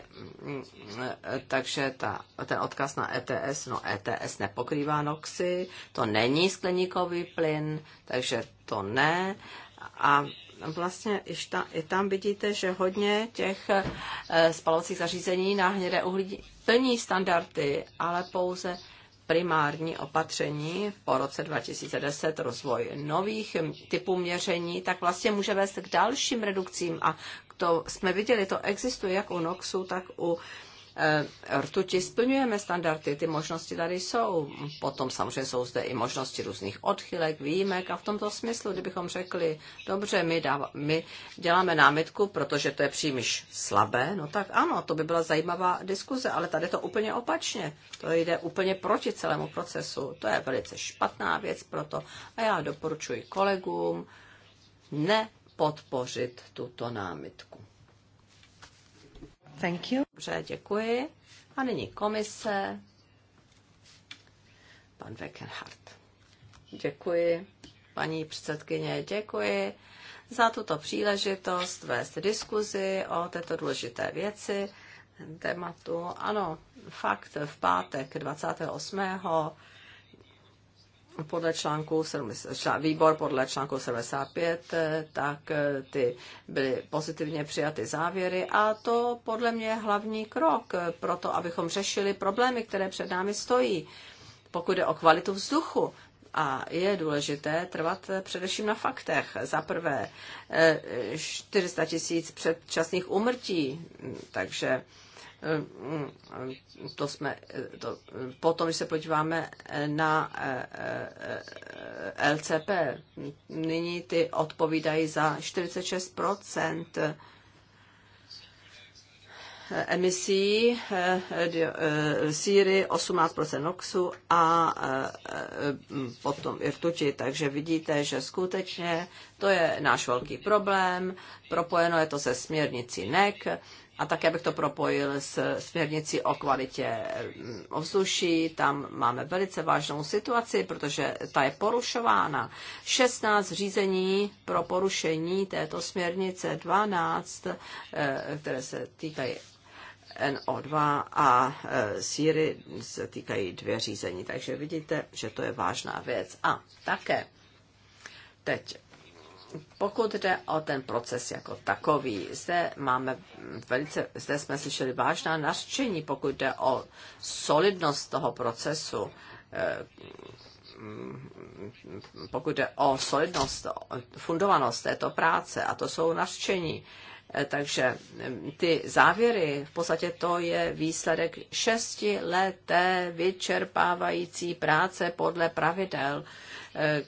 eh, takže ta, ten odkaz na ETS, no ETS nepokrývá NOXy, to není skleníkový plyn, takže to ne. A vlastně i tam vidíte, že hodně těch eh, spalovacích zařízení na hnědé uhlí plní standardy, ale pouze primární opatření po roce 2010, rozvoj nových typů měření, tak vlastně může vést k dalším redukcím a to jsme viděli, to existuje jak u NOXu, tak u Eh, rtuti splňujeme standardy, ty možnosti tady jsou. Potom samozřejmě jsou zde i možnosti různých odchylek, výjimek a v tomto smyslu, kdybychom řekli, dobře, my, dáv- my děláme námitku, protože to je příliš slabé, no tak ano, to by byla zajímavá diskuze, ale tady to úplně opačně. To jde úplně proti celému procesu. To je velice špatná věc proto a já doporučuji kolegům nepodpořit tuto námitku. Thank you. Dobře, děkuji. A nyní komise. Pan Weckenhardt. Děkuji, paní předsedkyně, děkuji za tuto příležitost vést diskuzi o této důležité věci, tématu. Ano, fakt v pátek 28 podle článku 70, výbor podle článku 75, eh, tak eh, ty byly pozitivně přijaty závěry a to podle mě je hlavní krok eh, pro to, abychom řešili problémy, které před námi stojí, pokud je o kvalitu vzduchu. A je důležité trvat především na faktech. Za prvé 400 tisíc předčasných umrtí, mm, takže to jsme, to, potom, když se podíváme na eh, eh, LCP, nyní ty odpovídají za 46 emisí eh, síry, 18% noxu a potom i rtuti. Takže vidíte, že skutečně to je náš velký problém. Propojeno je to se směrnicí NEC a také bych to propojil s směrnicí o kvalitě mm, ovzduší. Tam máme velice vážnou situaci, protože ta je porušována. 16 řízení pro porušení této směrnice, 12, eh, které se týkají NO2 a eh, síry se týkají dvě řízení. Takže vidíte, že to je vážná věc. A také teď pokud jde o ten proces jako takový, zde, máme velice, zde jsme slyšeli vážná nařčení, pokud jde o solidnost toho procesu, eh, pokud jde o solidnost, fundovanost této práce, a to jsou nařčení. Eh, takže eh, ty závěry, v podstatě to je výsledek šestileté vyčerpávající práce podle pravidel Eh,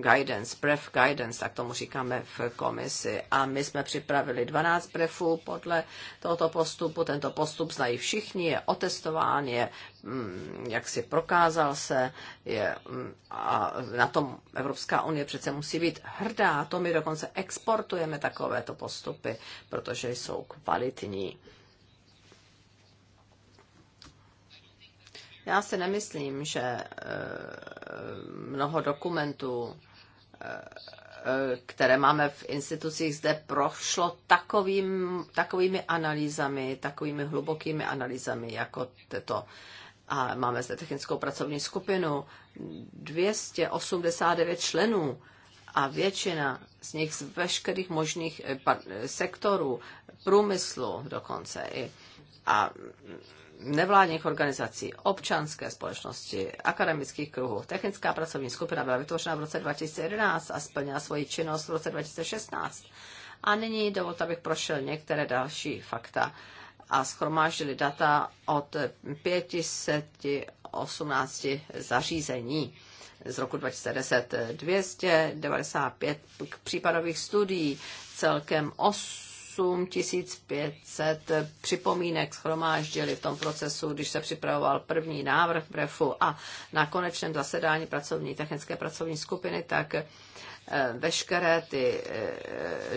guidance, pref guidance, tak tomu říkáme v komisi. A my jsme připravili 12 prefů podle tohoto postupu. Tento postup znají všichni, je otestován, je mm, jak si prokázal se, je, mm, a na tom Evropská unie přece musí být hrdá. To my dokonce exportujeme takovéto postupy, protože jsou kvalitní. Já si nemyslím, že eh, mnoho dokumentů, eh, eh, které máme v institucích zde, prošlo takovým, takovými analýzami, takovými hlubokými analýzami, jako tyto. A máme zde technickou pracovní skupinu, 289 členů a většina z nich z veškerých možných sektorů, průmyslu dokonce i. A nevládních organizací, občanské společnosti, akademických kruhů. Technická pracovní skupina byla vytvořena v roce 2011 a splnila svoji činnost v roce 2016. A nyní dovolte, abych prošel některé další fakta a schromáždili data od 518 zařízení z roku 2010 295 případových studií, celkem 8 8 500 připomínek schromáždili v tom procesu, když se připravoval první návrh brefu a na konečném zasedání pracovní, technické pracovní skupiny, tak eh, veškeré ty eh,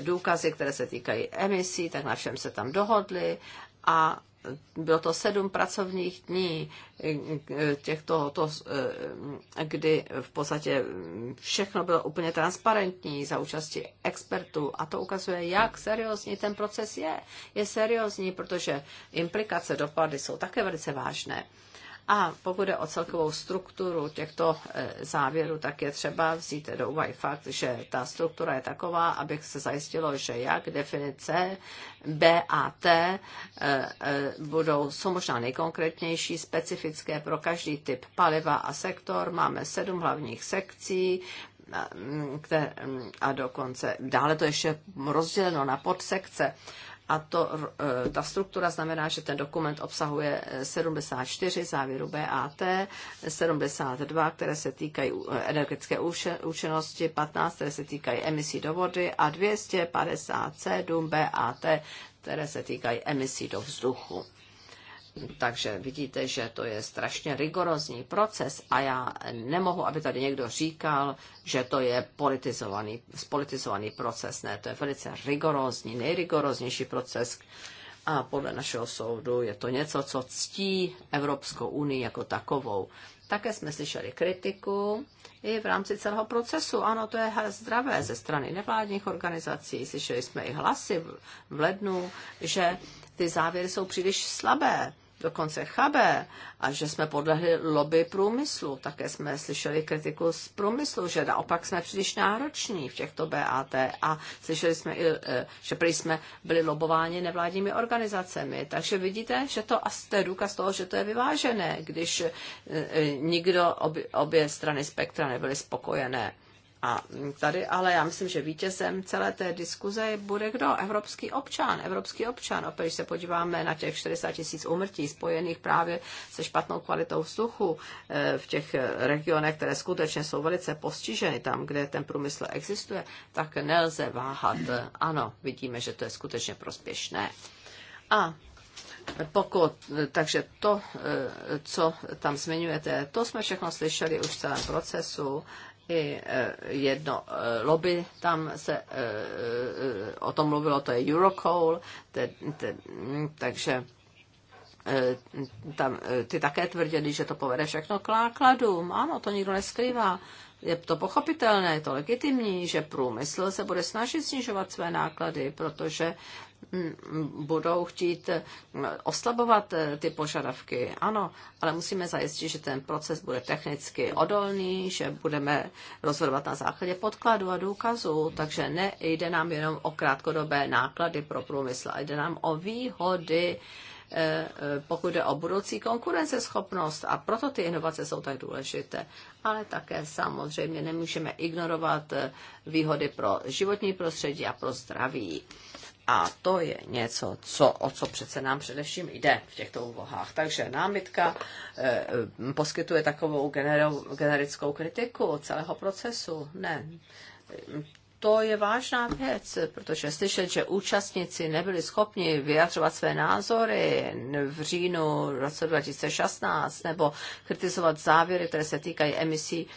důkazy, které se týkají emisí, tak na všem se tam dohodli a bylo to sedm pracovních dní těchto, to, kdy v podstatě všechno bylo úplně transparentní za účasti expertů a to ukazuje, jak seriózní ten proces je. Je seriózní, protože implikace, dopady jsou také velice vážné. A pokud je o celkovou strukturu těchto e, závěrů, tak je třeba vzít do úvahy fakt, že ta struktura je taková, abych se zajistilo, že jak definice B a T e, e, budou, jsou možná nejkonkrétnější, specifické pro každý typ paliva a sektor. Máme sedm hlavních sekcí, a dokonce dále to ještě rozděleno na podsekce a to, eh, ta struktura znamená, že ten dokument obsahuje 74 eh, závěru BAT, 72, které se týkají eh, energetické účinnosti, 15, které se týkají emisí do vody a 257 BAT, které se týkají emisí do vzduchu. Takže vidíte, že to je strašně rigorózní proces a já nemohu, aby tady někdo říkal, že to je politizovaný, spolitizovaný proces. Ne, to je velice rigorózní, nejrigoróznější proces a podle našeho soudu je to něco, co ctí Evropskou unii jako takovou. Také jsme slyšeli kritiku i v rámci celého procesu. Ano, to je zdravé ze strany nevládních organizací. Slyšeli jsme i hlasy v lednu, že ty závěry jsou příliš slabé dokonce chabé a že jsme podlehli lobby průmyslu. Také jsme slyšeli kritiku z průmyslu, že naopak jsme příliš nároční v těchto BAT a slyšeli jsme i, e, že prý jsme byli lobováni nevládními organizacemi. Takže vidíte, že to, a to je důkaz toho, že to je vyvážené, když e, e, nikdo, obě, obě strany spektra nebyly spokojené. A tady ale já myslím, že vítězem celé té diskuze bude kdo? Evropský občan. Evropský občan. Opět, když se podíváme na těch 40 tisíc umrtí spojených právě se špatnou kvalitou vzduchu eh, v těch eh, regionech, které skutečně jsou velice postiženy, tam, kde ten průmysl existuje, tak nelze váhat. Ano, vidíme, že to je skutečně prospěšné. A pokud, takže to, eh, co tam zmiňujete, to jsme všechno slyšeli už v celém procesu i e, jedno e, lobby, tam se e, o tom mluvilo, to je Eurocoal, te, te, takže tam ty také tvrdili, že to povede všechno k nákladům. Ano, to nikdo neskrývá. Je to pochopitelné, je to legitimní, že průmysl se bude snažit snižovat své náklady, protože Mm, budou chtít mm, oslabovat eh, ty požadavky. Ano, ale musíme zajistit, že ten proces bude technicky odolný, že budeme rozhodovat na základě podkladu a důkazů, takže nejde nám jenom o krátkodobé náklady pro průmysl, ale jde nám o výhody, eh, eh, pokud jde o budoucí konkurenceschopnost a proto ty inovace jsou tak důležité. Ale také samozřejmě nemůžeme ignorovat výhody pro životní prostředí a pro zdraví. A to je něco, co, o co přece nám především jde v těchto úvohách. Takže námitka e, poskytuje takovou genero, generickou kritiku celého procesu. Ne. To je vážná věc, protože slyšet, že účastníci nebyli schopni vyjadřovat své názory v říjnu roce 2016 nebo kritizovat závěry, které se týkají emisí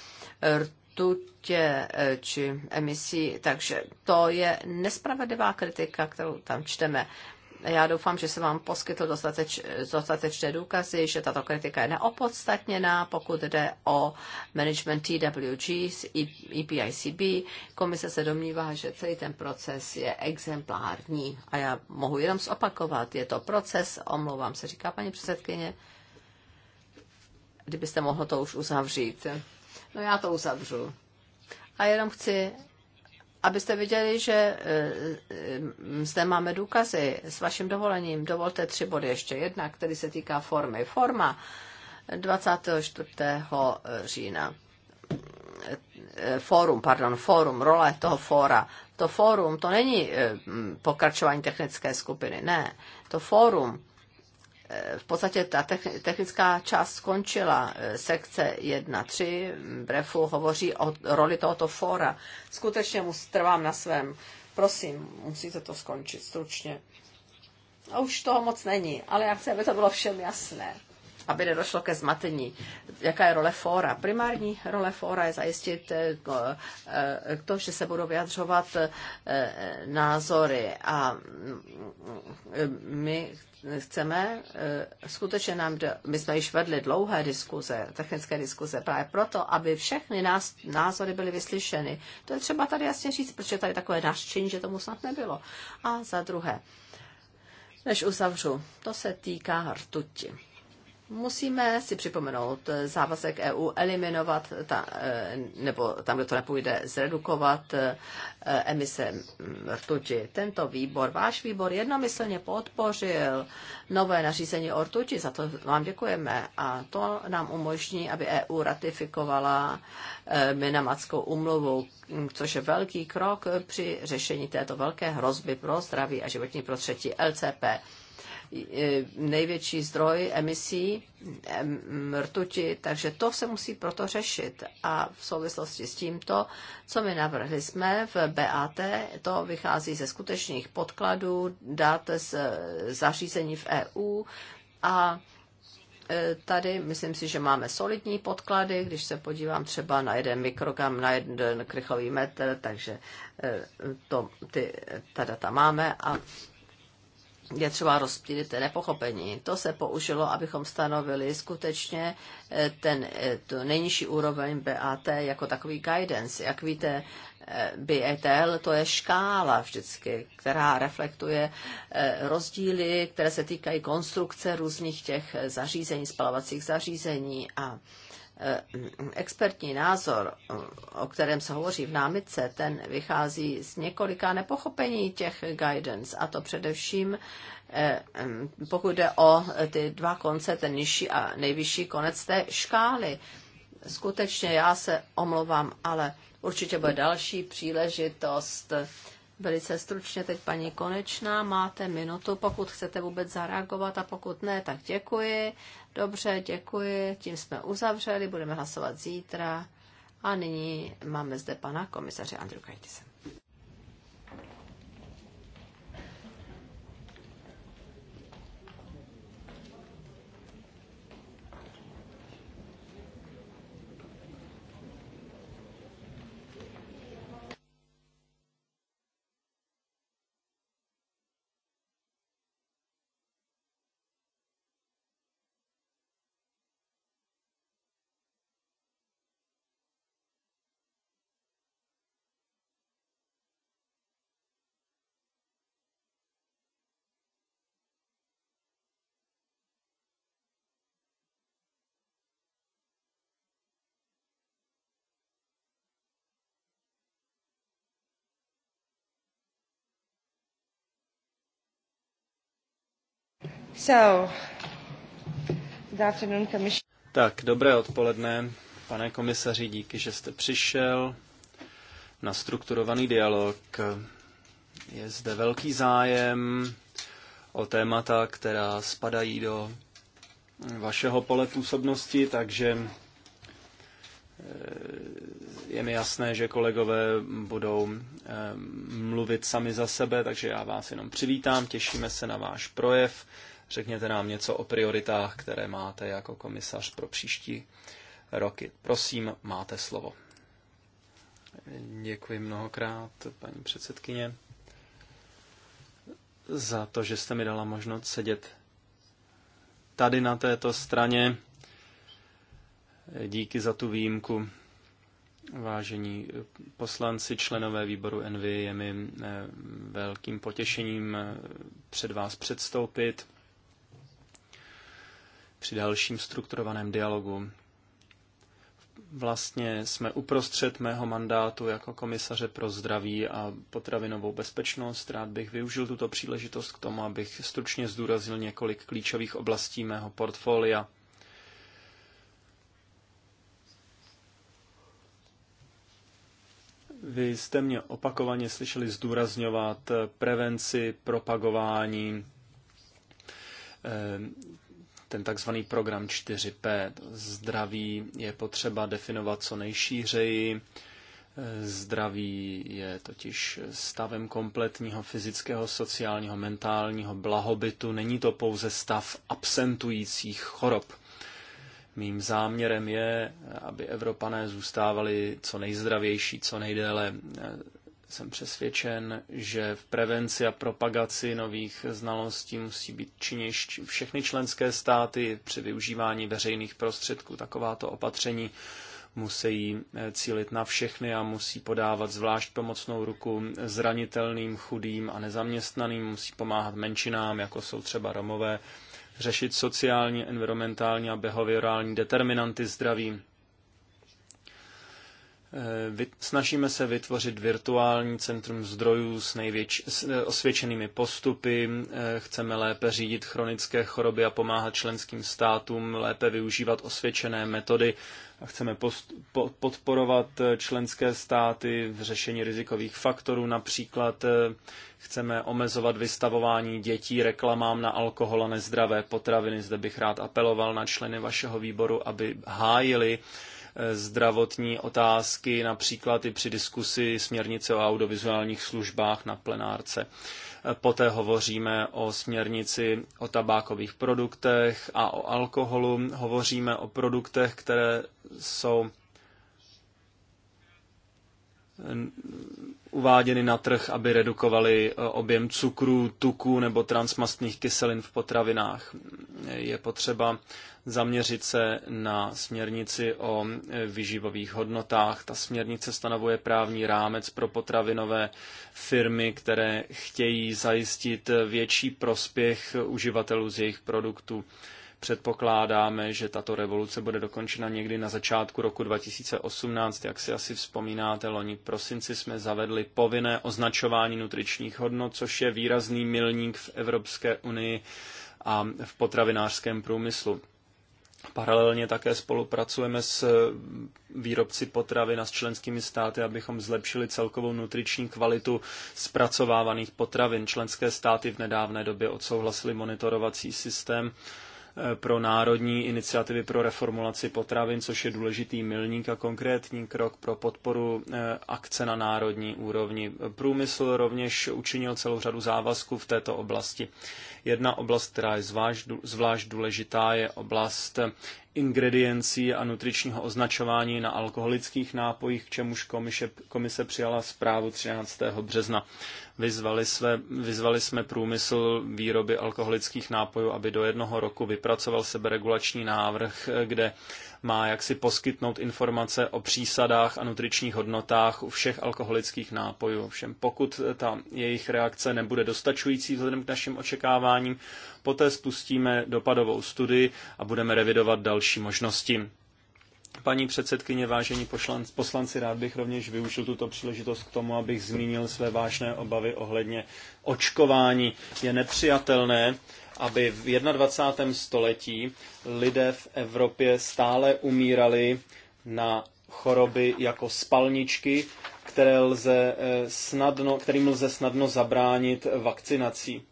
eh, tutě eh, či emisí, takže to je nespravedlivá kritika, kterou tam čteme. Já doufám, že se vám poskytl dostateč, dostatečné důkazy, že tato kritika je neopodstatněná, pokud jde o management TWG z EPICB. Komise se domnívá, že celý ten proces je exemplární. A já mohu jenom zopakovat, je to proces, omlouvám se, říká paní předsedkyně, kdybyste mohlo to už uzavřít. No já to uzavřu. A jenom chci, abyste viděli, že eh, eh, zde máme důkazy. S vaším dovolením dovolte tři body ještě. Jedna, který se týká formy. Forma 24. Eh, října. Fórum, pardon, fórum, role toho fóra. To fórum, to není pokračování technické skupiny, ne. To fórum v podstatě ta technická část skončila. Sekce 1.3 Brefu hovoří o roli tohoto fóra. Skutečně mu trvám na svém. Prosím, musíte to skončit stručně. A už toho moc není, ale já chci, aby to bylo všem jasné aby nedošlo ke zmatení. Jaká je role fóra? Primární role fóra je zajistit eh, eh, to, že se budou vyjadřovat eh, názory a mm, mm, mm, my chceme, eh, skutečně nám, my jsme již vedli dlouhé diskuze, technické diskuze, právě proto, aby všechny nás, názory byly vyslyšeny. To je třeba tady jasně říct, protože tady takové naštění, že tomu snad nebylo. A za druhé, než uzavřu, to se týká rtuti. Musíme si připomenout závazek EU eliminovat, ta, e, nebo tam, kde to nepůjde, zredukovat e, emise rtuči. Tento výbor, váš výbor, jednomyslně podpořil nové nařízení o rtuči, za to vám děkujeme. A to nám umožní, aby EU ratifikovala e, Minamatskou umluvu, což je velký krok při řešení této velké hrozby pro zdraví a životní prostředí LCP. E, největší zdroj emisí rtuti, takže to se musí proto řešit. A v souvislosti s tímto, co my navrhli jsme v BAT, to vychází ze skutečných podkladů, dat z zařízení v EU a e, tady myslím si, že máme solidní podklady, když se podívám třeba na jeden mikrogram, na jeden krychlový metr, takže e, to, ty, ta data máme a je třeba rozptýlit nepochopení. To se použilo, abychom stanovili skutečně eh, ten, eh, tu nejnižší úroveň BAT jako takový guidance. Jak víte, eh, BATL to je škála vždycky, která reflektuje rozdíly, které se týkají konstrukce různých těch zařízení, spalovacích zařízení a Eh, expertní názor, eh, o kterém se hovoří v námitce, ten vychází z několika nepochopení těch guidance, a to především eh, pokud jde o ty dva konce, ten nižší a nejvyšší konec té škály. Skutečně já se omlouvám, ale určitě bude další příležitost. Velice stručně teď paní Konečná, máte minutu, pokud chcete vůbec zareagovat a pokud ne, tak děkuji Dobře, děkuji. Tím jsme uzavřeli, budeme hlasovat zítra. A nyní máme zde pana komisaře Andrew Kajtisem. tak, dobré odpoledne, pane komisaři, díky, že jste přišel na strukturovaný dialog. Je zde velký zájem o témata, která spadají do vašeho pole působnosti, takže eh, je mi jasné, že kolegové budou eh, mluvit sami za sebe, takže já vás jenom přivítám, těšíme se na váš projev. Řekněte nám něco o prioritách, které máte jako komisař pro příští roky. Prosím, máte slovo. Děkuji mnohokrát, paní předsedkyně, za to, že jste mi dala možnost sedět tady na této straně. Díky za tu výjimku. Vážení poslanci, členové výboru Envy, je mi eh, velkým potěšením eh, před vás předstoupit při dalším strukturovaném dialogu. Vlastně jsme uprostřed mého mandátu jako komisaře pro zdraví a potravinovou bezpečnost. Rád bych využil tuto příležitost k tomu, abych stručně zdůraznil několik klíčových oblastí mého portfolia. Vy jste mě opakovaně slyšeli zdůrazňovat prevenci, propagování ten takzvaný program 4P. Zdraví je potřeba definovat co nejšířeji. Zdraví je totiž stavem kompletního fyzického, sociálního, mentálního blahobytu. Není to pouze stav absentujících chorob. Mým záměrem je, aby Evropané zůstávali co nejzdravější, co nejdéle jsem přesvědčen, že v prevenci a propagaci nových znalostí musí být činnější všechny členské státy při využívání veřejných prostředků. Takováto opatření musí eh, cílit na všechny a musí podávat zvlášť pomocnou ruku zranitelným, chudým a nezaměstnaným, musí pomáhat menšinám, jako jsou třeba Romové, řešit sociální, environmentální a behaviorální determinanty zdraví Eh, snažíme se vytvořit virtuální centrum zdrojů s, největš- s eh, osvědčenými postupy, eh, chceme lépe řídit chronické choroby a pomáhat členským státům, lépe využívat osvědčené metody a chceme po podporovat členské státy v řešení rizikových faktorů. Například chceme omezovat vystavování dětí reklamám na alkohol a nezdravé potraviny. Zde bych rád apeloval na členy vašeho výboru, aby hájili zdravotní otázky, například i při diskusi směrnice o audiovizuálních službách na plenárce. Poté hovoříme o směrnici o tabákových produktech a o alkoholu. Hovoříme o produktech, které jsou uváděny na trh, aby redukovali e, objem cukru, tuku nebo transmastných kyselin v potravinách. Je potřeba zaměřit se na směrnici o e, vyživových hodnotách. Ta směrnice stanovuje právní rámec pro potravinové firmy, které chtějí zajistit větší prospěch uživatelů z jejich produktů. Předpokládáme, že tato revoluce bude dokončena někdy na začátku roku 2018. Jak si asi vzpomínáte, loni v prosinci jsme zavedli povinné označování nutričních hodnot, což je výrazný milník v Evropské unii a v potravinářském průmyslu. Paralelně také spolupracujeme s výrobci potravin a s členskými státy, abychom zlepšili celkovou nutriční kvalitu zpracovávaných potravin. Členské státy v nedávné době odsouhlasily monitorovací systém pro národní iniciativy pro reformulaci potravin, což je důležitý milník a konkrétní krok pro podporu eh, akce na národní úrovni. Průmysl rovněž učinil celou řadu závazků v této oblasti. Jedna oblast, která je zvlášť, důležitá, je oblast ingrediencí a nutričního označování na alkoholických nápojích, k čemuž komise, komise přijala zprávu 13. března. Vyzvali, své, vyzvali jsme průmysl výroby alkoholických nápojů, aby do jednoho roku vypracoval seberegulační návrh, kde má jaksi poskytnout informace o přísadách a nutričních hodnotách u všech alkoholických nápojů. Všem pokud ta jejich reakce nebude dostačující vzhledem k našim očekáváním, poté spustíme dopadovou studii a budeme revidovat další možnosti. Paní předsedkyně, vážení poslanci, rád bych rovněž využil tuto příležitost k tomu, abych zmínil své vážné obavy ohledně očkování. Je nepřijatelné, aby v 21. století lidé v Evropě stále umírali na choroby jako spalničky, které lze eh, snadno, kterým lze snadno zabránit vakcinací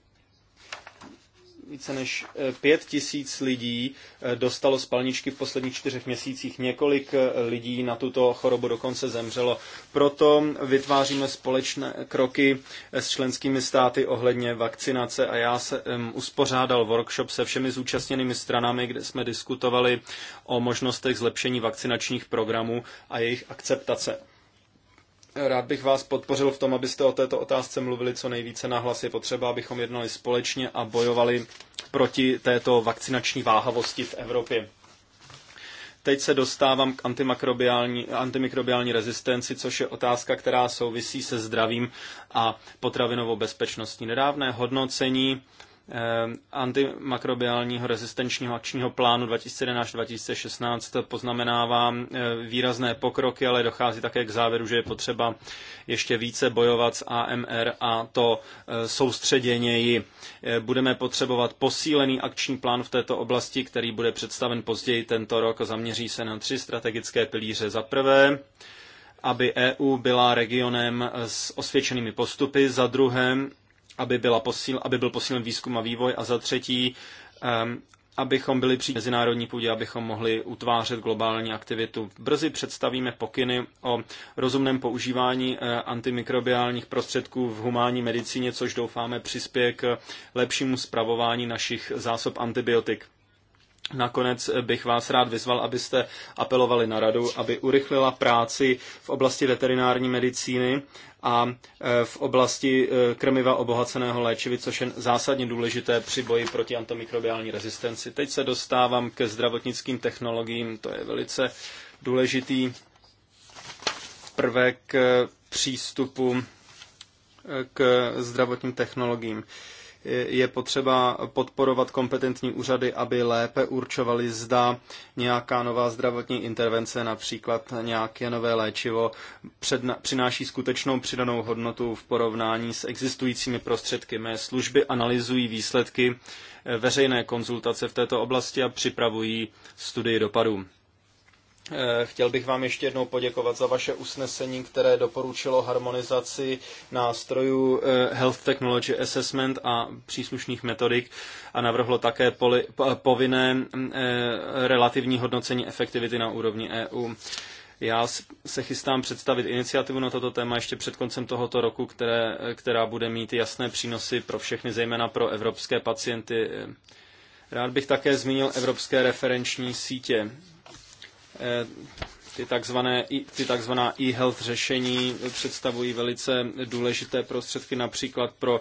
více než eh, pět tisíc lidí eh, dostalo spalničky v posledních čtyřech měsících. Několik eh, lidí na tuto chorobu dokonce zemřelo. Proto vytváříme společné kroky s členskými státy ohledně vakcinace a já jsem uspořádal workshop se všemi zúčastněnými stranami, kde jsme diskutovali o možnostech zlepšení vakcinačních programů a jejich akceptace. Rád bych vás podpořil v tom, abyste o této otázce mluvili co nejvíce nahlas. Je potřeba, abychom jednali společně a bojovali proti této vakcinační váhavosti v Evropě. Teď se dostávám k antimikrobiální, antimikrobiální rezistenci, což je otázka, která souvisí se zdravím a potravinovou bezpečností. Nedávné hodnocení Ehm, antimakrobiálního rezistenčního akčního plánu 2011-2016 poznamenává ehm, výrazné pokroky, ale dochází také k závěru, že je potřeba ještě více bojovat s AMR a to ehm, soustředěněji. Budeme potřebovat posílený akční plán v této oblasti, který bude představen později tento rok. Zaměří se na tři strategické pilíře. Za prvé, aby EU byla regionem s osvědčenými postupy, za druhé, aby, byla posíl, aby byl posílen výzkum a vývoj a za třetí, um, abychom byli při mezinárodní půdě, abychom mohli utvářet globální aktivitu. Brzy představíme pokyny o rozumném používání eh, antimikrobiálních prostředků v humánní medicíně, což doufáme přispěje k lepšímu zpravování našich zásob antibiotik. Nakonec bych vás rád vyzval, abyste apelovali na radu, aby urychlila práci v oblasti veterinární medicíny a e, v oblasti e, krmiva obohaceného léčivy, což je zásadně důležité při boji proti antimikrobiální rezistenci. Teď se dostávám ke zdravotnickým technologiím, to je velice důležitý prvek e, přístupu k zdravotním technologiím je potřeba podporovat kompetentní úřady, aby lépe určovali, zda nějaká nová zdravotní intervence, například nějaké nové léčivo, předna- přináší skutečnou přidanou hodnotu v porovnání s existujícími prostředky. Mé služby analyzují výsledky eh, veřejné konzultace v této oblasti a připravují studii dopadů. Eh, chtěl bych vám ještě jednou poděkovat za vaše usnesení, které doporučilo harmonizaci nástrojů eh, Health Technology Assessment a příslušných metodik a navrhlo také poli, povinné mm, eh, relativní hodnocení efektivity na úrovni EU. Já se chystám představit iniciativu na toto téma ještě před koncem tohoto roku, které, která bude mít jasné přínosy pro všechny, zejména pro evropské pacienty. Rád bych také zmínil evropské referenční sítě. Eh, ty, takzvané, ty takzvaná e-health řešení představují velice důležité prostředky například pro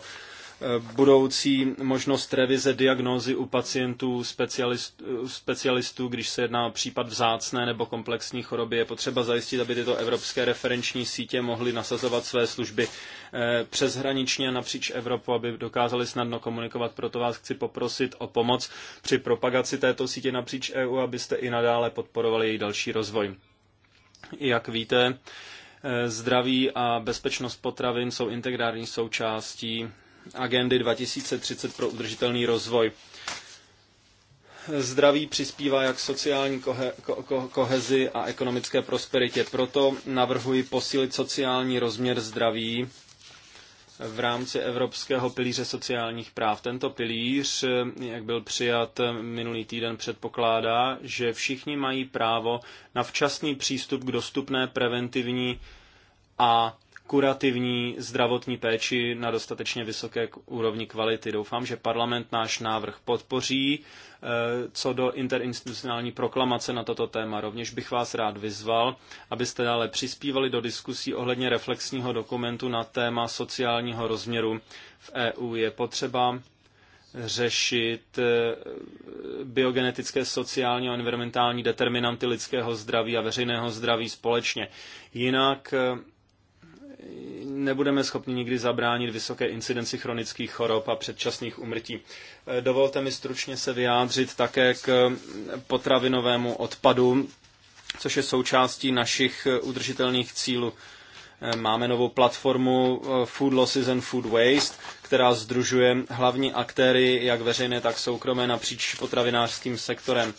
Eh, budoucí možnost revize diagnózy u pacientů, specialistů, specialistů, když se jedná o případ vzácné nebo komplexní choroby. Je potřeba zajistit, aby tyto evropské referenční sítě mohly nasazovat své služby eh, přeshraničně napříč Evropu, aby dokázali snadno komunikovat. Proto vás chci poprosit o pomoc při propagaci této sítě napříč EU, abyste i nadále podporovali její další rozvoj. Jak víte, eh, zdraví a bezpečnost potravin jsou integrální součástí agendy 2030 pro udržitelný rozvoj. Zdraví přispívá jak sociální kohe, ko, ko, kohezi a ekonomické prosperitě. Proto navrhuji posílit sociální rozměr zdraví v rámci Evropského pilíře sociálních práv. Tento pilíř, jak byl přijat minulý týden, předpokládá, že všichni mají právo na včasný přístup k dostupné preventivní a kurativní zdravotní péči na dostatečně vysoké úrovni kvality. Doufám, že parlament náš návrh podpoří. Eh, co do interinstitucionální proklamace na toto téma, rovněž bych vás rád vyzval, abyste dále přispívali do diskusí ohledně reflexního dokumentu na téma sociálního rozměru v EU. Je potřeba řešit eh, biogenetické, sociální a environmentální determinanty lidského zdraví a veřejného zdraví společně. Jinak eh, nebudeme schopni nikdy zabránit vysoké incidenci chronických chorob a předčasných umrtí. Dovolte mi stručně se vyjádřit také k potravinovému odpadu, což je součástí našich udržitelných cílů. Máme novou platformu eh, Food Losses and Food Waste, která združuje hlavní aktéry, jak veřejné, tak soukromé, napříč potravinářským sektorem.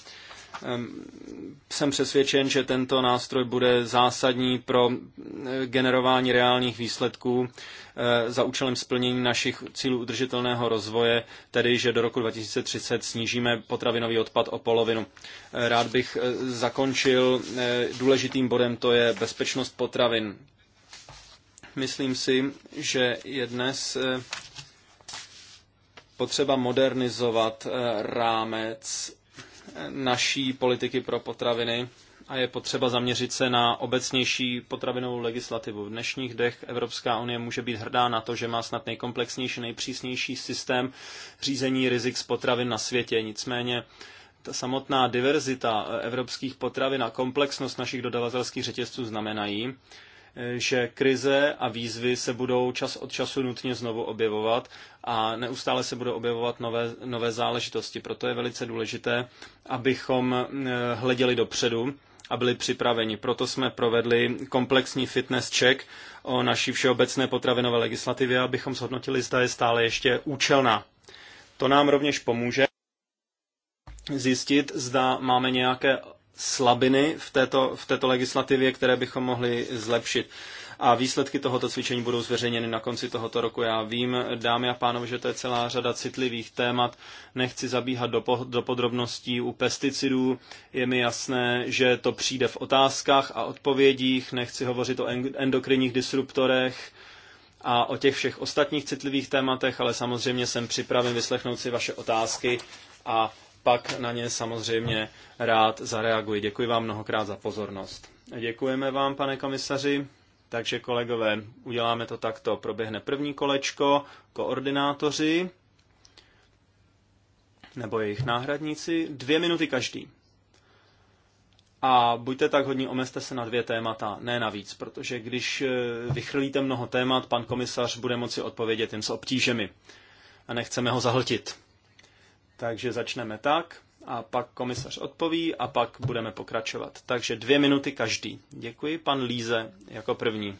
Jsem přesvědčen, že tento nástroj bude zásadní pro eh, generování reálných výsledků eh, za účelem splnění našich cílů udržitelného rozvoje, tedy že do roku 2030 snížíme potravinový odpad o polovinu. Eh, rád bych zakončil důležitým bodem, to je bezpečnost potravin. Myslím si, že je dnes potřeba modernizovat rámec naší politiky pro potraviny a je potřeba zaměřit se na obecnější potravinovou legislativu. V dnešních dech Evropská unie může být hrdá na to, že má snad nejkomplexnější, nejpřísnější systém řízení rizik z potravin na světě. Nicméně ta samotná diverzita evropských potravin a komplexnost našich dodavatelských řetězců znamenají, že krize a výzvy se budou čas od času nutně znovu objevovat a neustále se budou objevovat nové, nové záležitosti. Proto je velice důležité, abychom eh, hleděli dopředu a byli připraveni. Proto jsme provedli komplexní fitness check o naší všeobecné potravinové legislativě, abychom zhodnotili, zda je stále ještě účelná. To nám rovněž pomůže zjistit, zda máme nějaké slabiny v této, v této legislativě, které bychom mohli zlepšit. A výsledky tohoto cvičení budou zveřejněny na konci tohoto roku. Já vím, dámy a pánové, že to je celá řada citlivých témat. Nechci zabíhat do, po, do podrobností u pesticidů. Je mi jasné, že to přijde v otázkách a odpovědích. Nechci hovořit o endokrinních disruptorech a o těch všech ostatních citlivých tématech, ale samozřejmě jsem připraven vyslechnout si vaše otázky a pak na ně samozřejmě rád zareaguji. Děkuji vám mnohokrát za pozornost. Děkujeme vám, pane komisaři. Takže kolegové, uděláme to takto. Proběhne první kolečko, koordinátoři nebo jejich náhradníci, dvě minuty každý. A buďte tak hodní, omezte se na dvě témata, ne navíc, protože když eh, vychrlíte mnoho témat, pan komisař bude moci odpovědět jen s obtížemi. A nechceme ho zahltit. Takže začneme tak a pak komisař odpoví a pak budeme pokračovat. Takže dvě minuty každý. Děkuji, pan Líze, jako první.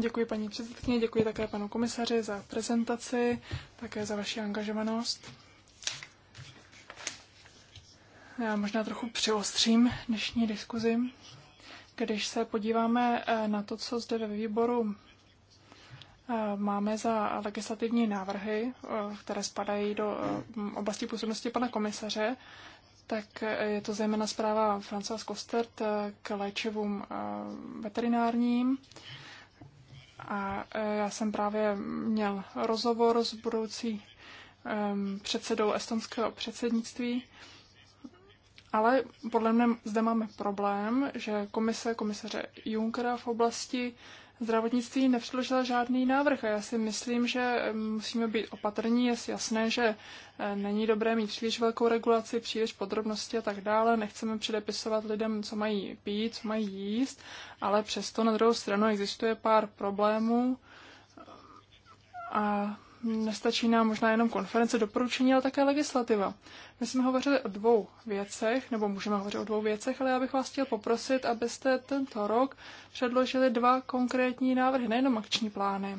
Děkuji paní předsedkyně, děkuji také panu komisaři za prezentaci, také za vaši angažovanost. Já možná trochu přiostřím dnešní diskuzi. Když se podíváme eh, na to, co zde ve výboru Máme za legislativní návrhy, eh, které spadají do eh, oblasti působnosti pana komisaře, tak eh, je to zejména zpráva Francois Kostert k léčivům veterinárním. A já jsem právě měl rozhovor s budoucí ehm, předsedou estonského předsednictví. Ale podle mě zde máme problém, že komise komisaře Junckera v oblasti zdravotnictví nepředložila žádný návrh a já si myslím, že musíme být opatrní. Je jasné, že e, není dobré mít příliš velkou regulaci, příliš podrobnosti a tak dále. Nechceme předepisovat lidem, co mají pít, co mají jíst, ale přesto na druhou stranu existuje pár problémů a Nestačí nám možná jenom konference doporučení, ale také legislativa. My jsme hovořili o dvou věcech, nebo můžeme hovořit o dvou věcech, ale já bych vás chtěl poprosit, abyste tento rok předložili dva konkrétní návrhy, nejenom akční plány.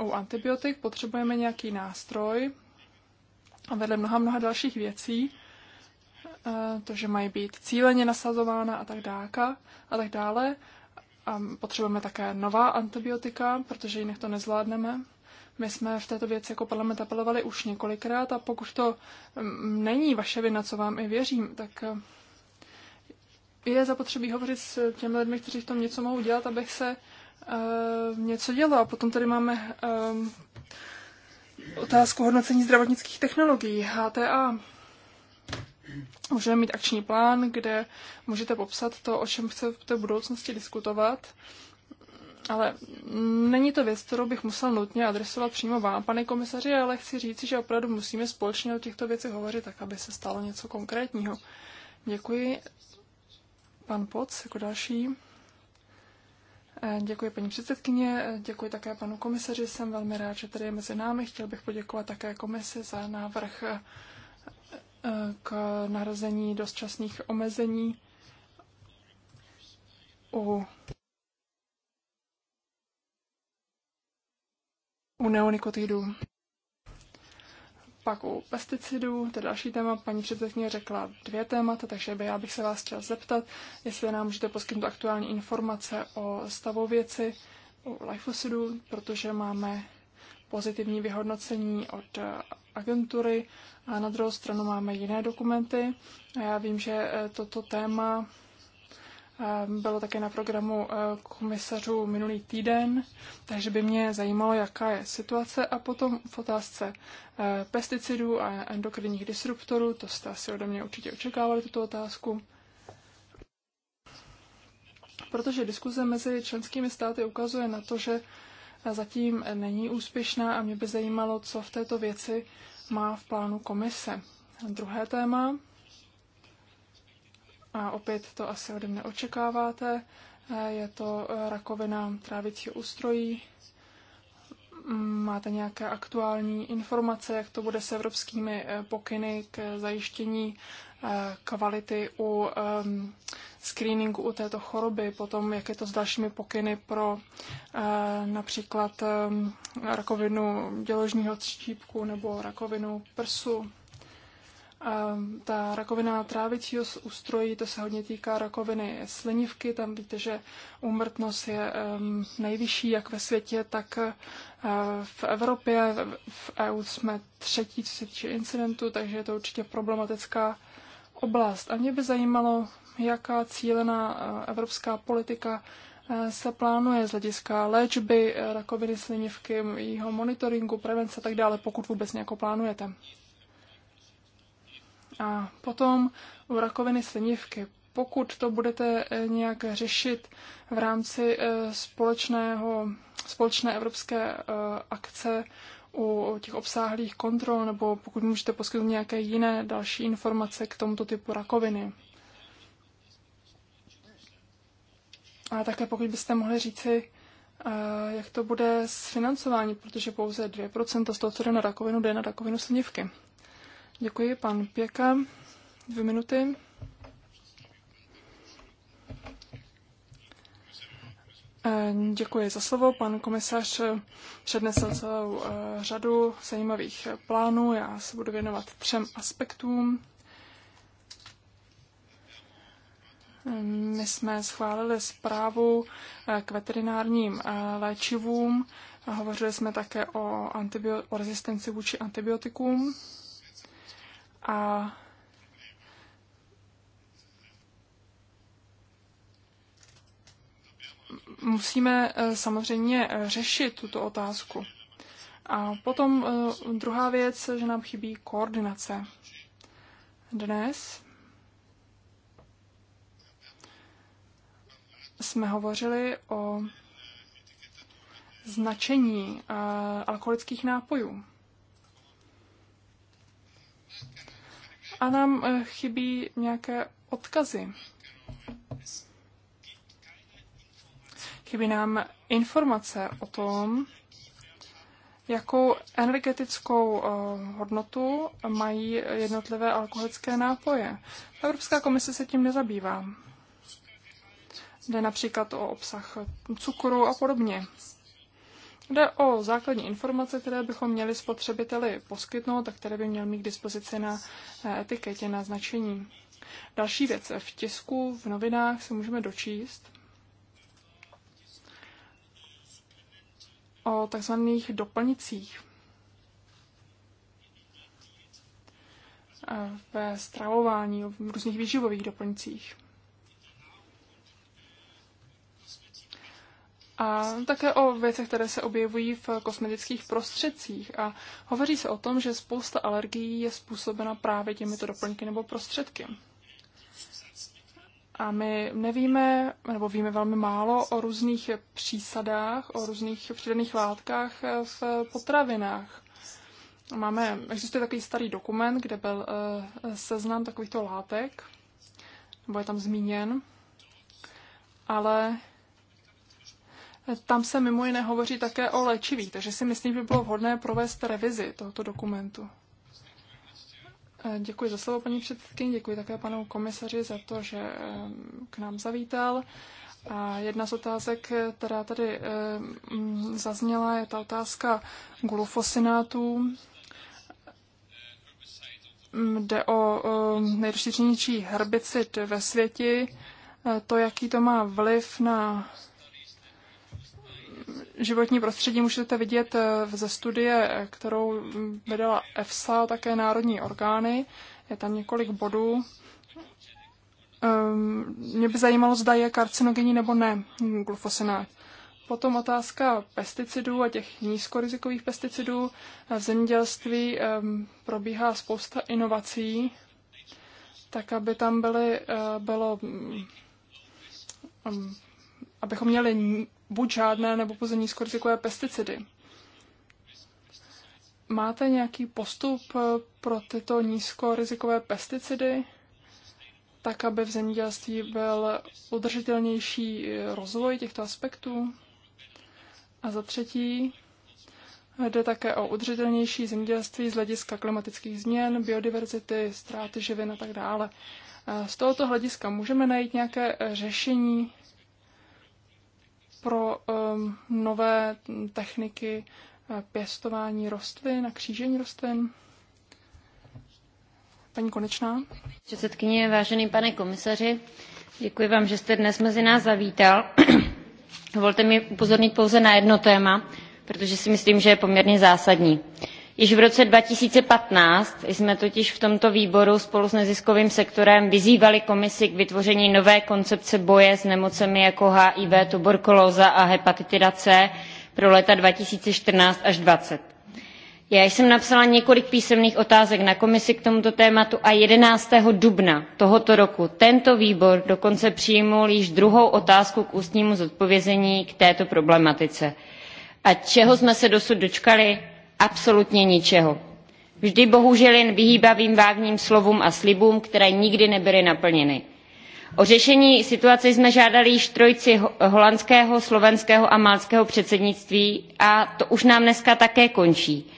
U antibiotik potřebujeme nějaký nástroj a vedle mnoha, mnoha dalších věcí, eh, to, že mají být cíleně nasazována a tak dále, a tak dále. A potřebujeme také nová antibiotika, protože jinak to nezvládneme. My jsme v této věci jako parlament apelovali už několikrát a pokud to mm, není vaše vina, co vám i věřím, tak eh, je zapotřebí hovořit s těmi lidmi, kteří v tom něco mohou dělat, abych se uh, něco dělo. A potom tady máme um, otázku hodnocení zdravotnických technologií, HTA. Můžeme mít akční plán, kde můžete popsat to, o čem chcete v té budoucnosti diskutovat ale není to věc, kterou bych musel nutně adresovat přímo vám, pane komisaři, ale chci říct, že opravdu musíme společně o těchto věcech hovořit, tak aby se stalo něco konkrétního. Děkuji. Pan Poc jako další. Eh, děkuji paní předsedkyně, eh, děkuji také panu komisaři, jsem velmi rád, že tady je mezi námi. Chtěl bych poděkovat také komisi za návrh eh, k narození dočasných omezení u u neonikotidů. Pak u pesticidů, to je další téma, paní předsedkyně řekla dvě témata, takže by já bych se vás chtěla zeptat, jestli nám můžete poskytnout aktuální informace o stavu věci u lifosidů, protože máme pozitivní vyhodnocení od eh, agentury a na druhou stranu máme jiné dokumenty. A já vím, že eh, toto téma bylo také na programu eh, komisařů minulý týden, takže by mě zajímalo, jaká je situace. A potom v otázce eh, pesticidů a endokrinních disruptorů, to jste asi ode mě určitě očekávali tuto otázku. Protože diskuze mezi členskými státy ukazuje na to, že eh, zatím není úspěšná a mě by zajímalo, co v této věci má v plánu komise. Druhé téma, a opět to asi ode mne očekáváte. E, je to e, rakovina trávicího ústrojí. Máte nějaké aktuální informace, jak to bude s evropskými e, pokyny k zajištění kvality u screeningu u této choroby, potom jak je to s dalšími pokyny pro například rakovinu děložního střípku nebo rakovinu prsu ta rakovina trávicího ústrojí, to se hodně týká rakoviny slinivky, tam víte, že úmrtnost je nejvyšší jak ve světě, tak eh, v Evropě. V EU jsme třetí, co se týče incidentu, takže je to určitě problematická oblast. A mě by zajímalo, jaká cílená eh, evropská politika eh, se plánuje z hlediska léčby rakoviny slinivky, jeho monitoringu, prevence a tak dále, pokud vůbec nějakou plánujete. A potom u rakoviny slinivky. Pokud to budete eh, nějak řešit v rámci eh, společného, společné evropské eh, akce u těch obsáhlých kontrol, nebo pokud můžete poskytnout nějaké jiné další informace k tomuto typu rakoviny. A také pokud byste mohli říci, jak to bude s financováním, protože pouze 2% z toho, co jde na rakovinu, jde na rakovinu slinivky. Děkuji, pan Pěka. Dvě minuty. Eh, děkuji za slovo. Pan komisař eh, přednesl celou eh, řadu zajímavých plánů. Já se budu věnovat třem aspektům. My jsme schválili zprávu k veterinárním léčivům. Hovořili jsme také o, antibio- o rezistenci vůči antibiotikům. A musíme eh, samozřejmě eh, řešit tuto otázku. A potom eh, druhá věc, že nám chybí koordinace. Dnes jsme hovořili o značení alkoholických nápojů a nám eh, chybí nějaké odkazy. Chybí nám informace o tom, jakou energetickou eh, hodnotu mají jednotlivé alkoholické nápoje. Evropská komise se tím nezabývá. Jde například o obsah cukru a podobně. Jde o základní informace, které bychom měli spotřebiteli poskytnout a které by měl mít k dispozici na etiketě, na značení. Další věc. V tisku, v novinách se můžeme dočíst o takzvaných doplnicích. ve stravování, o různých výživových doplňcích. a také o věcech, které se objevují v kosmetických prostředcích. A hovoří se o tom, že spousta alergií je způsobena právě těmito doplňky nebo prostředky. A my nevíme, nebo víme velmi málo o různých přísadách, o různých přidaných látkách v potravinách. Máme, existuje takový starý dokument, kde byl eh, seznam takovýchto látek, nebo je tam zmíněn, ale tam se mimo jiné hovoří také o léčivých, takže si myslím, že by bylo vhodné provést revizi tohoto dokumentu. E, děkuji za slovo, paní předsedkyně, děkuji také panu komisaři za to, že e, k nám zavítal. A jedna z otázek, která tady e, zazněla, je ta otázka glufosinátů. Jde o nejrozšířenější herbicid ve světě, to, jaký to má vliv na životní prostředí můžete vidět eh, ze studie, eh, kterou vedela EFSA, také národní orgány. Je tam několik bodů. Ehm, mě by zajímalo, zda je karcinogenní nebo ne hm, glufosinát. Potom otázka pesticidů a těch nízkorizikových pesticidů. V zemědělství ehm, probíhá spousta inovací, tak aby tam byly, eh, bylo, hm, hm, abychom měli buď žádné nebo pouze nízkorizikové pesticidy. Máte nějaký postup eh, pro tyto nízkorizikové pesticidy, tak aby v zemědělství byl udržitelnější eh, rozvoj těchto aspektů? A za třetí, jde také o udržitelnější zemědělství z hlediska klimatických změn, biodiverzity, ztráty živin a tak dále. Eh, z tohoto hlediska můžeme najít nějaké řešení pro um, nové techniky eh, pěstování rostlin a křížení rostlin. Paní Konečná. Předsedkyně, vážený pane komisaři, děkuji vám, že jste dnes mezi nás zavítal. Dovolte mi upozornit pouze na jedno téma, protože si myslím, že je poměrně zásadní již v roce two thousand and fifteen jsme totiž v tomto výboru spolu s neziskovým sektorem vyzývali komisi k vytvoření nové koncepce boje s nemocemi jako hiv tuberkulóza a hepatitida c pro léta two thousand and fourteen až. two thousand and twenty já jsem napsala několik písemných otázek na komisi k tomuto tématu a. eleven dubna tohoto roku tento výbor dokonce přijal již druhou otázku k ústnímu zodpovězení k této problematice. a čeho jsme se dosud dočkali? absolutně ničeho. Vždy bohužel jen vyhýbavým vágním slovům a slibům, které nikdy nebyly naplněny. O řešení situace jsme žádali již trojici holandského, slovenského a malského předsednictví a to už nám dneska také končí.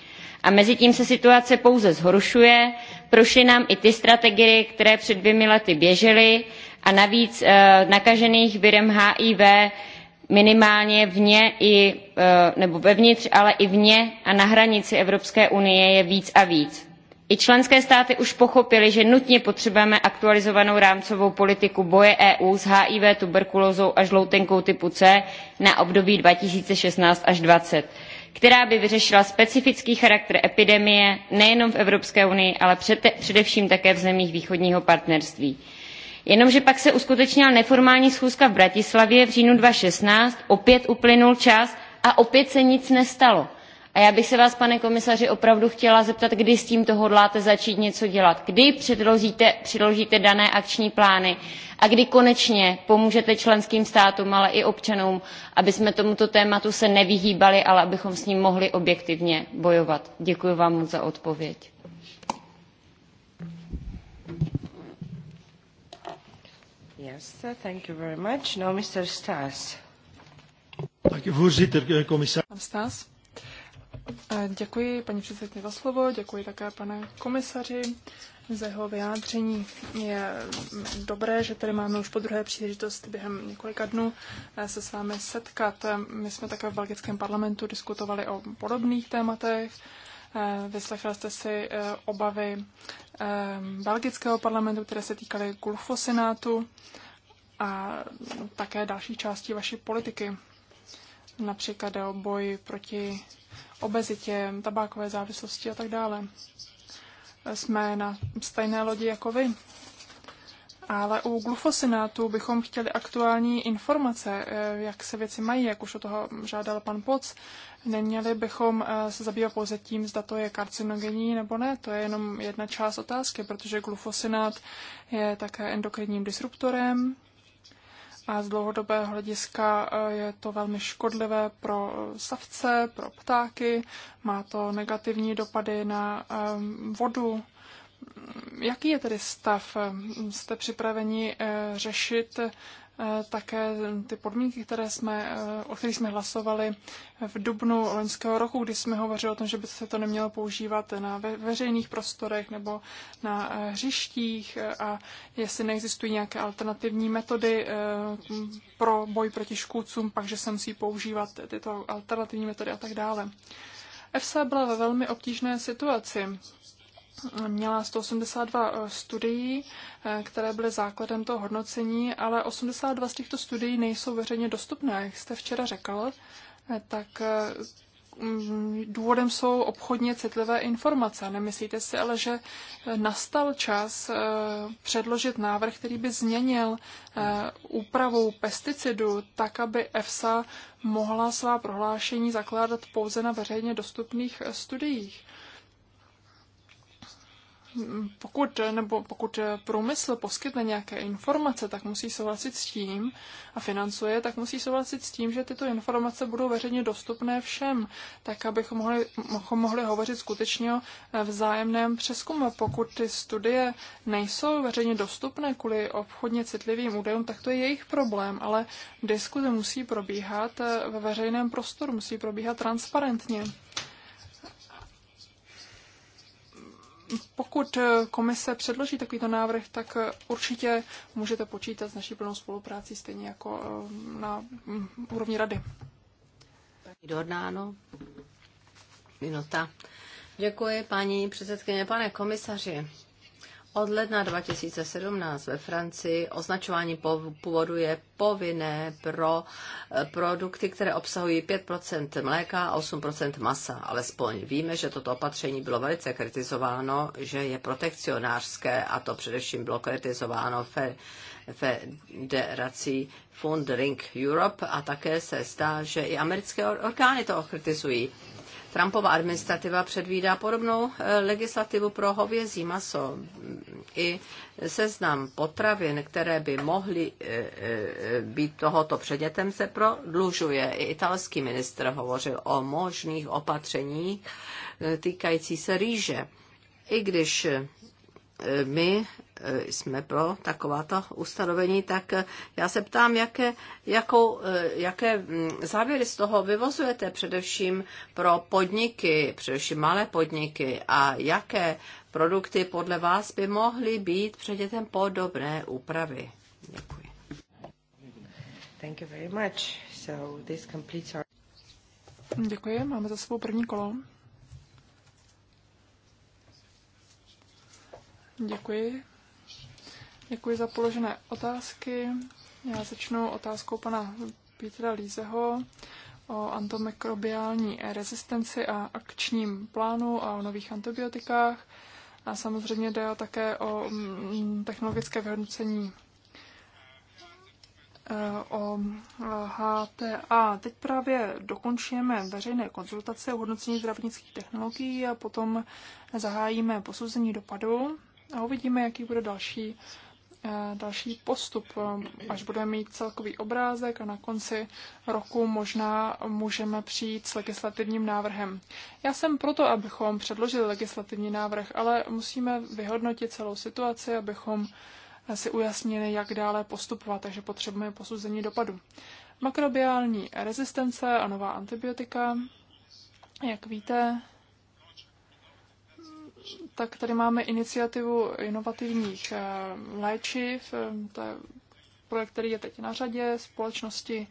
A mezitím se situace pouze zhoršuje, prošly nám i ty strategie, které před dvěmi lety běžely a navíc e, nakažených virem HIV minimálně vně i, e, nebo vevnitř, ale i vně a na hranici Evropské unie je víc a víc. I členské státy už pochopily, že nutně potřebujeme aktualizovanou rámcovou politiku boje EU s HIV, tuberkulózou a žloutenkou typu C na období 2016 až 2020, která by vyřešila specifický charakter epidemie nejenom v Evropské unii, ale především také v zemích východního partnerství Jenomže pak se uskutečnila neformální schůzka v Bratislavě v říjnu 2016, opět uplynul čas a opět se nic nestalo. A já bych se vás, pane komisaři, opravdu chtěla zeptat, kdy s tímto hodláte začít něco dělat, kdy předložíte, předložíte dané akční plány a kdy konečně pomůžete členským státům, ale i občanům, aby jsme tomuto tématu se nevyhýbali, ale abychom s ním mohli objektivně bojovat. Děkuji vám moc za odpověď. Yes, thank you very much. Now Mr. Stas. Eh, eh, děkuji paní předsedkyně za slovo, děkuji také pane komisaři za jeho vyjádření. Je mm, dobré, že tady máme už po druhé příležitost během několika dnů eh, se s vámi setkat. My jsme také v belgickém parlamentu diskutovali o podobných tématech. Vyslechli jste si obavy belgického parlamentu, které se týkaly glufosinátu. senátu a také další části vaší politiky. Například o boj proti obezitě, tabákové závislosti a tak dále. Jsme na stejné lodi jako vy. Ale u glufosinátu bychom chtěli aktuální informace, eh, jak se věci mají, jak už o toho žádal pan Poc. Neměli bychom eh, se zabývat pouze tím, zda to je karcinogenní nebo ne. To je jenom jedna část otázky, protože glufosinát je také endokrinním disruptorem, a z dlouhodobého hlediska eh, je to velmi škodlivé pro eh, savce, pro ptáky, má to negativní dopady na eh, vodu. Jaký je tedy stav? Jste připraveni řešit Eh, také ty podmínky, které jsme, eh, o kterých jsme hlasovali v dubnu loňského roku, kdy jsme hovořili o tom, že by se to nemělo používat na veřejných prostorech nebo na eh, hřištích a jestli neexistují nějaké alternativní metody pro boj proti škůdcům, pak že se musí používat tyto alternativní metody a tak dále. EFSA byla ve velmi obtížné situaci, měla 182 eh, studií, eh, které byly základem toho hodnocení, ale 82 z těchto studií nejsou veřejně dostupné. Jak jste včera řekl, eh, tak mm, důvodem jsou obchodně citlivé informace. Nemyslíte si ale, že nastal čas předložit návrh, který by změnil úpravu pesticidů tak, aby EFSA mohla svá prohlášení zakládat pouze na veřejně dostupných studiích? pokud, nebo pokud průmysl poskytne nějaké informace, tak musí souhlasit s tím a financuje, tak musí souhlasit s tím, že tyto informace budou veřejně dostupné všem, tak abychom mohli, mohli hovořit skutečně o eh, vzájemném přeskumu. Pokud ty studie nejsou veřejně dostupné kvůli obchodně citlivým údajům, tak to je jejich problém, ale diskuze musí probíhat eh, ve veřejném prostoru, musí probíhat transparentně. pokud eh, komise předloží takovýto návrh, tak eh, určitě můžete počítat s naší plnou spoluprácí stejně jako eh, na mm, úrovni rady. Paní minuta. Děkuji, paní předsedkyně, pane komisaři. Od ledna 2017 ve Francii označování původu je povinné pro eh, produkty, které obsahují 5 mléka a 8 masa. Alespoň víme, že toto opatření bylo velice kritizováno, že je protekcionářské a to především bylo kritizováno federací Fund Ring Europe a také se zdá, že i americké orgány to kritizují. Trumpova administrativa předvídá podobnou eh, legislativu pro hovězí maso. I seznam potravin, které by mohly eh, eh, být tohoto předětem. se prodlužuje. I italský ministr hovořil o možných opatřeních týkající se rýže. I když my Eh, jsme pro takováto ustanovení, tak eh, já se ptám, jaké, jakou, eh, jaké mm, závěry z toho vyvozujete především pro podniky, především malé podniky a jaké produkty podle vás by mohly být po podobné úpravy. Děkuji. Thank you very much. So this completes our... Děkuji, máme za svou první kolo. Děkuji. Děkuji za položené otázky. Já začnu otázkou pana Petra Lízeho o antimikrobiální rezistenci a akčním plánu a o nových antibiotikách. A samozřejmě jde také o mm, technologické vyhodnocení eh, o HTA. Teď právě dokončujeme veřejné konzultace o hodnocení zdravotnických technologií a potom zahájíme posouzení dopadu a uvidíme, jaký bude další Eh, další postup. Eh, až budeme mít celkový obrázek a na konci roku možná můžeme přijít s legislativním návrhem. Já jsem proto, abychom předložili legislativní návrh, ale musíme vyhodnotit celou situaci, abychom si ujasnili, jak dále postupovat, takže potřebujeme posouzení dopadu. Makrobiální rezistence a nová antibiotika. Jak víte, tak tady máme iniciativu inovativních eh, léčiv, eh, to je projekt, který je teď na řadě, společnosti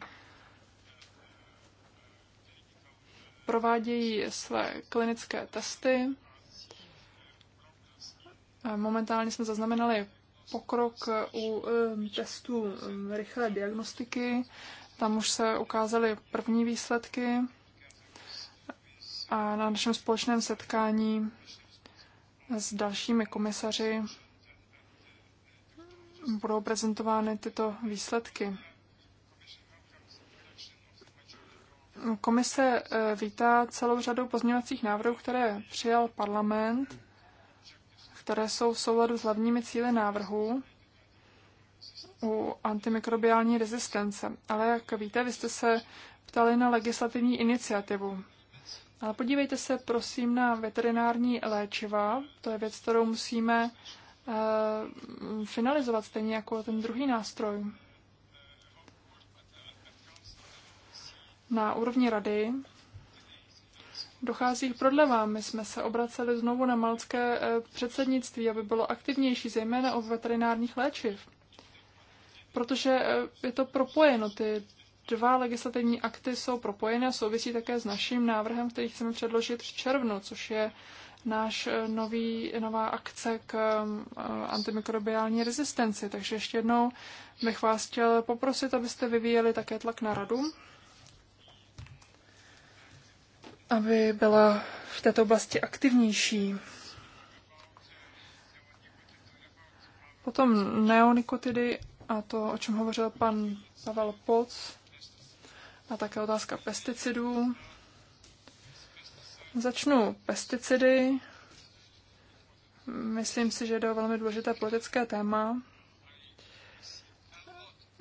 provádějí své klinické testy. Eh, momentálně jsme zaznamenali pokrok u testů mm, rychlé diagnostiky. Tam už se ukázaly první výsledky. A na našem společném setkání s dalšími komisaři budou prezentovány tyto výsledky. Komise eh, vítá celou řadu pozměňovacích návrhů, které přijal parlament, které jsou v souladu s hlavními cíly návrhu u antimikrobiální rezistence. Ale jak víte, vy jste se ptali na legislativní iniciativu. Ale podívejte se prosím na veterinární léčiva. To je věc, kterou musíme eh, finalizovat, stejně jako ten druhý nástroj. Na úrovni rady dochází k prodlevám. My jsme se obraceli znovu na malcké eh, předsednictví, aby bylo aktivnější, zejména o veterinárních léčiv. Protože eh, je to propojeno, ty dva legislativní akty jsou propojené a souvisí také s naším návrhem, který chceme předložit v červnu, což je náš eh, nový, nová akce k mm, eh, antimikrobiální rezistenci. Takže ještě jednou bych vás chtěl poprosit, abyste vyvíjeli také tlak na radu, aby byla v této oblasti aktivnější. Potom neonikotidy a to, o čem hovořil pan Pavel Poc, a také otázka pesticidů. Začnu pesticidy. Myslím si, že je to velmi důležité politické téma.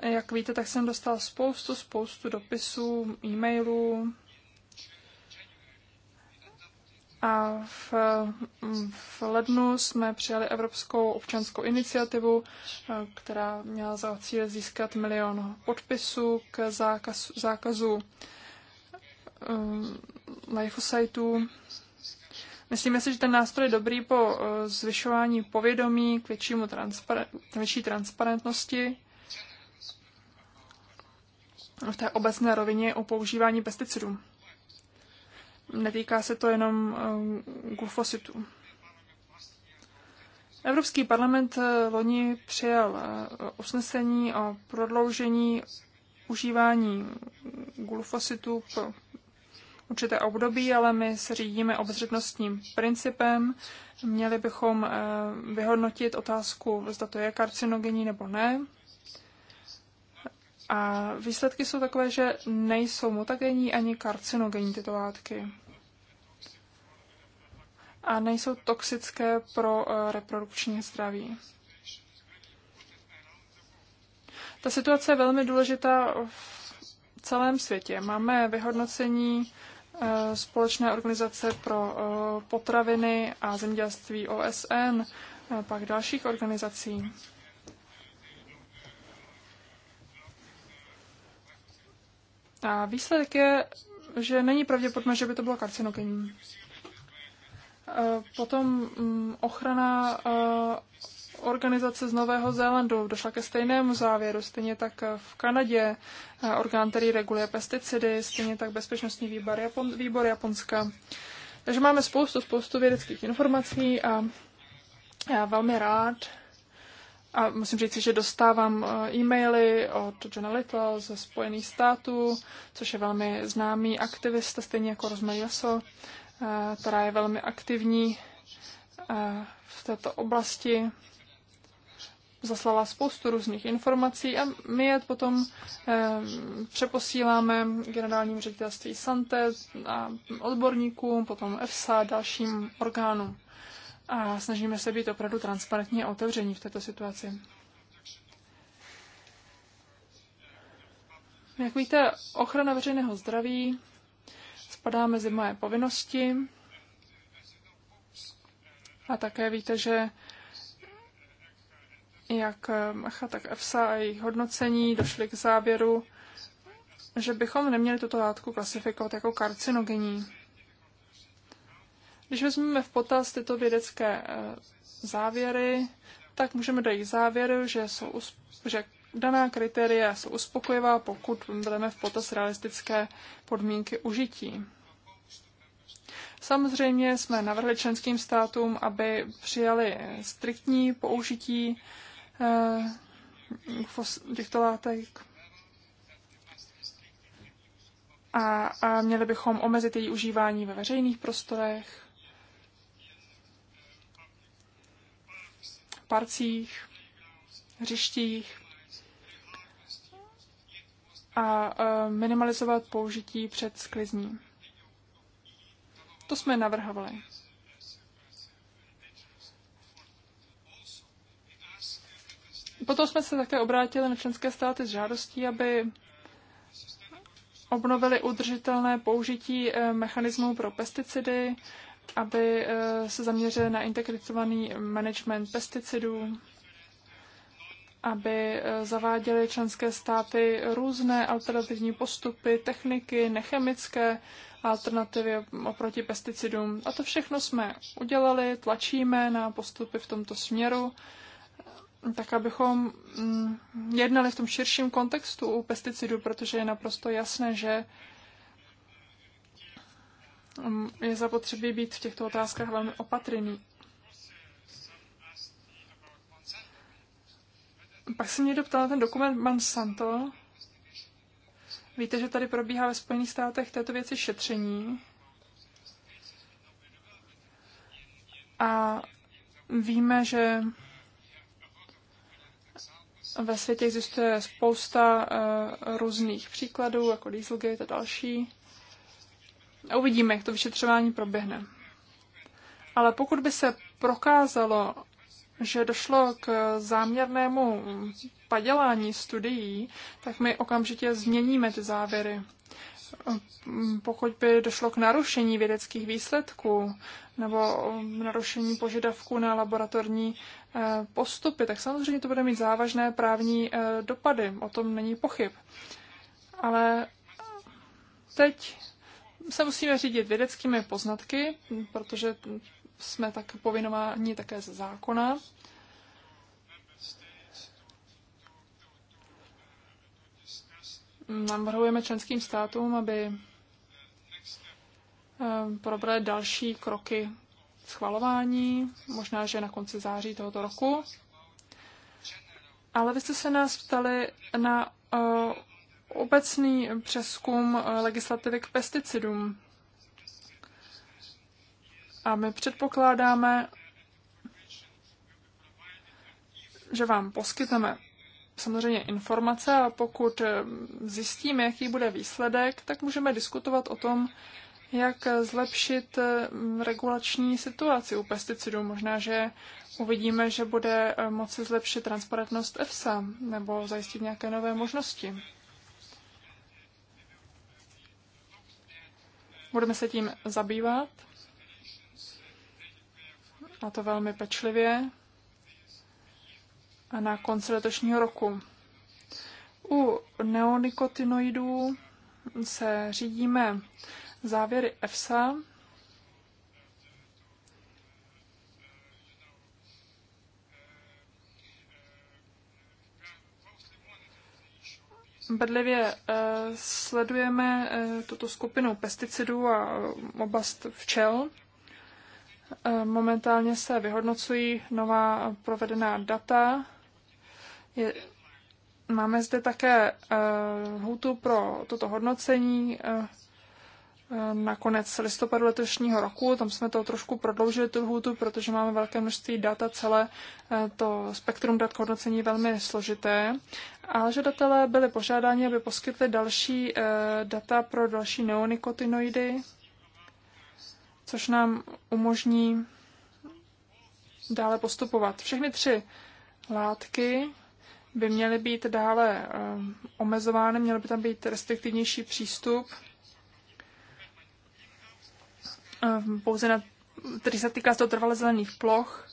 Jak víte, tak jsem dostal spoustu, spoustu dopisů, e-mailů, a v, v lednu jsme přijali Evropskou občanskou iniciativu, která měla za cíl získat milion podpisů k zákazu zákazu um, lifosajtů. Myslíme si, že ten nástroj je dobrý po uh, zvyšování povědomí k většímu transparen- větší transparentnosti v té obecné rovině o používání pesticidů netýká se to jenom eh, glufositů. Evropský parlament eh, loni přijal eh, usnesení o prodloužení užívání glufositu pro určité období, ale my se řídíme obzřetnostním principem. Měli bychom vyhodnotit otázku, zda to je karcinogenní nebo ne. A výsledky jsou takové, že nejsou mutagenní ani karcinogenní tyto látky a nejsou toxické pro eh, reprodukční zdraví. Ta situace je velmi důležitá v celém světě. Máme vyhodnocení eh, společné organizace pro eh, potraviny a zemědělství OSN, pak dalších organizací. A výsledek je, že není pravděpodobné, že by to bylo karcinogenní. Eh, potom mm, ochrana eh, organizace z Nového Zélandu došla ke stejnému závěru, stejně tak eh, v Kanadě orgán, který reguluje pesticidy, stejně tak bezpečnostní výbor, Japon, výbor Japonska. Takže máme spoustu, spoustu vědeckých informací a já velmi rád a musím říct, že dostávám e-maily od Johna Little ze Spojených států, což je velmi známý aktivista, stejně jako Rosemary Jaso, Eh, která je velmi aktivní eh, v této oblasti. Zaslala spoustu různých informací a my je potom eh, přeposíláme generálním ředitelství Sante a odborníkům, potom EFSA a dalším orgánům. A snažíme se být opravdu transparentní a otevření v této situaci. Jak víte, ochrana veřejného zdraví spadá mezi moje povinnosti. A také víte, že jak Macha, tak EFSA a jejich hodnocení došly k závěru, že bychom neměli tuto látku klasifikovat jako karcinogenní. Když vezmeme v potaz tyto vědecké eh, závěry, tak můžeme dojít k závěru, že, jsou, že daná kritéria jsou uspokojivá, pokud budeme v potaz realistické podmínky užití. Samozřejmě jsme navrhli členským státům, aby přijali striktní použití eh, těchto látek a, a měli bychom omezit její užívání ve veřejných prostorech, parcích, hřištích a eh, minimalizovat použití před sklizním. To jsme navrhovali. Potom jsme se také obrátili na členské státy s žádostí, aby obnovili udržitelné použití eh, mechanismů pro pesticidy, aby eh, se zaměřili na integrovaný management pesticidů aby eh, zaváděly členské státy různé alternativní postupy, techniky, nechemické alternativy oproti pesticidům. A to všechno jsme udělali, tlačíme na postupy v tomto směru, tak abychom mm, jednali v tom širším kontextu u pesticidů, protože je naprosto jasné, že mm, je zapotřebí být v těchto otázkách velmi opatrný. Pak se mě doptal ten dokument Monsanto. Víte, že tady probíhá ve Spojených státech této věci šetření. A víme, že ve světě existuje spousta uh, různých příkladů, jako Dieselgate a další. A uvidíme, jak to vyšetřování proběhne. Ale pokud by se prokázalo, že došlo k záměrnému padělání studií, tak my okamžitě změníme ty závěry. Pokud by došlo k narušení vědeckých výsledků nebo narušení požadavků na laboratorní eh, postupy, tak samozřejmě to bude mít závažné právní eh, dopady, o tom není pochyb. Ale teď se musíme řídit vědeckými poznatky, protože jsme tak povinováni také ze zákona. Navrhujeme členským státům, aby eh, probrali další kroky schvalování, možná, že na konci září tohoto roku. Ale vy jste se nás ptali na eh, obecný přeskum eh, legislativy k pesticidům. A my předpokládáme, že vám poskytneme samozřejmě informace a pokud eh, zjistíme, jaký bude výsledek, tak můžeme diskutovat o tom, jak zlepšit eh, regulační situaci u pesticidů. Možná, že uvidíme, že bude eh, moci zlepšit transparentnost EFSA nebo zajistit nějaké nové možnosti. Budeme se tím zabývat a to velmi pečlivě, a na konci letošního roku. U neonikotinoidů se řídíme závěry EFSA, Bedlivě eh, sledujeme eh, tuto skupinu pesticidů a oblast včel. Eh, momentálně se vyhodnocují nová provedená data. Je, máme zde také eh, hůtu pro toto hodnocení eh, na konec listopadu letošního roku. Tam jsme to trošku prodloužili, tu lhůtu, protože máme velké množství dat a celé to spektrum dat k hodnocení je velmi složité. A žadatelé byli požádáni, aby poskytli další data pro další neonikotinoidy což nám umožní dále postupovat. Všechny tři látky by měly být dále eh, omezovány, měl by tam být restriktivnější přístup, eh, pouze na, který se týká to toho trvale zelených ploch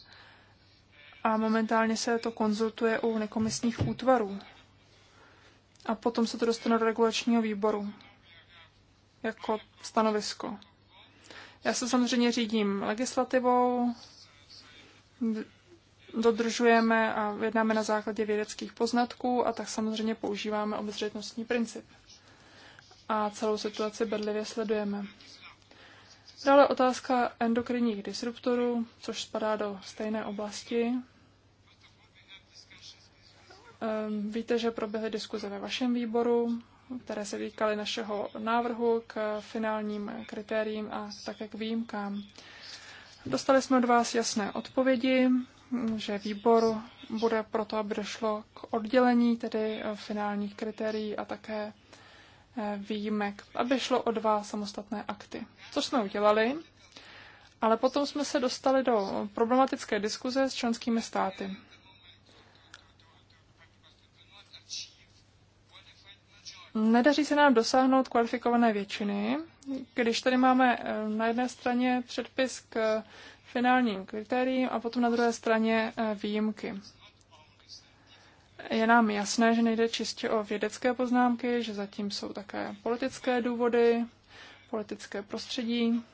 a momentálně se to konzultuje u nekomisních útvarů. A potom se to dostane do regulačního výboru jako stanovisko. Já se samozřejmě řídím legislativou, dodržujeme a jednáme na základě vědeckých poznatků a tak samozřejmě používáme obezřetnostní princip. A celou situaci bedlivě sledujeme. Dále otázka endokrinních disruptorů, což spadá do stejné oblasti. Ehm, víte, že proběhly diskuze ve vašem výboru které se týkaly našeho návrhu k finálním kritériím a také k výjimkám. Dostali jsme od vás jasné odpovědi, že výbor bude proto, aby došlo k oddělení tedy eh, finálních kritérií a také eh, výjimek, aby šlo o dva samostatné akty. Co jsme udělali, ale potom jsme se dostali do problematické diskuze s členskými státy. Nedaří se nám dosáhnout kvalifikované většiny, když tady máme eh, na jedné straně předpis k finálním kritériím a potom na druhé straně eh, výjimky. Je nám jasné, že nejde čistě o vědecké poznámky, že zatím jsou také politické důvody, politické prostředí.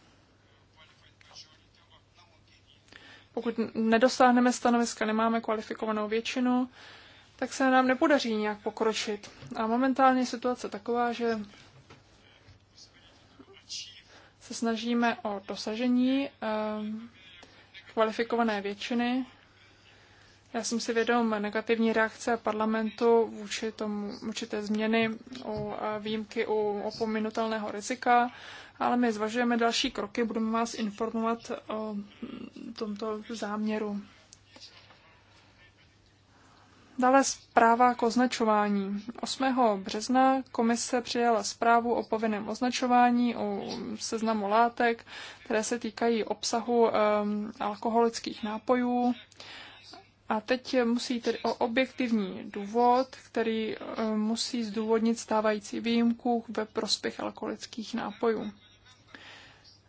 Pokud nedosáhneme stanoviska, nemáme kvalifikovanou většinu, tak se nám nepodaří nějak pokročit. A momentálně je situace taková, že se snažíme o dosažení ehm, kvalifikované většiny. Já jsem si vědom negativní reakce parlamentu vůči tomu určité změny o eh, výjimky u opominutelného rizika, ale my zvažujeme další kroky, budeme vás informovat o tomto záměru. Dále zpráva k označování. 8. března komise přijala zprávu o povinném označování, o seznamu látek, které se týkají obsahu um, alkoholických nápojů. A teď musí tedy o objektivní důvod, který um, musí zdůvodnit stávající výjimku ve prospěch alkoholických nápojů.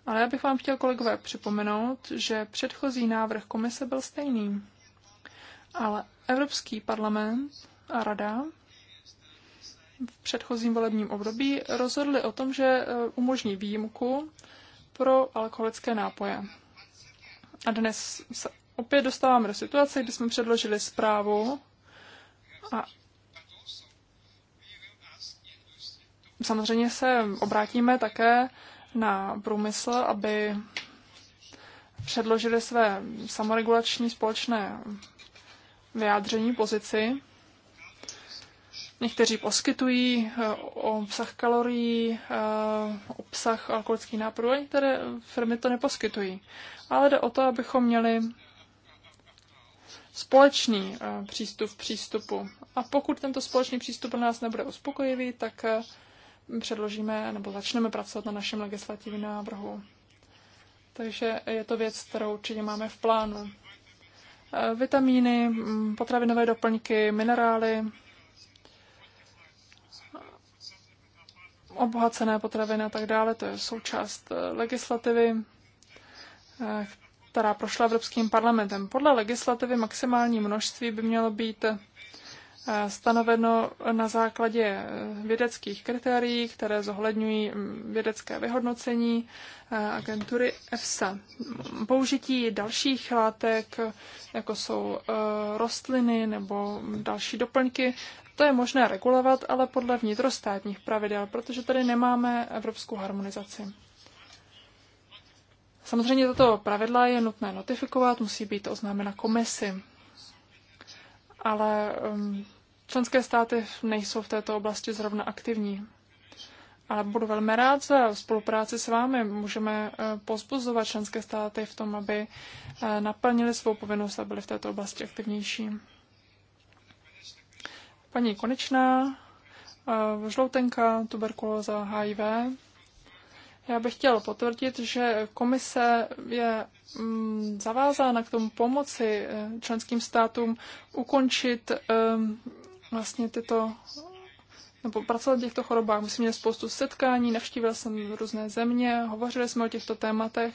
Ale já bych vám chtěl, kolegové, připomenout, že předchozí návrh komise byl stejný. Ale Evropský parlament a rada v předchozím volebním období rozhodli o tom, že e, umožní výjimku pro alkoholické nápoje. A dnes se opět dostáváme do situace, kdy jsme předložili zprávu a samozřejmě se obrátíme také na průmysl, aby předložili své samoregulační společné vyjádření pozici. Někteří poskytují eh, obsah kalorií, eh, obsah alkoholických nápojů, a některé firmy to neposkytují. Ale jde o to, abychom měli společný eh, přístup přístupu. A pokud tento společný přístup pro nás nebude uspokojivý, tak předložíme nebo začneme pracovat na našem legislativním návrhu. Takže je to věc, kterou určitě máme v plánu. Eh, vitamíny, mm, potravinové doplňky, minerály, obohacené potraviny a tak dále. To je součást eh, legislativy, eh, která prošla Evropským parlamentem. Podle legislativy maximální množství by mělo být Eh, stanoveno na základě vědeckých kritérií, které zohledňují mm, vědecké vyhodnocení eh, agentury EFSA. Použití dalších látek, jako jsou eh, rostliny nebo další doplňky, to je možné regulovat, ale podle vnitrostátních pravidel, protože tady nemáme evropskou harmonizaci. Samozřejmě tato pravidla je nutné notifikovat, musí být oznámena komisi ale um, členské státy nejsou v této oblasti zrovna aktivní. Ale budu velmi rád za spolupráci s vámi. Můžeme eh, pozbuzovat členské státy v tom, aby eh, naplnili svou povinnost a byli v této oblasti aktivnější. Paní Konečná, eh, žloutenka, tuberkulóza, HIV. Já bych chtěl potvrdit, že komise je mm, zavázána k tomu pomoci eh, členským státům ukončit ehm, vlastně tyto nebo pracovat v těchto chorobách. My jsme spoustu setkání, navštívil jsem různé země, hovořili jsme o těchto tématech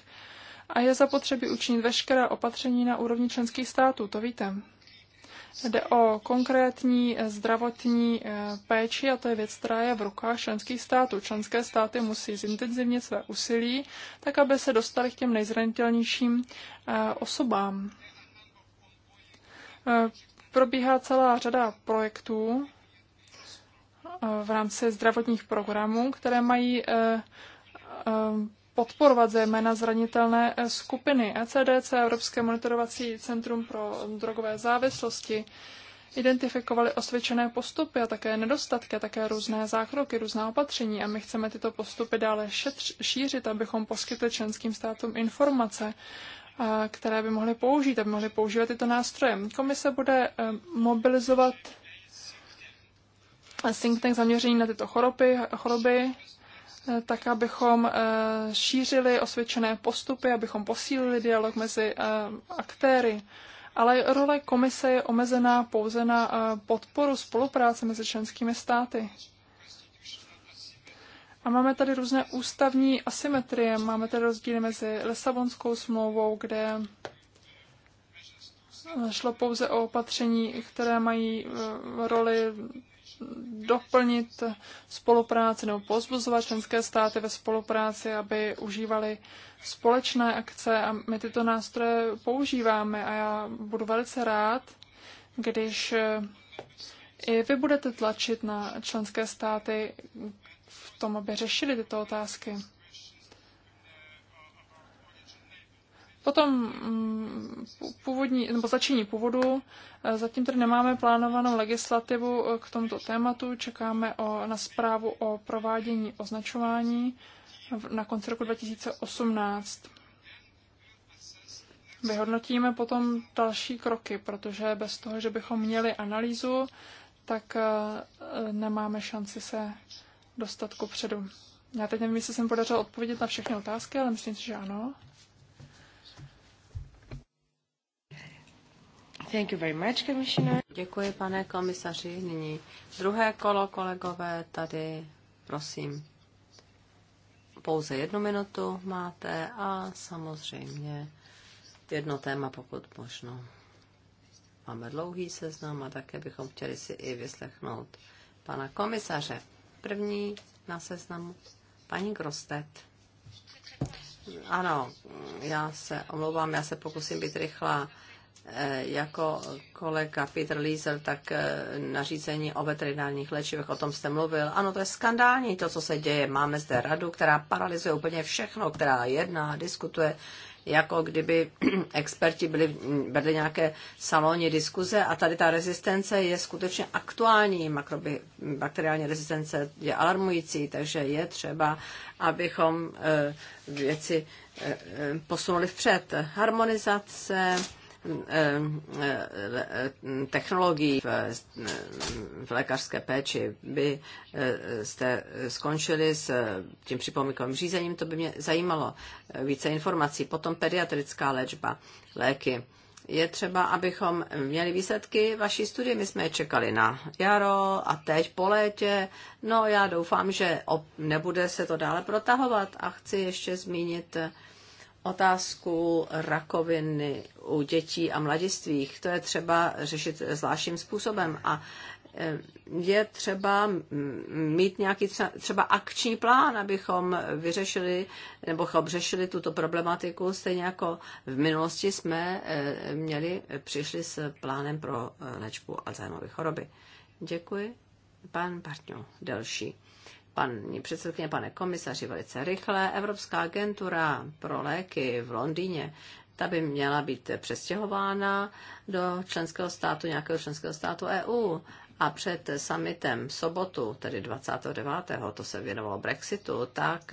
a je zapotřebí učinit veškeré opatření na úrovni členských států, to víte. Jde o konkrétní eh, zdravotní eh, péči a to je věc, která je v rukách členských států. Členské státy musí zintenzivnit své úsilí, tak aby se dostali k těm nejzranitelnějším eh, osobám. Probíhá celá řada projektů v rámci zdravotních programů, které mají podporovat zejména zranitelné eh, skupiny. ECDC, Evropské monitorovací centrum pro drogové závislosti, identifikovali osvědčené postupy a také nedostatky, a také různé zákroky, různá opatření a my chceme tyto postupy dále šetř, šířit, abychom poskytli členským státům informace, které by mohly použít, aby mohly používat tyto nástroje. Komise bude eh, mobilizovat eh, think tank zaměření na tyto choroby, choroby tak abychom eh, šířili osvědčené postupy, abychom posílili dialog mezi eh, aktéry. Ale role komise je omezená pouze na eh, podporu spolupráce mezi členskými státy. A máme tady různé ústavní asymetrie. Máme tady rozdíly mezi Lisabonskou smlouvou, kde šlo pouze o opatření, které mají roli doplnit spolupráci nebo pozbuzovat členské státy ve spolupráci, aby užívali společné akce a my tyto nástroje používáme a já budu velice rád, když eh, i vy budete tlačit na členské státy v tom, aby řešili tyto otázky. Potom mm, původní, nebo začení původu. Eh, zatím tedy nemáme plánovanou legislativu eh, k tomuto tématu. Čekáme o, na zprávu o provádění označování na konci roku 2018. Vyhodnotíme potom další kroky, protože bez toho, že bychom měli analýzu, tak eh, nemáme šanci se dostat ku předu. Já teď nevím, jestli jsem podařila odpovědět na všechny otázky, ale myslím si, že ano. Thank you very much, Commissioner. Děkuji, pane komisaři. Nyní druhé kolo, kolegové, tady, prosím. Pouze jednu minutu máte a samozřejmě jedno téma, pokud možno. Máme dlouhý seznam a také bychom chtěli si i vyslechnout pana komisaře. První na seznamu paní Grostet. Ano, já se omlouvám, já se pokusím být rychlá. Eh, jako kolega Peter Lieser, tak eh, nařízení o veterinárních léčivech, o tom jste mluvil. Ano, to je skandální, to, co se děje. Máme zde radu, která paralizuje úplně všechno, která jedná, diskutuje, jako kdyby [CLEARS THROAT] experti byli, mm, vedli nějaké salonní diskuze a tady ta rezistence je skutečně aktuální. Makroby, mm, bakteriální rezistence je alarmující, takže je třeba, abychom eh, věci posunuli vpřed. Harmonizace, technologií v lékařské péči by eh, jste skončili s tím připomínkovým řízením, to by mě zajímalo více informací. Potom pediatrická léčba, léky je třeba, abychom měli výsledky vaší studie. My jsme je čekali na jaro a teď po létě. No já doufám, že nebude se to dále protahovat a chci ještě zmínit otázku rakoviny u dětí a mladistvých. To je třeba řešit zvláštním způsobem a eh, je třeba mít nějaký třeba akční plán, abychom vyřešili nebo abychom řešili tuto problematiku. Stejně jako v minulosti jsme eh, měli, přišli s plánem pro eh, léčbu Alzheimerovy choroby. Děkuji. Pan Partňo, další paní předsedkyně, pane komisaři, velice rychle. Evropská agentura pro léky v Londýně ta by měla být přestěhována do členského státu, nějakého členského státu EU. A před summitem v sobotu, tedy 29. to se věnovalo Brexitu, tak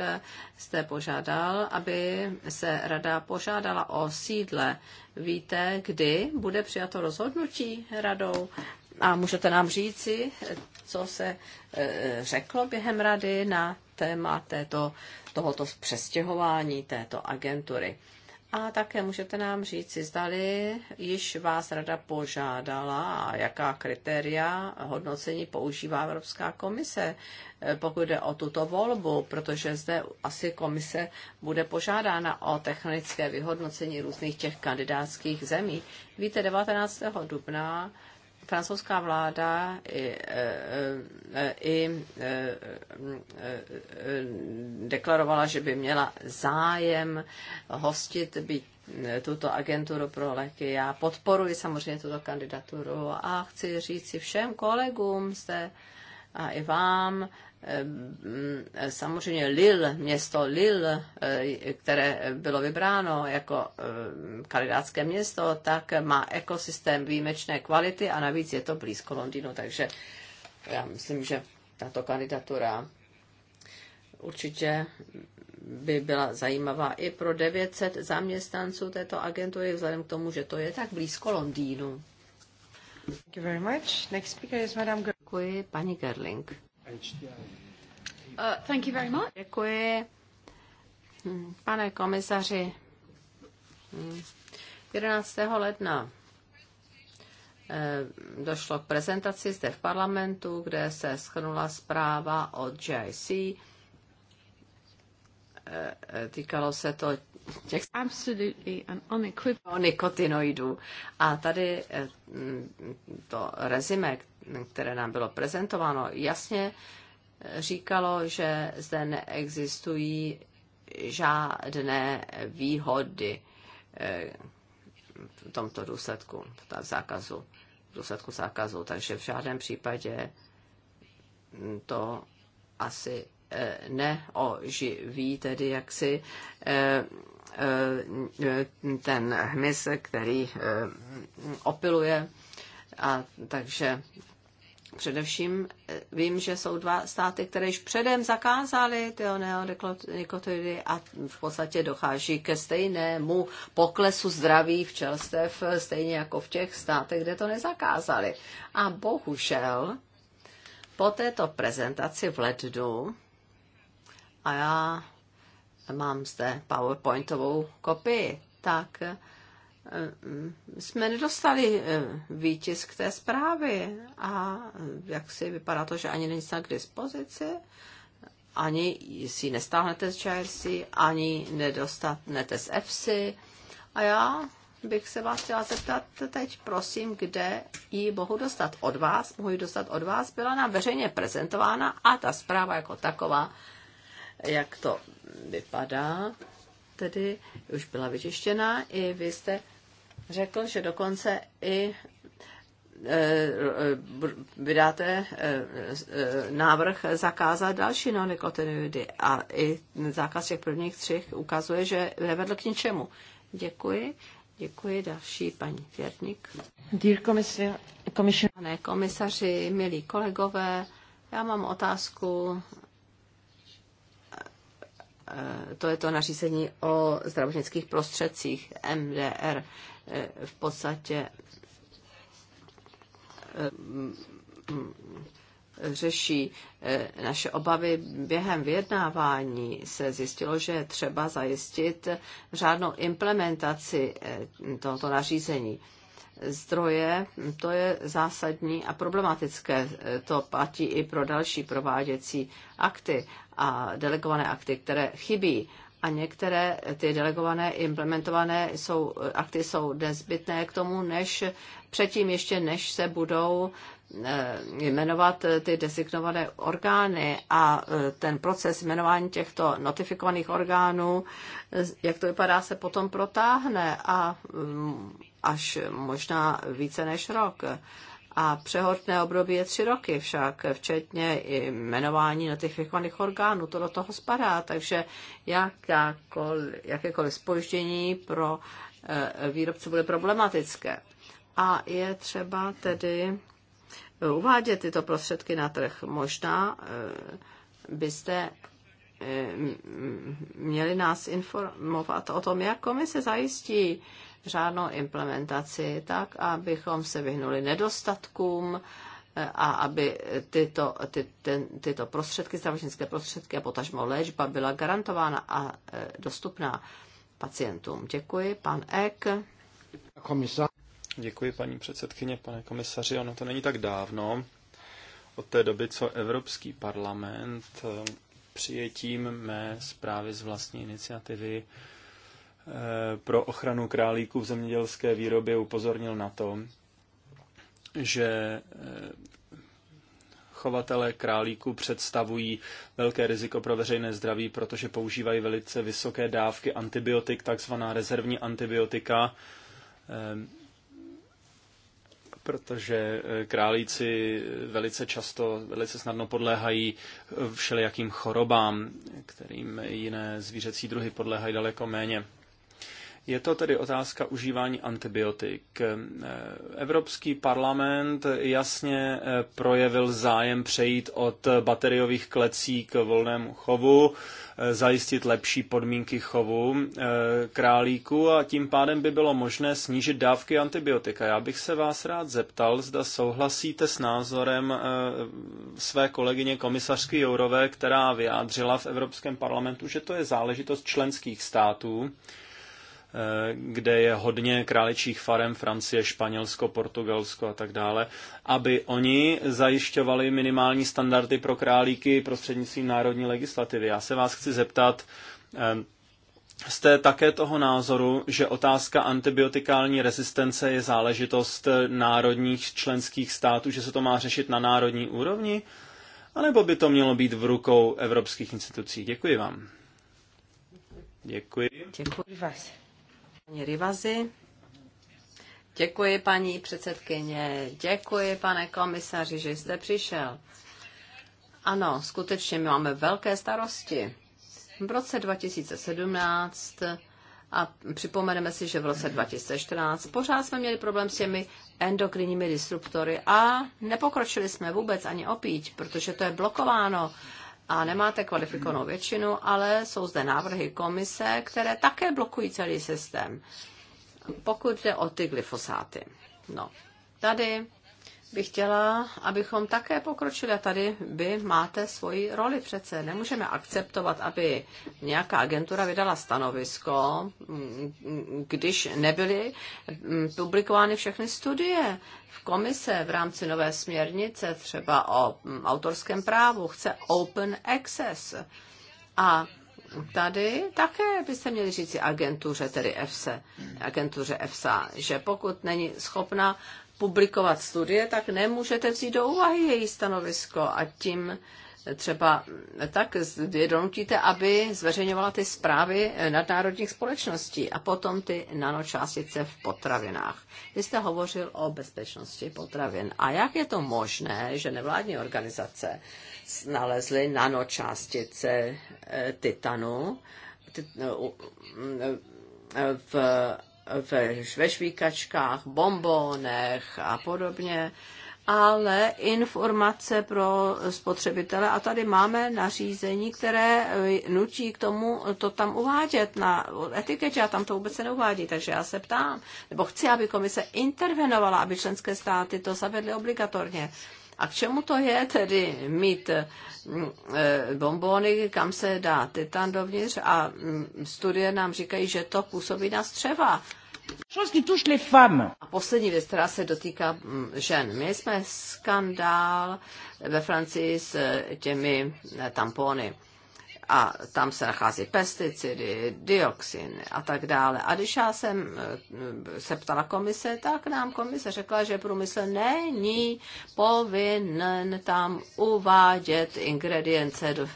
jste požádal, aby se rada požádala o sídle. Víte, kdy bude přijato rozhodnutí radou? A můžete nám říci, co se e, řeklo během rady na téma této, tohoto přestěhování této agentury. A také můžete nám říci, zdali již vás rada požádala a jaká kritéria hodnocení používá Evropská komise, e, pokud jde o tuto volbu, protože zde asi komise bude požádána o technické vyhodnocení různých těch kandidátských zemí. Víte, 19. dubna francouzská vláda i, e, e, i e, deklarovala, že by měla zájem hostit být tuto agenturu pro léky. Já podporuji samozřejmě tuto kandidaturu a chci říct si všem kolegům zde a i vám, Ehm, eh, samozřejmě Lille, město Lille, eh, které bylo vybráno jako ehm, kandidátské město, tak má ekosystém výjimečné kvality a navíc je to blízko Londýnu, takže já myslím, že tato kandidatura určitě by byla zajímavá i pro 900 zaměstnanců této agentury, vzhledem k tomu, že to je tak blízko Londýnu. Thank you very much. Next speaker is Madame Děkuji, paní Gerling. Uh, Děkuji. Hmm, pane komisaři, 11. Hmm, ledna eh, došlo k prezentaci zde v parlamentu, kde se schrnula zpráva od GIC. Eh, eh, týkalo se to těch nikotinoidů. A tady hmm, to rezime, které nám bylo prezentováno, jasně říkalo, že zde neexistují žádné výhody eh, v tomto důsledku, v zákazu, v důsledku zákazu. Takže v žádném případě to asi eh, neoživí, tedy jaksi eh, ten hmyz, který opiluje. A takže Především eh, vím, že jsou dva státy, které již předem zakázaly ty neonikotidy a v podstatě dochází ke stejnému poklesu zdraví v čelstev, eh, stejně jako v těch státech, kde to nezakázali. A bohužel po této prezentaci v lednu, a já mám zde PowerPointovou kopii, tak eh, Eh, jsme nedostali eh, výtisk té zprávy a jak si vypadá to, že ani není snad k dispozici, ani si nestáhnete z JRC, ani nedostanete z EFSI. A já bych se vás chtěla zeptat teď, prosím, kde ji mohu dostat od vás. Mohu ji dostat od vás, byla nám veřejně prezentována a ta zpráva jako taková, jak to vypadá, tedy už byla vyčištěna. I vy jste řekl, že dokonce i e, e, vydáte e, návrh zakázat další nonikotinoidy. a i zákaz těch prvních třech ukazuje, že nevedl k ničemu. Děkuji. Děkuji. Další paní Věrník. Dear komisar, komisar. Pane komisaři, milí kolegové, já mám otázku Eh, to je to nařízení o zdravotnických prostředcích MDR. Eh, v podstatě eh, mm, řeší naše obavy během vyjednávání, se zjistilo, že je třeba zajistit řádnou implementaci tohoto nařízení zdroje, to je zásadní a problematické. To platí i pro další prováděcí akty a delegované akty, které chybí. A některé ty delegované implementované jsou, akty jsou nezbytné k tomu, než předtím ještě než se budou eh, jmenovat ty designované orgány a eh, ten proces jmenování těchto notifikovaných orgánů, eh, jak to vypadá, se potom protáhne a mm, až možná více než rok. A přehodné období je tři roky však, včetně i jmenování notifikovaných orgánů, to do toho spadá, takže jakékoliv spoždění pro eh, výrobce bude problematické. A je třeba tedy uvádět tyto prostředky na trh. Možná eh, byste eh, měli nás informovat o tom, jak komise zajistí řádnou implementaci tak, abychom se vyhnuli nedostatkům eh, a aby tyto, ty, ten, tyto prostředky, zdravotnické prostředky a potažmo léčba byla garantována a eh, dostupná pacientům. Děkuji, pan Ek. Děkuji, paní předsedkyně, pane komisaři. Ono to není tak dávno. Od té doby, co Evropský parlament eh, přijetím mé zprávy z vlastní iniciativy Eh, pro ochranu králíků v zemědělské výrobě upozornil na to, že eh, chovatele králíků představují velké riziko pro veřejné zdraví, protože používají velice vysoké dávky antibiotik, takzvaná rezervní antibiotika, eh, protože králíci velice často, velice snadno podléhají všelijakým chorobám, kterým jiné zvířecí druhy podléhají daleko méně. Je to tedy otázka užívání antibiotik. Evropský parlament jasně eh, projevil zájem přejít od bateriových klecí k volnému chovu, eh, zajistit lepší podmínky chovu eh, králíků a tím pádem by bylo možné snížit dávky antibiotika. Já bych se vás rád zeptal, zda souhlasíte s názorem své kolegyně komisařky Jourové, která vyjádřila v Evropském parlamentu, že to je záležitost členských států, Eh, kde je hodně králičích farem Francie, Španělsko, Portugalsko a tak dále, aby oni zajišťovali minimální standardy pro králíky prostřednictvím národní legislativy. Já se vás chci zeptat, eh, Jste také toho názoru, že otázka antibiotikální rezistence je záležitost národních členských států, že se to má řešit na národní úrovni? anebo nebo by to mělo být v rukou evropských institucí? Děkuji vám. Děkuji. Děkuji vás. Paní Rivazi. Děkuji, paní předsedkyně. Děkuji, pane komisaři, že jste přišel. Ano, skutečně my máme velké starosti. V roce 2017 a připomeneme si, že v roce 2014 pořád jsme měli problém s těmi endokrinními disruptory a nepokročili jsme vůbec ani opíť, protože to je blokováno a nemáte kvalifikovanou většinu, ale jsou zde návrhy komise, které také blokují celý systém. Pokud jde o ty glyfosáty. No, tady bych chtěla, abychom také pokročili. A tady vy máte svoji roli přece. Nemůžeme akceptovat, aby nějaká agentura vydala stanovisko, když nebyly mm, publikovány všechny studie. V komise v rámci nové směrnice, třeba o mm, autorském právu, chce open access. A tady také byste měli říci agentuře, tedy EFSA, agentuře EFSA, že pokud není schopna publikovat studie, tak nemůžete vzít do úvahy její stanovisko a tím třeba tak je donutíte, aby zveřejňovala ty zprávy nadnárodních společností a potom ty nanočástice v potravinách. Vy jste hovořil o bezpečnosti potravin. A jak je to možné, že nevládní organizace nalezly nanočástice eh, titanu eh, eh, v ve, ve švíkačkách, bombónech a podobně, ale informace pro spotřebitele. A tady máme nařízení, které eh, nutí k tomu to tam uvádět na etiketě a tam to vůbec se neuvádí. Takže já se ptám, nebo chci, aby komise intervenovala, aby členské státy to zavedly obligatorně. A k čemu to je tedy mít mm, e, bombóny, kam se dá titan dovnitř a mm, studie nám říkají, že to působí na střeva. A poslední věc, která se dotýká mm, žen. My jsme skandál ve Francii s e, těmi e, tampony a tam se nachází pesticidy, dioxin a tak dále. A když já jsem eh, se ptala komise, tak nám komise řekla, že průmysl není povinen tam uvádět ingredience. Do,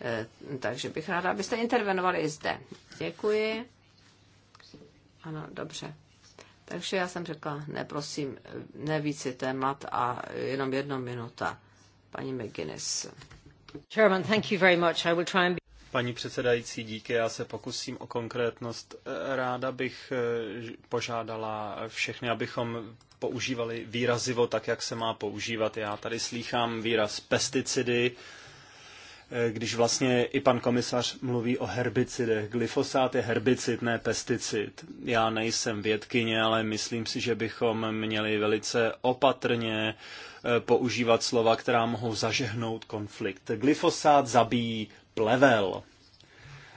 eh, takže bych ráda, abyste intervenovali i zde. Děkuji. Ano, dobře. Takže já jsem řekla, neprosím, ne více témat a jenom jedna minuta. Paní McGuinness. Chairman, thank you very much. I will try and Paní předsedající, díky, já se pokusím o konkrétnost. Ráda bych eh, požádala všechny, abychom používali výrazivo tak, jak se má používat. Já tady slýchám výraz pesticidy, eh, když vlastně i pan komisař mluví o herbicidech. Glyfosát je herbicid, ne pesticid. Já nejsem vědkyně, ale myslím si, že bychom měli velice opatrně eh, používat slova, která mohou zažehnout konflikt. Glyfosát zabíjí plevel.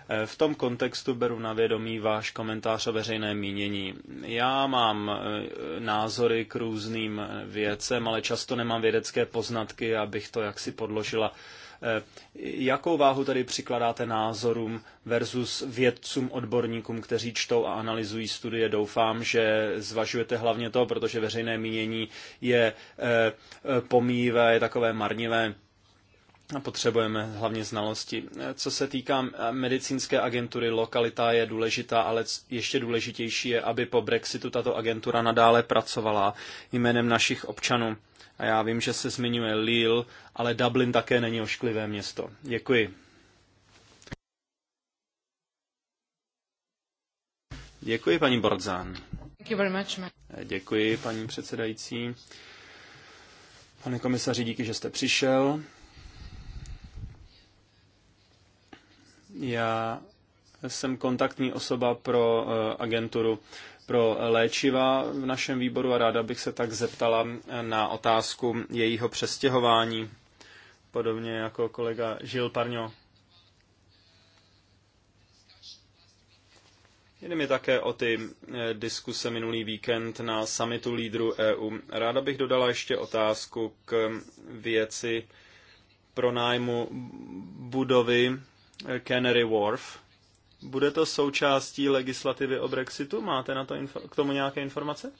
Eh, v tom kontextu beru na vědomí váš komentář o veřejné mínění. Já mám eh, názory k různým eh, věcem, ale často nemám vědecké poznatky, abych to jaksi podložila. Jakou váhu tady přikladáte názorům versus vědcům, odborníkům, kteří čtou a analyzují studie? Doufám, že zvažujete hlavně to, protože veřejné mínění je pomíjivé, je takové marnivé potřebujeme hlavně znalosti. Co se týká medicínské agentury, lokalita je důležitá, ale ještě důležitější je, aby po Brexitu tato agentura nadále pracovala jménem našich občanů. A já vím, že se zmiňuje Lille, ale Dublin také není ošklivé město. Děkuji. Děkuji, paní Borzán. Děkuji, paní předsedající. Pane komisaři, díky, že jste přišel. Já jsem kontaktní osoba pro eh, agenturu pro léčiva v našem výboru a ráda bych se tak zeptala na otázku jejího přestěhování, podobně jako kolega Žil Parňo. Jde mi také o ty eh, diskuse minulý víkend na summitu lídru e EU. Ráda bych dodala ještě otázku k věci pronájmu budovy Canary Wharf. Bude to součástí legislativy o Brexitu? Máte na to k tomu nějaké informace?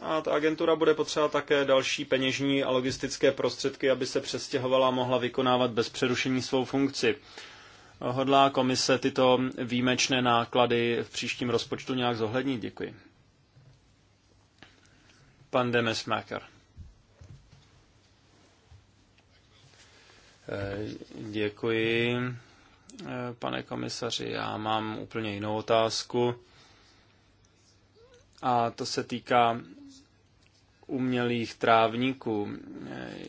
A ta agentura bude potřebovat také další peněžní a logistické prostředky, aby se přestěhovala a mohla vykonávat bez přerušení svou funkci. Hodlá komise tyto výjimečné náklady v příštím rozpočtu nějak zohlednit? Děkuji. Pan Demesmaker. Děkuji, pane komisaři. Já mám úplně jinou otázku. A to se týká umělých trávníků.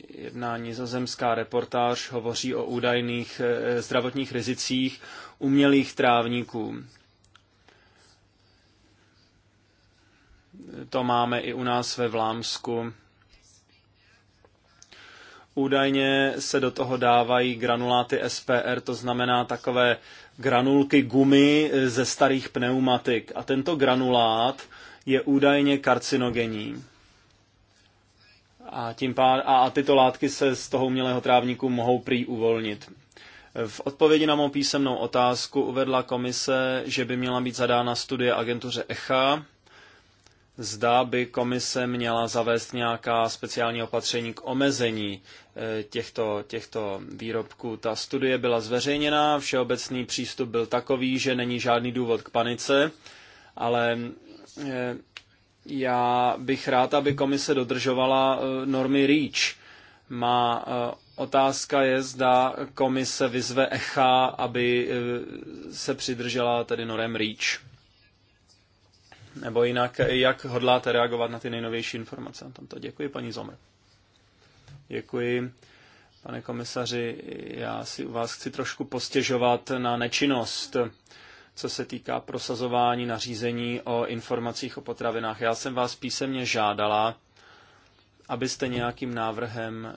Jedna nizozemská reportáž hovoří o údajných eh, zdravotních rizicích umělých trávníků. To máme i u nás ve Vlámsku Údajně se do toho dávají granuláty SPR, to znamená takové granulky gumy ze starých pneumatik. A tento granulát je údajně karcinogenní. A, tím pár, a, a tyto látky se z toho umělého trávníku mohou prý uvolnit. V odpovědi na mou písemnou otázku uvedla komise, že by měla být zadána studie agentuře ECHA zda by komise měla zavést nějaká speciální opatření k omezení eh, těchto, těchto výrobků. Ta studie byla zveřejněna, všeobecný přístup byl takový, že není žádný důvod k panice, ale eh, já bych rád, aby komise dodržovala eh, normy REACH. Má otázka je, zda komise vyzve ECHA, aby se přidržela tedy norem REACH. Nebo jinak, jak hodláte reagovat na ty nejnovější informace na tomto? Děkuji, paní Zomr. Děkuji. Pane komisaři, já si u vás chci trošku postěžovat na nečinnost, co se týká prosazování nařízení o informacích o potravinách. Já jsem vás písemně žádala, abyste nějakým návrhem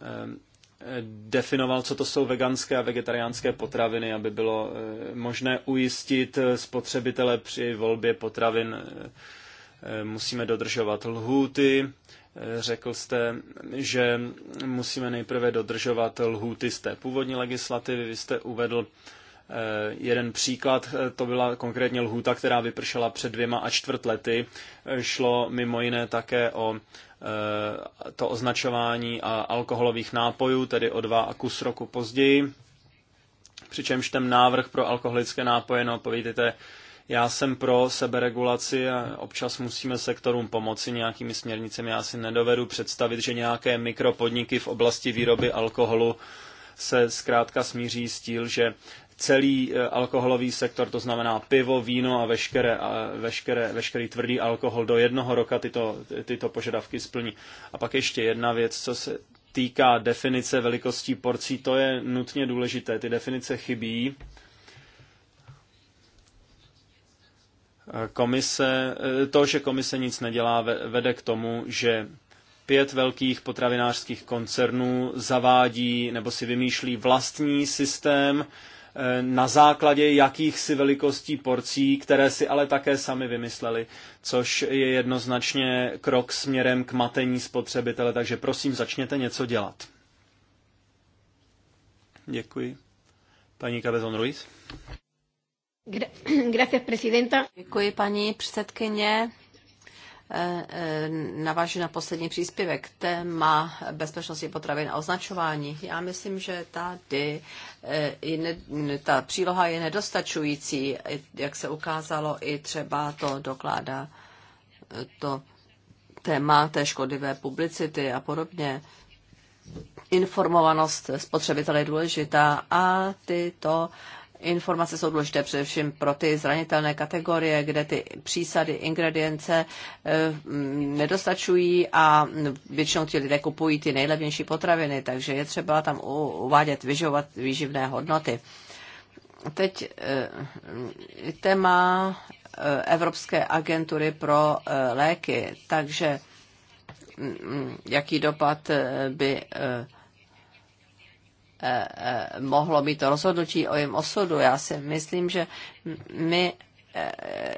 definoval, co to jsou veganské a vegetariánské potraviny, aby bylo eh, možné ujistit eh, spotřebitele při volbě potravin. Eh, musíme dodržovat lhůty. Řekl jste, že musíme nejprve dodržovat lhůty z té původní legislativy. Vy jste uvedl, Eh, jeden příklad, eh, to byla konkrétně lhůta, která vypršela před dvěma a čtvrt lety. Eh, šlo mimo jiné také o to označování alkoholových nápojů, tedy o dva a kus roku později. Přičemž ten návrh pro alkoholické nápoje, no povídejte, já jsem pro seberegulaci a občas musíme sektorům pomoci nějakými směrnicemi. Já si nedovedu představit, že nějaké mikropodniky v oblasti výroby alkoholu se zkrátka smíří s tím, že celý eh, alkoholový sektor, to znamená pivo, víno a, veškeré, a veškeré, veškerý tvrdý alkohol do jednoho roka tyto, tyto požadavky splní. A pak ještě jedna věc, co se týká definice velikostí porcí, to je nutně důležité. Ty definice chybí. Eh, komise, eh, to, že komise nic nedělá, vede k tomu, že pět velkých potravinářských koncernů zavádí nebo si vymýšlí vlastní systém, Eh, na základě jakýchsi velikostí porcí, které si ale také sami vymysleli, což je jednoznačně krok směrem k matení spotřebitele, takže prosím, začněte něco dělat. Děkuji. Paní Cabezon Ruiz. [CLEARS THROAT] Gracias, presidenta. Děkuji, paní předsedkyně. Eh, eh, navážu na poslední příspěvek, téma bezpečnosti potravin a označování. Já myslím, že tady eh, ta příloha je nedostačující, jak se ukázalo, i třeba to dokládá to téma té škodlivé publicity a podobně. Informovanost spotřebitele je důležitá a tyto Informace jsou důležité především pro ty zranitelné kategorie, kde ty přísady, ingredience eh, nedostačují a většinou ti lidé kupují ty nejlevnější potraviny, takže je třeba tam uvádět vyživovat výživné hodnoty. Teď eh, téma eh, Evropské agentury pro léky, takže jaký dopad by Eh, eh, mohlo být to rozhodnutí o jejím osudu. Já si myslím, že my eh,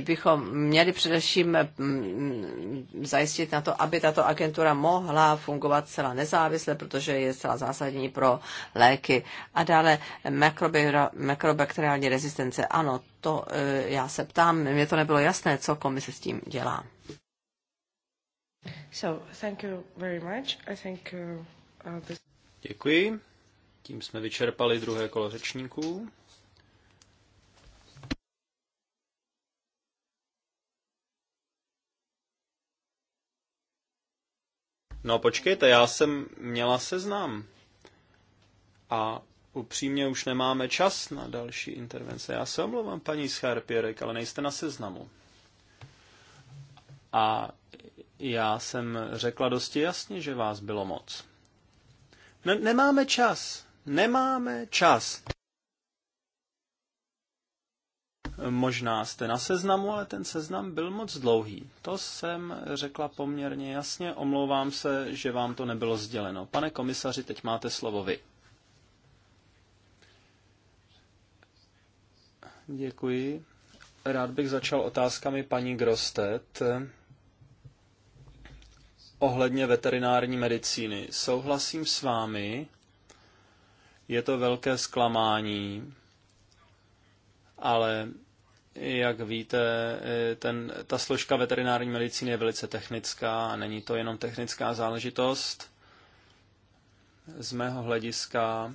bychom měli především mm, mm, zajistit na to, aby tato agentura mohla fungovat celá nezávisle, protože je celá zásadní pro léky. A dále makrobakteriální rezistence. Ano, to já se ptám, mě to nebylo jasné, co komise s tím dělá. So, thank you very much. I think, uh, uh this... Děkuji. Tím jsme vyčerpali druhé kolo řečníků. No počkejte, já jsem měla seznam. A upřímně už nemáme čas na další intervence. Já se omlouvám, paní Scharpěrek, ale nejste na seznamu. A já jsem řekla dosti jasně, že vás bylo moc. Ne nemáme čas. Nemáme čas. Možná jste na seznamu, ale ten seznam byl moc dlouhý. To jsem řekla poměrně jasně. Omlouvám se, že vám to nebylo sděleno. Pane komisaři, teď máte slovo vy. Děkuji. Rád bych začal otázkami paní Grostet ohledně veterinární medicíny. Souhlasím s vámi, je to velké zklamání, ale jak víte, ten, ta složka veterinární medicíny je velice technická a není to jenom technická záležitost. Z mého hlediska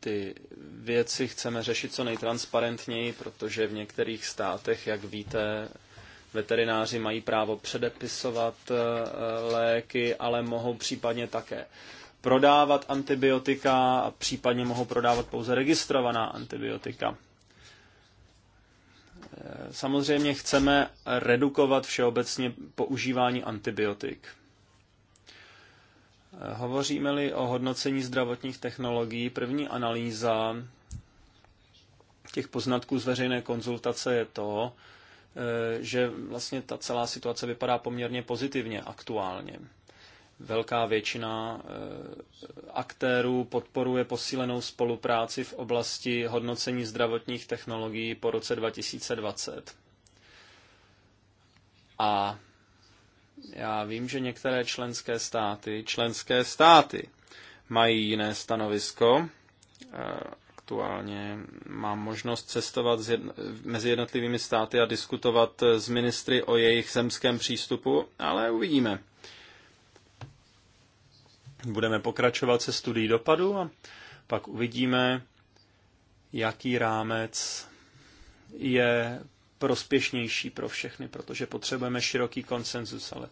ty věci chceme řešit co nejtransparentněji, protože v některých státech, jak víte, Veterináři mají právo předepisovat eh, léky, ale mohou případně také prodávat antibiotika a případně mohou prodávat pouze registrovaná antibiotika. Eh, samozřejmě chceme redukovat všeobecně používání antibiotik. Eh, hovoříme-li o hodnocení zdravotních technologií, první analýza těch poznatků z veřejné konzultace je to, Eh, že vlastně ta celá situace vypadá poměrně pozitivně aktuálně. Velká většina eh, aktérů podporuje posílenou spolupráci v oblasti hodnocení zdravotních technologií po roce 2020. A já vím, že některé členské státy, členské státy mají jiné stanovisko eh, aktuálně mám možnost cestovat mezi jednotlivými státy a diskutovat s ministry o jejich zemském přístupu, ale uvidíme. Budeme pokračovat se studií dopadu a pak uvidíme, jaký rámec je prospěšnější pro všechny, protože potřebujeme široký konsenzus, ale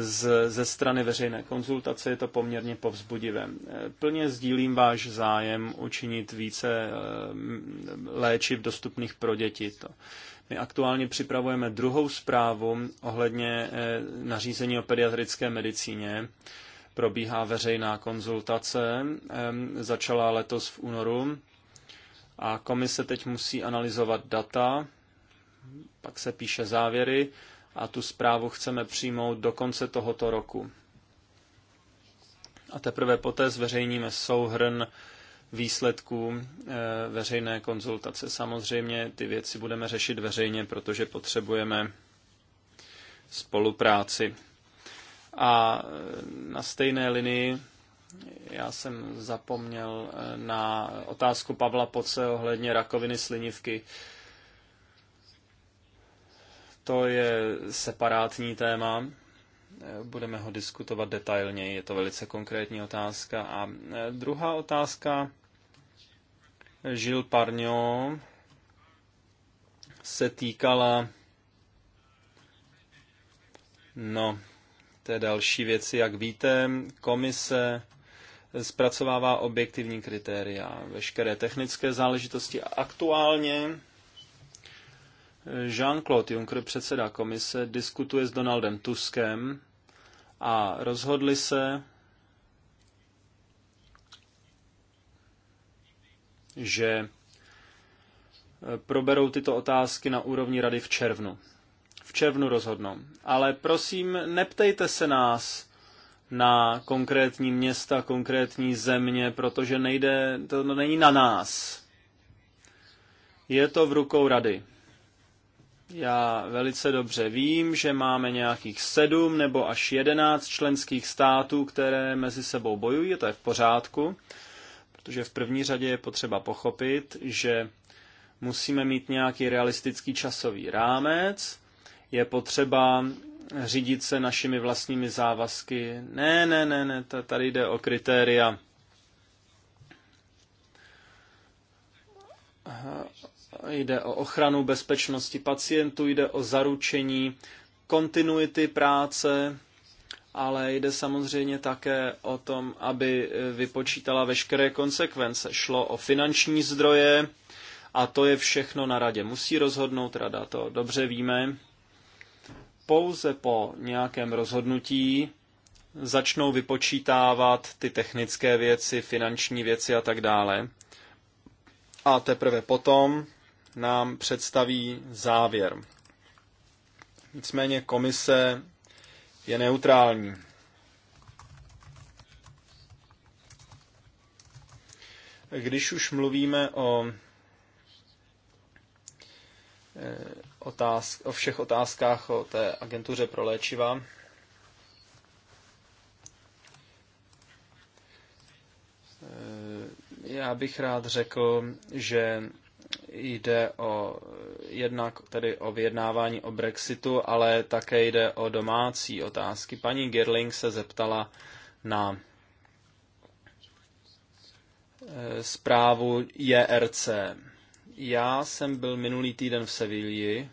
z, ze strany veřejné konzultace je to poměrně povzbudivé. Plně sdílím váš zájem učinit více eh, léčiv dostupných pro děti. To. My aktuálně připravujeme druhou zprávu ohledně eh, nařízení o pediatrické medicíně. Probíhá veřejná konzultace, eh, začala letos v únoru a komise teď musí analyzovat data, pak se píše závěry a tu zprávu chceme přijmout do konce tohoto roku. A teprve poté zveřejníme souhrn výsledků eh, veřejné konzultace. Samozřejmě ty věci budeme řešit veřejně, protože potřebujeme spolupráci. A eh, na stejné linii já jsem zapomněl eh, na otázku Pavla Poce ohledně rakoviny slinivky. To je separátní téma. Budeme ho diskutovat detailně. je to velice konkrétní otázka. A e, druhá otázka, žil Parňo, se týkala no, té další věci. Jak víte, komise zpracovává objektivní kritéria, veškeré technické záležitosti. Aktuálně Jean-Claude Juncker, předseda komise, diskutuje s Donaldem Tuskem a rozhodli se, že eh, proberou tyto otázky na úrovni rady v červnu. V červnu rozhodnou. Ale prosím, neptejte se nás na konkrétní města, konkrétní země, protože nejde, to není na nás. Je to v rukou rady. Já velice dobře vím, že máme nějakých sedm nebo až jedenáct členských států, které mezi sebou bojují, to je v pořádku, protože v první řadě je potřeba pochopit, že musíme mít nějaký realistický časový rámec, je potřeba řídit se našimi vlastními závazky. Ne, ne, ne, ne, tady jde o kritéria jde o ochranu bezpečnosti pacientů, jde o zaručení kontinuity práce, ale jde samozřejmě také o tom, aby vypočítala veškeré konsekvence. Šlo o finanční zdroje a to je všechno na radě. Musí rozhodnout rada, to dobře víme. Pouze po nějakém rozhodnutí začnou vypočítávat ty technické věci, finanční věci a tak dále. A teprve potom nám představí závěr. Nicméně komise je neutrální. Když už mluvíme o, eh, otázk, o všech otázkách o té agentuře pro léčiva, eh, já bych rád řekl, že jde o jednak tedy o vyjednávání o Brexitu, ale také jde o domácí otázky. Paní Gerling se zeptala na eh, zprávu JRC. Já jsem byl minulý týden v Sevilji,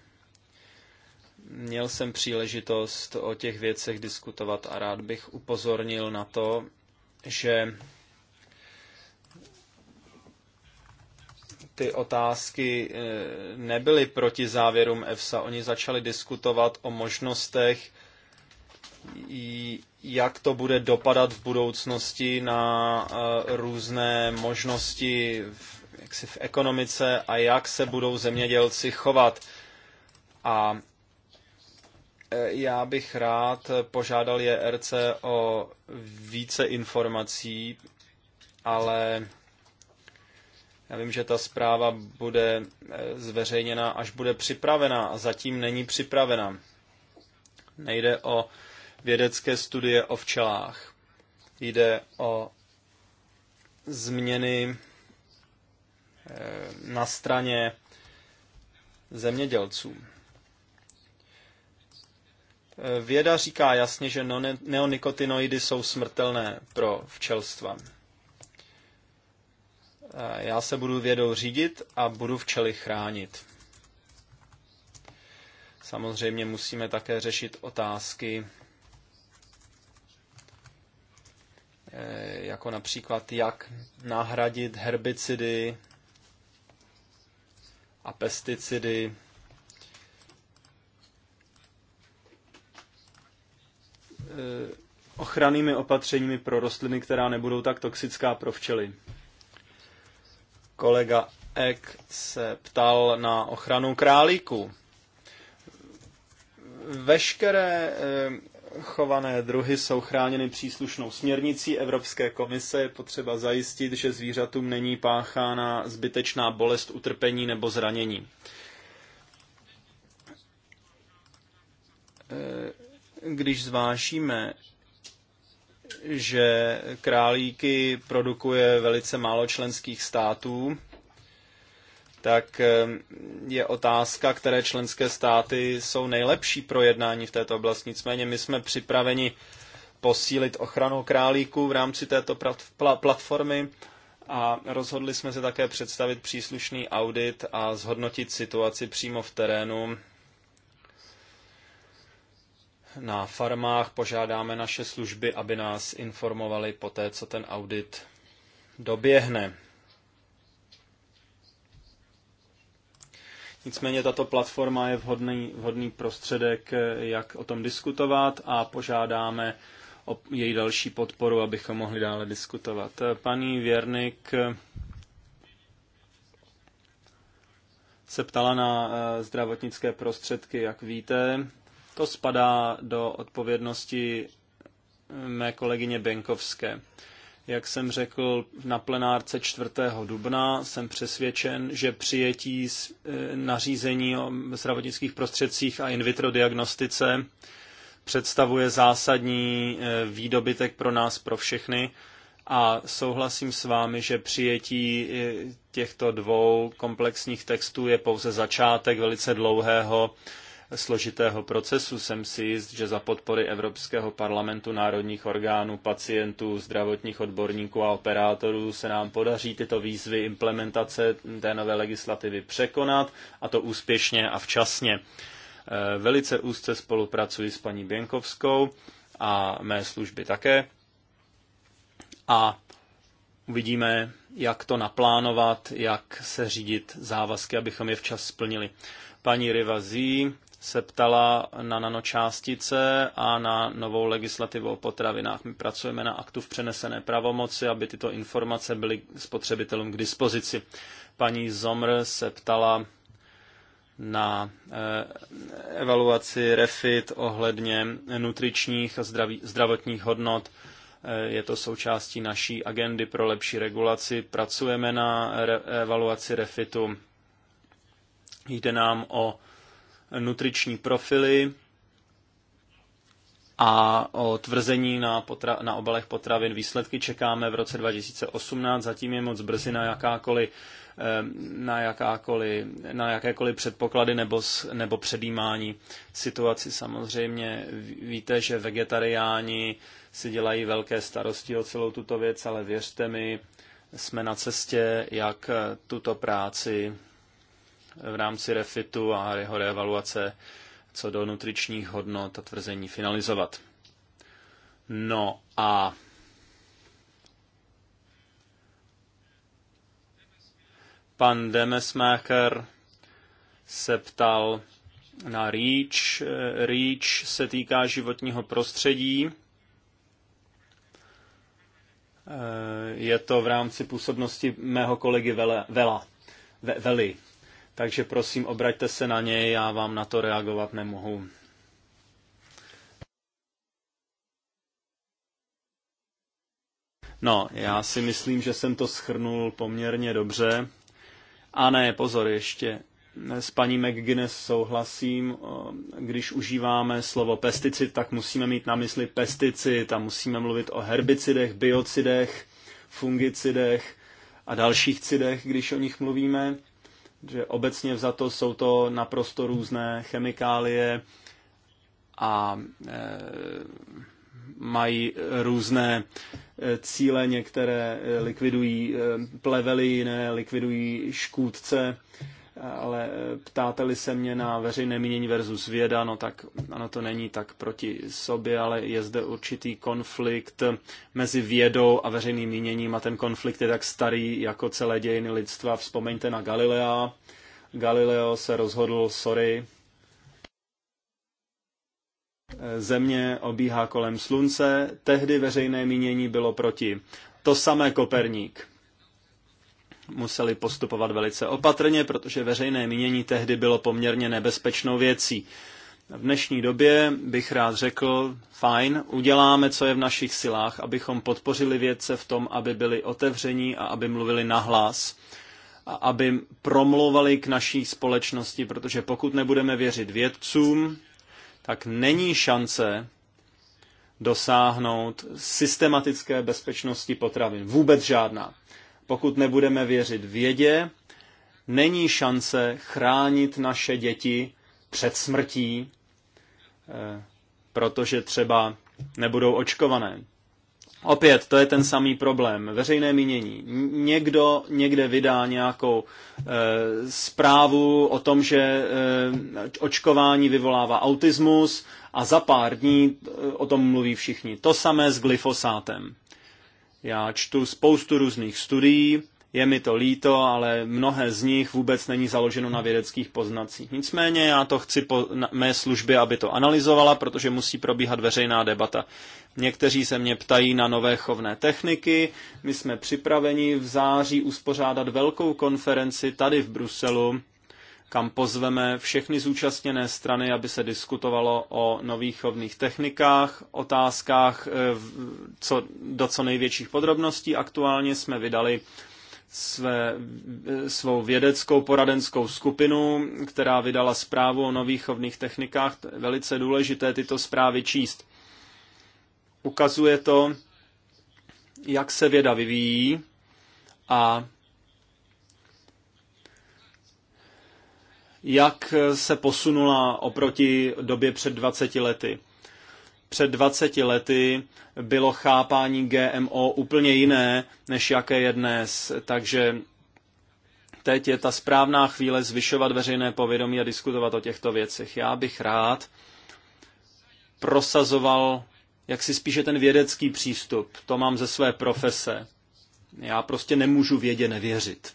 měl jsem příležitost o těch věcech diskutovat a rád bych upozornil na to, že ty otázky eh, nebyly proti závěrům EFSA. Oni začali diskutovat o možnostech, jak to bude dopadat v budoucnosti na eh, různé možnosti v, jaksi v ekonomice a jak se budou zemědělci chovat. A eh, já bych rád požádal JRC o více informací, ale já vím, že ta zpráva bude eh, zveřejněna, až bude připravena a zatím není připravena. Nejde o vědecké studie o včelách. Jde o změny eh, na straně zemědělců. Eh, věda říká jasně, že neonikotinoidy jsou smrtelné pro včelstva. Eh, já se budu vědou řídit a budu včely chránit. Samozřejmě musíme také řešit otázky, eh, jako například jak nahradit herbicidy a pesticidy. Eh, ochrannými opatřeními pro rostliny, která nebudou tak toxická pro včely. Kolega Ek se ptal na ochranu králíků. Veškeré eh, chované druhy jsou chráněny příslušnou směrnicí Evropské komise. Je potřeba zajistit, že zvířatům není páchána zbytečná bolest, utrpení nebo zranění. Eh, když zvážíme, že králíky produkuje velice málo členských států, tak eh, je otázka, které členské státy jsou nejlepší pro jednání v této oblasti. Nicméně my jsme připraveni posílit ochranu králíků v rámci této platformy a rozhodli jsme se také představit příslušný audit a zhodnotit situaci přímo v terénu na farmách, požádáme naše služby, aby nás informovali po té, co ten audit doběhne. Nicméně tato platforma je vhodný, vhodný prostředek, jak o tom diskutovat a požádáme o její další podporu, abychom mohli dále diskutovat. Paní Věrnik se ptala na eh, zdravotnické prostředky, jak víte. To spadá do odpovědnosti eh, mé kolegyně Benkovské. Jak jsem řekl na plenárce 4. dubna, jsem přesvědčen, že přijetí eh, nařízení o zdravotnických prostředcích a in vitro diagnostice představuje zásadní eh, výdobytek pro nás, pro všechny. A souhlasím s vámi, že přijetí těchto dvou komplexních textů je pouze začátek velice dlouhého složitého procesu. Jsem si jist, že za podpory Evropského parlamentu, národních orgánů, pacientů, zdravotních odborníků a operátorů se nám podaří tyto výzvy implementace té nové legislativy překonat a to úspěšně a včasně. E, velice úzce spolupracuji s paní Běnkovskou a mé služby také. A uvidíme, jak to naplánovat, jak se řídit závazky, abychom je včas splnili. Paní Rivazí se ptala na nanočástice a na novou legislativu o potravinách. My pracujeme na aktu v přenesené pravomoci, aby tyto informace byly spotřebitelům k dispozici. Paní Zomr se ptala na eh, evaluaci refit ohledně nutričních a zdravotních hodnot. Eh, je to součástí naší agendy pro lepší regulaci. Pracujeme na re, evaluaci refitu. Jde nám o nutriční profily a o tvrzení na, potra- na obalech potravin výsledky čekáme v roce 2018. Zatím je moc brzy na jakákoliv eh, na, jakákoliv, na jakékoliv předpoklady nebo, nebo předjímání situaci. Samozřejmě víte, že vegetariáni si dělají velké starosti o celou tuto věc, ale věřte mi, jsme na cestě, jak tuto práci v rámci refitu a jeho reevaluace co do nutričních hodnot a tvrzení finalizovat. No a pan Demesmacher se ptal na REACH. REACH se týká životního prostředí. Eh, je to v rámci působnosti mého kolegy Vela. Vela Veli. Takže prosím, obraťte se na něj, já vám na to reagovat nemohu. No, já si myslím, že jsem to schrnul poměrně dobře. A ne, pozor, ještě s paní McGuinness souhlasím, když užíváme slovo pesticid, tak musíme mít na mysli pesticid a musíme mluvit o herbicidech, biocidech, fungicidech a dalších cidech, když o nich mluvíme že obecně vzato jsou to naprosto různé chemikálie a e, mají různé e, cíle, některé e, likvidují plevely, jiné likvidují škůdce ale eh, ptáte-li se mě na veřejné mínění versus věda, no tak ano, to není tak proti sobě, ale je zde určitý konflikt mezi vědou a veřejným míněním a ten konflikt je tak starý jako celé dějiny lidstva. Vzpomeňte na Galilea. Galileo se rozhodl, sorry, Země obíhá kolem slunce, tehdy veřejné mínění bylo proti. To samé Koperník museli postupovat velice opatrně, protože veřejné mínění tehdy bylo poměrně nebezpečnou věcí. V dnešní době bych rád řekl, fajn, uděláme, co je v našich silách, abychom podpořili vědce v tom, aby byli otevření a aby mluvili nahlas a aby promlouvali k naší společnosti, protože pokud nebudeme věřit vědcům, tak není šance dosáhnout systematické bezpečnosti potravin. Vůbec žádná. Pokud nebudeme věřit vědě, není šance chránit naše děti před smrtí, eh, protože třeba nebudou očkované. Opět, to je ten samý problém. Veřejné mínění. Někdo někde vydá nějakou e, zprávu o tom, že e, očkování vyvolává autismus a za pár dní o tom mluví všichni. To samé s glyfosátem. Já čtu spoustu různých studií, je mi to líto, ale mnohé z nich vůbec není založeno na vědeckých poznacích. Nicméně já to chci po mé službě, aby to analyzovala, protože musí probíhat veřejná debata. Někteří se mě ptají na nové chovné techniky. My jsme připraveni v září uspořádat velkou konferenci tady v Bruselu kam pozveme všechny zúčastněné strany, aby se diskutovalo o nových chovných technikách, otázkách eh, co, do co největších podrobností. Aktuálně jsme vydali své, eh, svou vědeckou poradenskou skupinu, která vydala zprávu o nových chovných technikách. To je velice důležité tyto zprávy číst. Ukazuje to, jak se věda vyvíjí a jak se posunula oproti době před 20 lety. Před 20 lety bylo chápání GMO úplně jiné, než jaké je dnes. Takže teď je ta správná chvíle zvyšovat veřejné povědomí a diskutovat o těchto věcech. Já bych rád prosazoval jak si spíše ten vědecký přístup. To mám ze své profese. Já prostě nemůžu vědě nevěřit.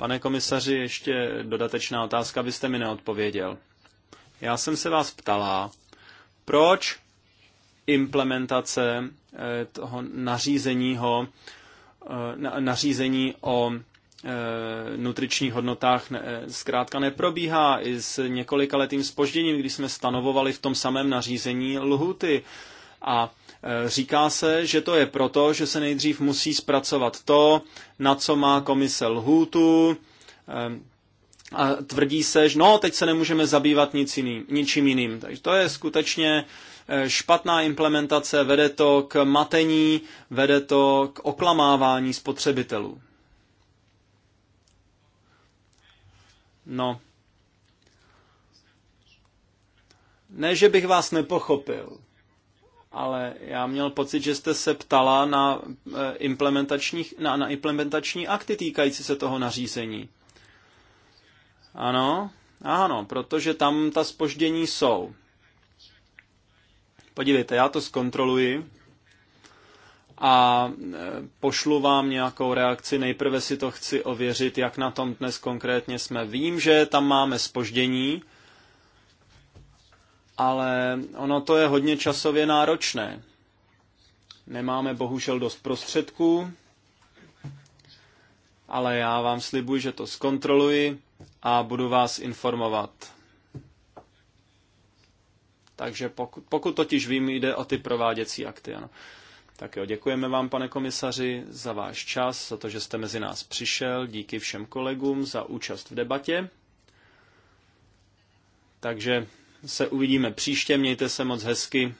Pane komisaři, ještě dodatečná otázka, byste mi neodpověděl. Já jsem se vás ptala, proč implementace eh, toho nařízeního, eh, nařízení o eh, nutričních hodnotách zkrátka neprobíhá i s několika letým spožděním, když jsme stanovovali v tom samém nařízení lhuty. A Eh, říká se, že to je proto, že se nejdřív musí zpracovat to, na co má komise lhůtu, eh, a tvrdí se, že no, teď se nemůžeme zabývat nic jiným, ničím jiným. Takže to je skutečně eh, špatná implementace, vede to k matení, vede to k oklamávání spotřebitelů. No. Ne, že bych vás nepochopil ale já měl pocit, že jste se ptala na, eh, implementační, na, na implementační akty týkající se toho nařízení. Ano, ano, protože tam ta spoždění jsou. Podívejte, já to zkontroluji a eh, pošlu vám nějakou reakci. Nejprve si to chci ověřit, jak na tom dnes konkrétně jsme. Vím, že tam máme spoždění, ale ono to je hodně časově náročné. Nemáme bohužel dost prostředků, ale já vám slibuji, že to zkontroluji a budu vás informovat. Takže pokud, pokud totiž vím, jde o ty prováděcí akty. Ano. Tak jo, děkujeme vám, pane komisaři, za váš čas, za to, že jste mezi nás přišel. Díky všem kolegům za účast v debatě. Takže se uvidíme příště, mějte se moc hezky.